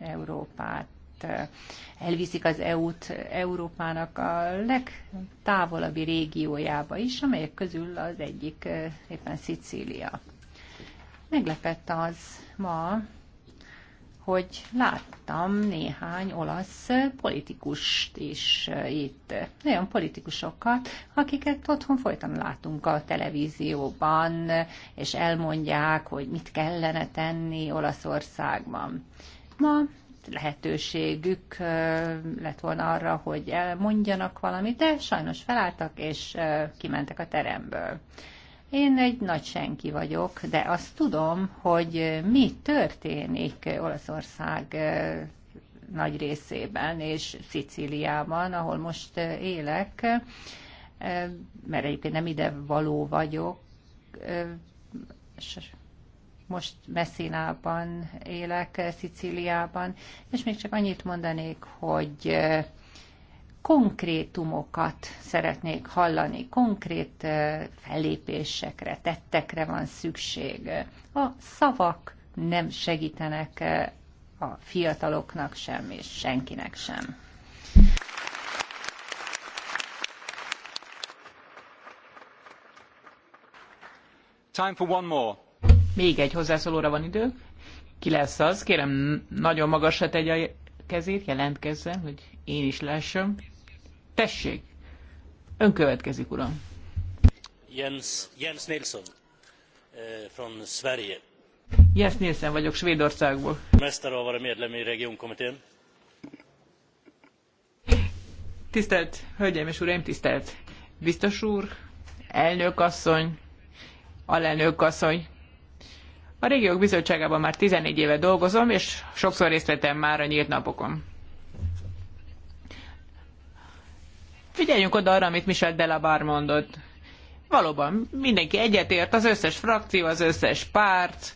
Európát elviszik az EU-t Európának a legtávolabbi régiójába is, amelyek közül az egyik éppen Szicília. Meglepett az ma, hogy láttam néhány olasz politikust is eh, itt, nagyon politikusokat, akiket otthon folyton látunk a televízióban, és elmondják, hogy mit kellene tenni Olaszországban. Ma lehetőségük eh, lett volna arra, hogy elmondjanak valamit, de sajnos felálltak és eh, kimentek a teremből. Én egy nagy senki vagyok, de azt tudom, hogy mi történik Olaszország nagy részében és Szicíliában, ahol most élek, mert egyébként nem ide való vagyok, most Messinában élek, Szicíliában, és még csak annyit mondanék, hogy konkrétumokat szeretnék hallani, konkrét fellépésekre, tettekre van szükség. A szavak nem segítenek a fiataloknak sem, és senkinek sem. Time for one more. Még egy hozzászólóra van idő. Ki lesz az? Kérem, nagyon magasra tegye a kezét, jelentkezzen, hogy én is lássam. Tessék, ön következik, uram. Jens, Jens Nilsson, eh, from Sverige. Jens Nilsson vagyok, Svédországból. Mester a medlem i regionkomitén. Tisztelt Hölgyeim és Uraim, tisztelt biztos úr, elnök asszony, alelnök asszony. A régiók bizottságában már 14 éve dolgozom, és sokszor részt vettem már a nyílt napokon. figyeljünk oda arra, amit Michel Delabar mondott. Valóban mindenki egyetért, az összes frakció, az összes párt,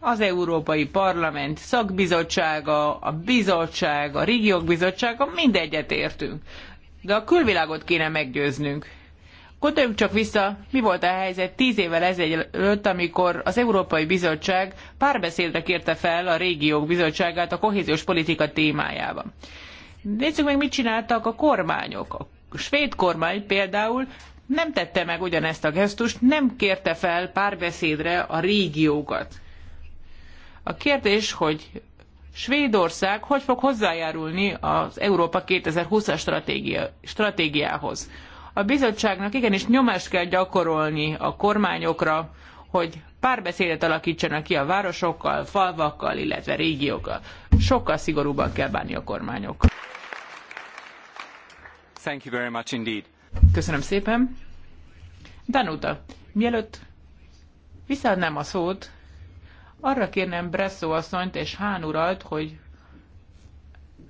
az Európai Parlament szakbizottsága, a bizottság, a régiók bizottsága, mind egyetértünk. De a külvilágot kéne meggyőznünk. Gondoljunk csak vissza, mi volt a helyzet tíz évvel ezelőtt, amikor az Európai Bizottság párbeszédre kérte fel a régiók bizottságát a kohéziós politika témájában. Nézzük meg, mit csináltak a kormányok. A svéd kormány például nem tette meg ugyanezt a gesztust, nem kérte fel párbeszédre a régiókat. A kérdés, hogy Svédország hogy fog hozzájárulni az Európa 2020-as stratégia, stratégiához. A bizottságnak igenis nyomást kell gyakorolni a kormányokra, hogy párbeszédet alakítsanak ki a városokkal, falvakkal, illetve régiókkal. Sokkal szigorúban kell bánni a kormányok. Thank you very much indeed. Köszönöm szépen. Danuta, mielőtt visszaadnám a szót, arra kérném Bresszó asszonyt és Hán urat, hogy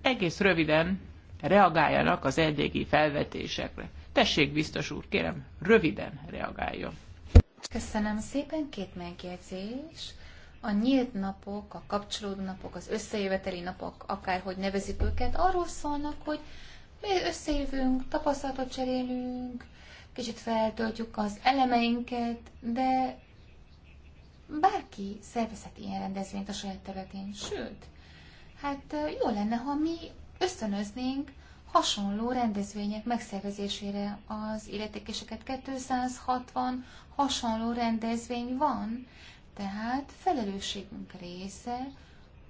egész röviden reagáljanak az eddigi felvetésekre. Tessék, biztos úr, kérem, röviden reagáljon. Köszönöm szépen, két megjegyzés. A nyílt napok, a kapcsolódó napok, az összejöveteli napok, akárhogy nevezik őket, arról szólnak, hogy mi összejövünk, tapasztalatot cserélünk, kicsit feltöltjük az elemeinket, de bárki szervezhet ilyen rendezvényt a saját területén. Sőt, hát jó lenne, ha mi ösztönöznénk hasonló rendezvények megszervezésére az illetékeseket. 260 hasonló rendezvény van, tehát felelősségünk része,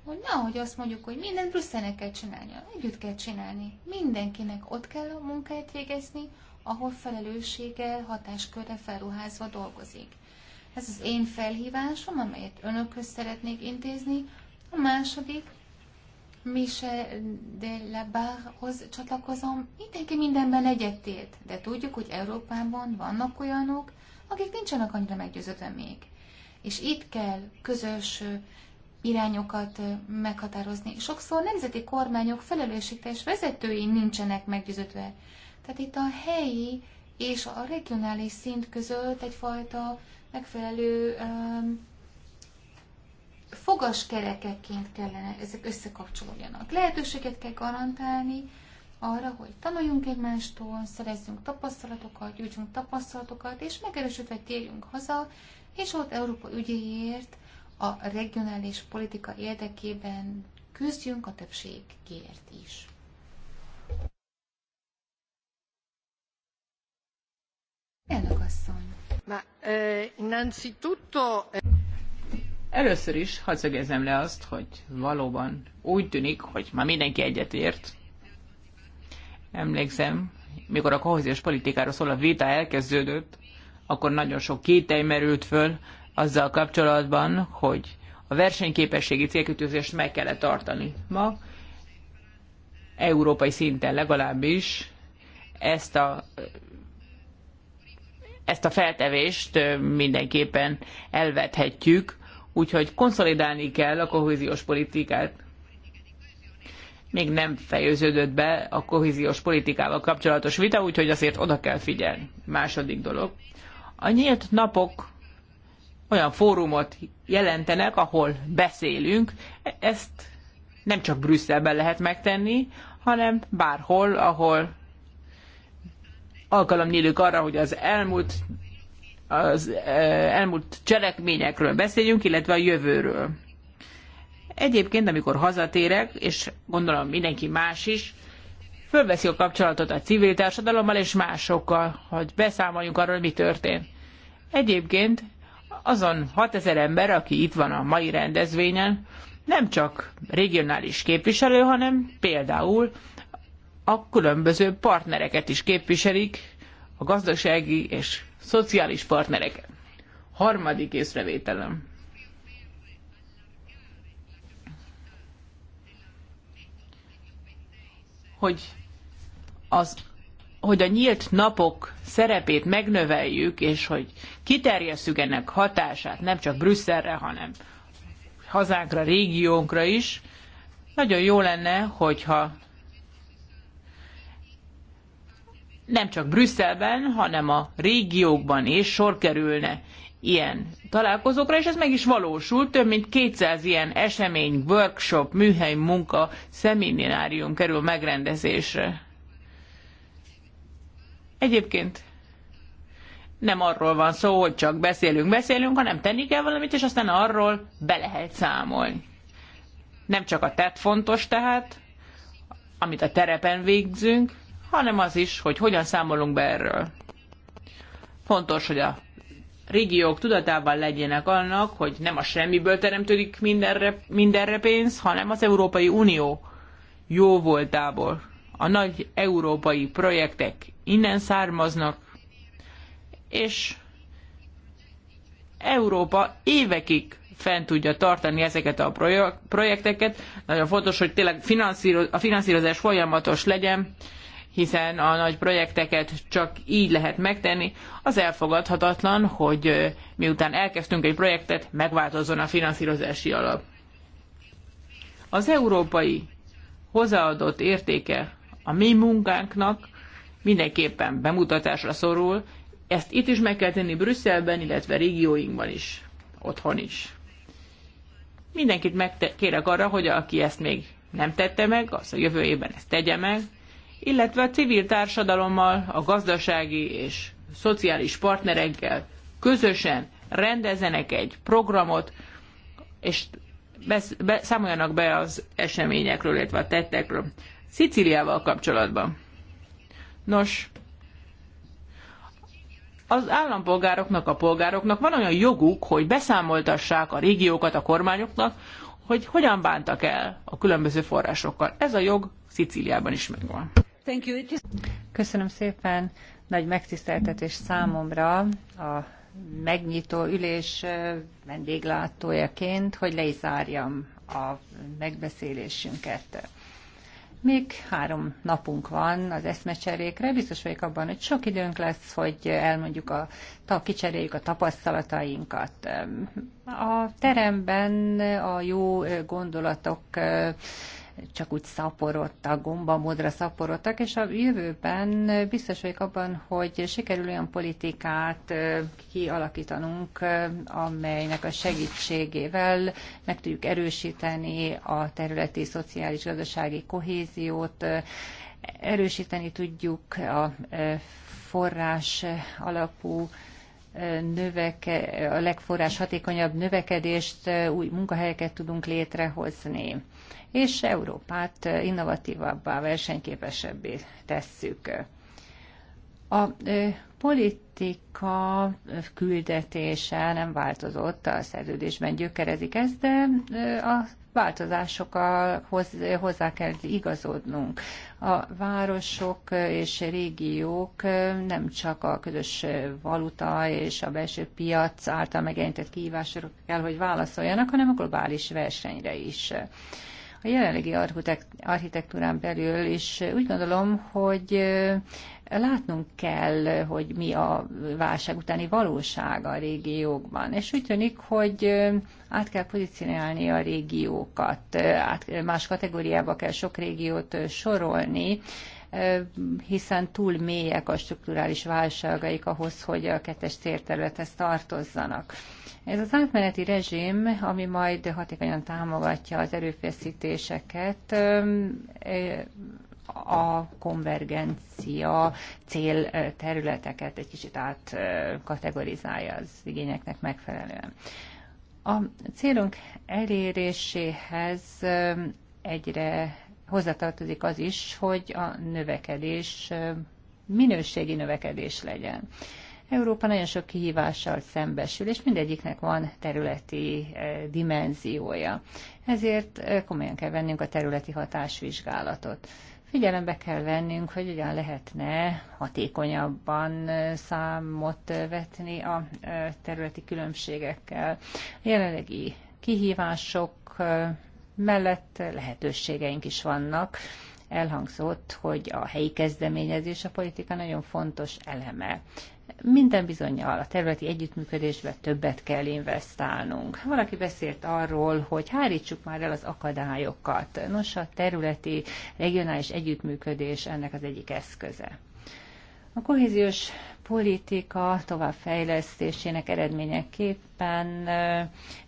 hogy nehogy azt mondjuk, hogy minden Brüsszelnek kell csinálni, együtt kell csinálni. Mindenkinek ott kell a munkáját végezni, ahol felelőssége, hatáskörre felruházva dolgozik. Ez az én felhívásom, amelyet önökhöz szeretnék intézni. A második, Michel de Labarhoz csatlakozom, mindenki mindenben egyetért, de tudjuk, hogy Európában vannak olyanok, akik nincsenek annyira meggyőződve még. És itt kell közös irányokat meghatározni. Sokszor nemzeti kormányok felelősségteljes vezetői nincsenek meggyőződve. Tehát itt a helyi és a regionális szint között egyfajta megfelelő um, fogaskerekeként kellene ezek összekapcsolódjanak. Lehetőséget kell garantálni arra, hogy tanuljunk egymástól, szerezzünk tapasztalatokat, gyűjtsünk tapasztalatokat, és megerősödve térjünk haza, és ott Európa ügyéért, a regionális politika érdekében küzdjünk a többségért is. Elnök asszony! Ma, eh, innanzitutto... Eh, Először is hadd le azt, hogy valóban úgy tűnik, hogy már mindenki egyetért. Emlékszem, mikor a kohéziós politikára szól a vita elkezdődött, akkor nagyon sok kételj merült föl azzal kapcsolatban, hogy a versenyképességi célkütőzést meg kellett tartani. Ma európai szinten legalábbis ezt a ezt a feltevést mindenképpen elvethetjük úgyhogy konszolidálni kell a kohéziós politikát. Még nem fejeződött be a kohéziós politikával kapcsolatos vita, úgyhogy azért oda kell figyelni. Második dolog. A nyílt napok olyan fórumot jelentenek, ahol beszélünk. Ezt nem csak Brüsszelben lehet megtenni, hanem bárhol, ahol alkalom nyílik arra, hogy az elmúlt az elmúlt cselekményekről beszéljünk, illetve a jövőről. Egyébként, amikor hazatérek, és gondolom mindenki más is, fölveszi a kapcsolatot a civil társadalommal és másokkal, hogy beszámoljunk arról, mi történt. Egyébként azon 6000 ember, aki itt van a mai rendezvényen, nem csak regionális képviselő, hanem például a különböző partnereket is képviselik, a gazdasági és szociális partnereken. Harmadik észrevételem. Hogy, az, hogy a nyílt napok szerepét megnöveljük, és hogy kiterjesszük ennek hatását nem csak Brüsszelre, hanem hazánkra, régiónkra is, nagyon jó lenne, hogyha nem csak Brüsszelben, hanem a régiókban is sor kerülne ilyen találkozókra, és ez meg is valósult. Több mint 200 ilyen esemény, workshop, műhely munka, szeminárium kerül megrendezésre. Egyébként nem arról van szó, hogy csak beszélünk, beszélünk, hanem tenni kell valamit, és aztán arról be lehet számolni. Nem csak a tett fontos tehát, amit a terepen végzünk, hanem az is, hogy hogyan számolunk be erről. Fontos, hogy a régiók tudatában legyenek annak, hogy nem a semmiből teremtődik mindenre, mindenre pénz, hanem az Európai Unió jó voltából. A nagy európai projektek innen származnak, és Európa évekig fent tudja tartani ezeket a projekteket. Nagyon fontos, hogy tényleg a finanszírozás folyamatos legyen, hiszen a nagy projekteket csak így lehet megtenni. Az elfogadhatatlan, hogy miután elkezdtünk egy projektet, megváltozzon a finanszírozási alap. Az európai hozzáadott értéke a mi munkánknak mindenképpen bemutatásra szorul, ezt itt is meg kell tenni Brüsszelben, illetve régióinkban is, otthon is. Mindenkit megkérek arra, hogy aki ezt még nem tette meg, az a jövő évben ezt tegye meg, illetve a civil társadalommal, a gazdasági és szociális partnerekkel közösen rendezenek egy programot, és besz, be, számoljanak be az eseményekről, illetve a tettekről. Sziciliával kapcsolatban. Nos, az állampolgároknak, a polgároknak van olyan joguk, hogy beszámoltassák a régiókat a kormányoknak, hogy hogyan bántak el a különböző forrásokkal. Ez a jog Szicíliában is megvan. Köszönöm szépen. Nagy megtiszteltetés számomra a megnyitó ülés vendéglátójaként, hogy le is zárjam a megbeszélésünket. Még három napunk van az eszmecserékre, biztos vagyok abban, hogy sok időnk lesz, hogy elmondjuk a, kicseréljük a tapasztalatainkat. A teremben a jó gondolatok csak úgy szaporodtak, gombamodra szaporodtak, és a jövőben biztos vagyok abban, hogy sikerül olyan politikát kialakítanunk, amelynek a segítségével meg tudjuk erősíteni a területi szociális-gazdasági kohéziót, erősíteni tudjuk a forrás alapú növeke, a legforrás hatékonyabb növekedést, új munkahelyeket tudunk létrehozni és Európát innovatívabbá, versenyképesebbé tesszük. A politika küldetése nem változott, a szerződésben gyökerezik ez, de a változásokhoz hozzá kell igazodnunk. A városok és régiók nem csak a közös valuta és a belső piac által megjelentett kihívásokra kell, hogy válaszoljanak, hanem a globális versenyre is. A jelenlegi architektúrán belül is úgy gondolom, hogy látnunk kell, hogy mi a válság utáni valóság a régiókban. És úgy tűnik, hogy át kell pozícionálni a régiókat, át, más kategóriába kell sok régiót sorolni, hiszen túl mélyek a strukturális válságaik ahhoz, hogy a kettes térterülethez tartozzanak. Ez az átmeneti rezsim, ami majd hatékonyan támogatja az erőfeszítéseket, a konvergencia cél területeket egy kicsit átkategorizálja az igényeknek megfelelően. A célunk eléréséhez egyre hozzátartozik az is, hogy a növekedés minőségi növekedés legyen. Európa nagyon sok kihívással szembesül, és mindegyiknek van területi dimenziója. Ezért komolyan kell vennünk a területi hatásvizsgálatot. Figyelembe kell vennünk, hogy ugyan lehetne hatékonyabban számot vetni a területi különbségekkel. A jelenlegi kihívások mellett lehetőségeink is vannak. Elhangzott, hogy a helyi kezdeményezés a politika nagyon fontos eleme minden bizonyal a területi együttműködésbe többet kell investálnunk. Valaki beszélt arról, hogy hárítsuk már el az akadályokat. Nos, a területi regionális együttműködés ennek az egyik eszköze. A kohéziós politika továbbfejlesztésének eredményeképpen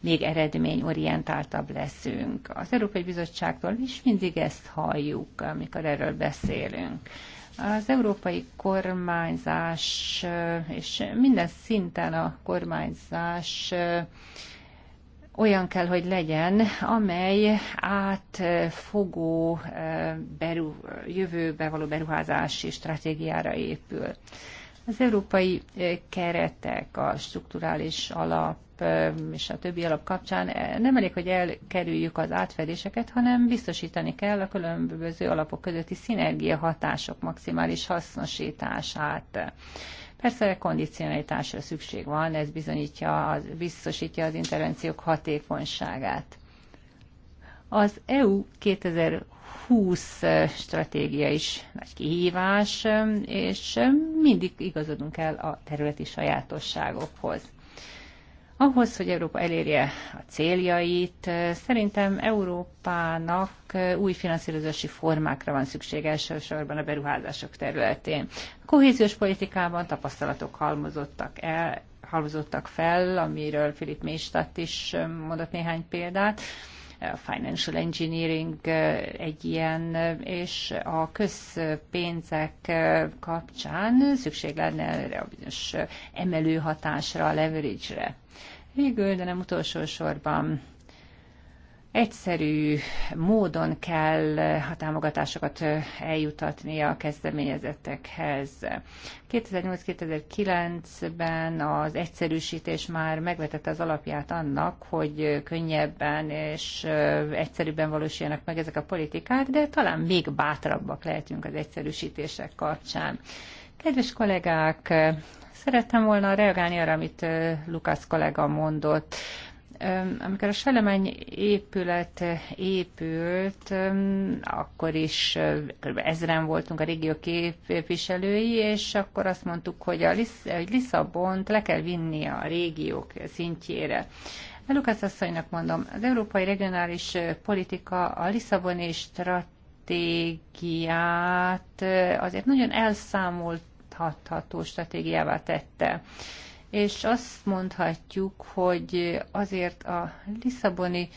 még eredményorientáltabb leszünk. Az Európai Bizottságtól is mindig ezt halljuk, amikor erről beszélünk. Az európai kormányzás és minden szinten a kormányzás olyan kell, hogy legyen, amely átfogó beru, jövőbe való beruházási stratégiára épül. Az európai eh, keretek, a strukturális alap, eh, és a többi alap kapcsán eh, nem elég, hogy elkerüljük az átfedéseket, hanem biztosítani kell a különböző alapok közötti szinergia hatások maximális hasznosítását. Persze kondicionalitásra szükség van, ez bizonyítja, az, biztosítja az intervenciók hatékonyságát. Az EU 2020 stratégia is nagy kihívás, és mindig igazodunk el a területi sajátosságokhoz. Ahhoz, hogy Európa elérje a céljait, szerintem Európának új finanszírozási formákra van szüksége elsősorban a beruházások területén. A kohéziós politikában tapasztalatok halmozottak el, halmozottak fel, amiről Filip Méstat is mondott néhány példát a financial engineering egy ilyen, és a közpénzek kapcsán szükség lenne erre a bizonyos emelő hatásra, a leverage-re. Végül, de nem utolsó sorban egyszerű módon kell a támogatásokat eljutatni a kezdeményezettekhez. 2008-2009-ben az egyszerűsítés már megvetette az alapját annak, hogy könnyebben és egyszerűbben valósuljanak meg ezek a politikák, de talán még bátrabbak lehetünk az egyszerűsítések kapcsán. Kedves kollégák, szerettem volna reagálni arra, amit Lukasz kollega mondott. Amikor a Selemány épület épült, akkor is kb. ezeren voltunk a régió képviselői, és akkor azt mondtuk, hogy a Lisszabont le kell vinni a régiók szintjére. A Lukács asszonynak mondom, az európai regionális politika a Lisszaboni stratégiát azért nagyon elszámoltatható stratégiává tette és azt mondhatjuk, hogy azért a Lisszaboni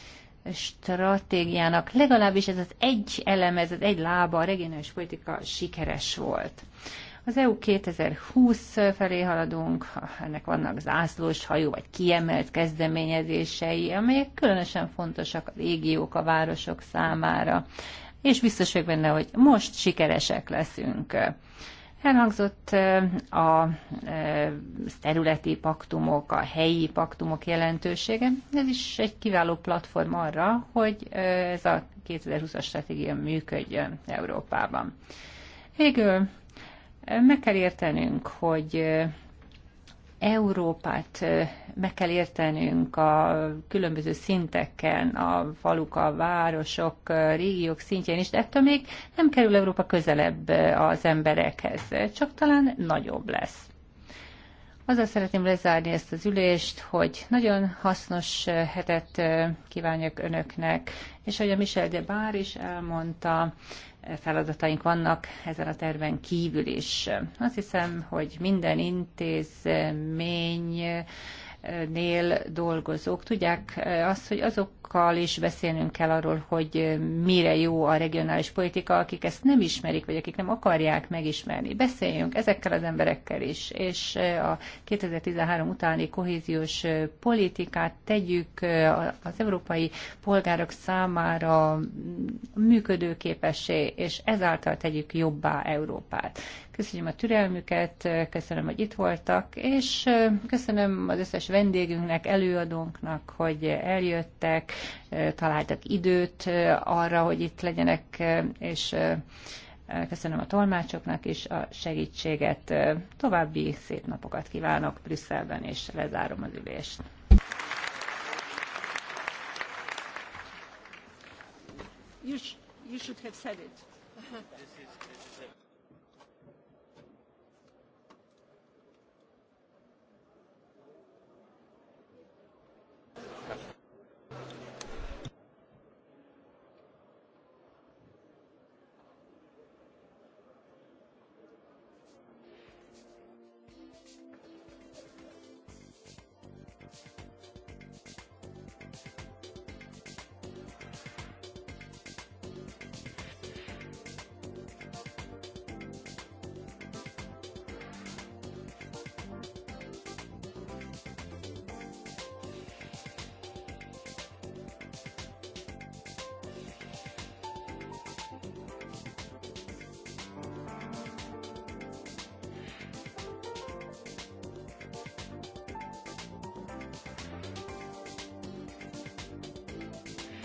stratégiának legalábbis ez az egy eleme, ez az egy lába, a regionális politika sikeres volt. Az EU 2020 felé haladunk, ennek vannak zászlós hajó vagy kiemelt kezdeményezései, amelyek különösen fontosak a régiók, a városok számára, és biztos vagyok benne, hogy most sikeresek leszünk. Elhangzott a területi paktumok, a helyi paktumok jelentősége. Ez is egy kiváló platform arra, hogy ez a 2020-as stratégia működjön Európában. Végül meg kell értenünk, hogy Európát meg kell értenünk a különböző szinteken, a faluk, a városok, a régiók szintjén is, de ettől még nem kerül Európa közelebb az emberekhez, csak talán nagyobb lesz. Azzal szeretném lezárni ezt az ülést, hogy nagyon hasznos hetet kívánjak önöknek, és ahogy a Michel de Bár is elmondta, feladataink vannak ezen a terven kívül is. Azt hiszem, hogy minden intézmény nél dolgozók tudják eh, azt, hogy azokkal is beszélnünk kell arról, hogy eh, mire jó a regionális politika, akik ezt nem ismerik, vagy akik nem akarják megismerni. Beszéljünk ezekkel az emberekkel is, és eh, a 2013 utáni kohéziós politikát tegyük az európai polgárok számára mm, működőképessé, és ezáltal tegyük jobbá Európát. Köszönöm a türelmüket, köszönöm, hogy itt voltak, és köszönöm az összes vendégünknek, előadónknak, hogy eljöttek, találtak időt arra, hogy itt legyenek, és köszönöm a tolmácsoknak is a segítséget. További szép napokat kívánok Brüsszelben, és lezárom az ülést. You, should have said it.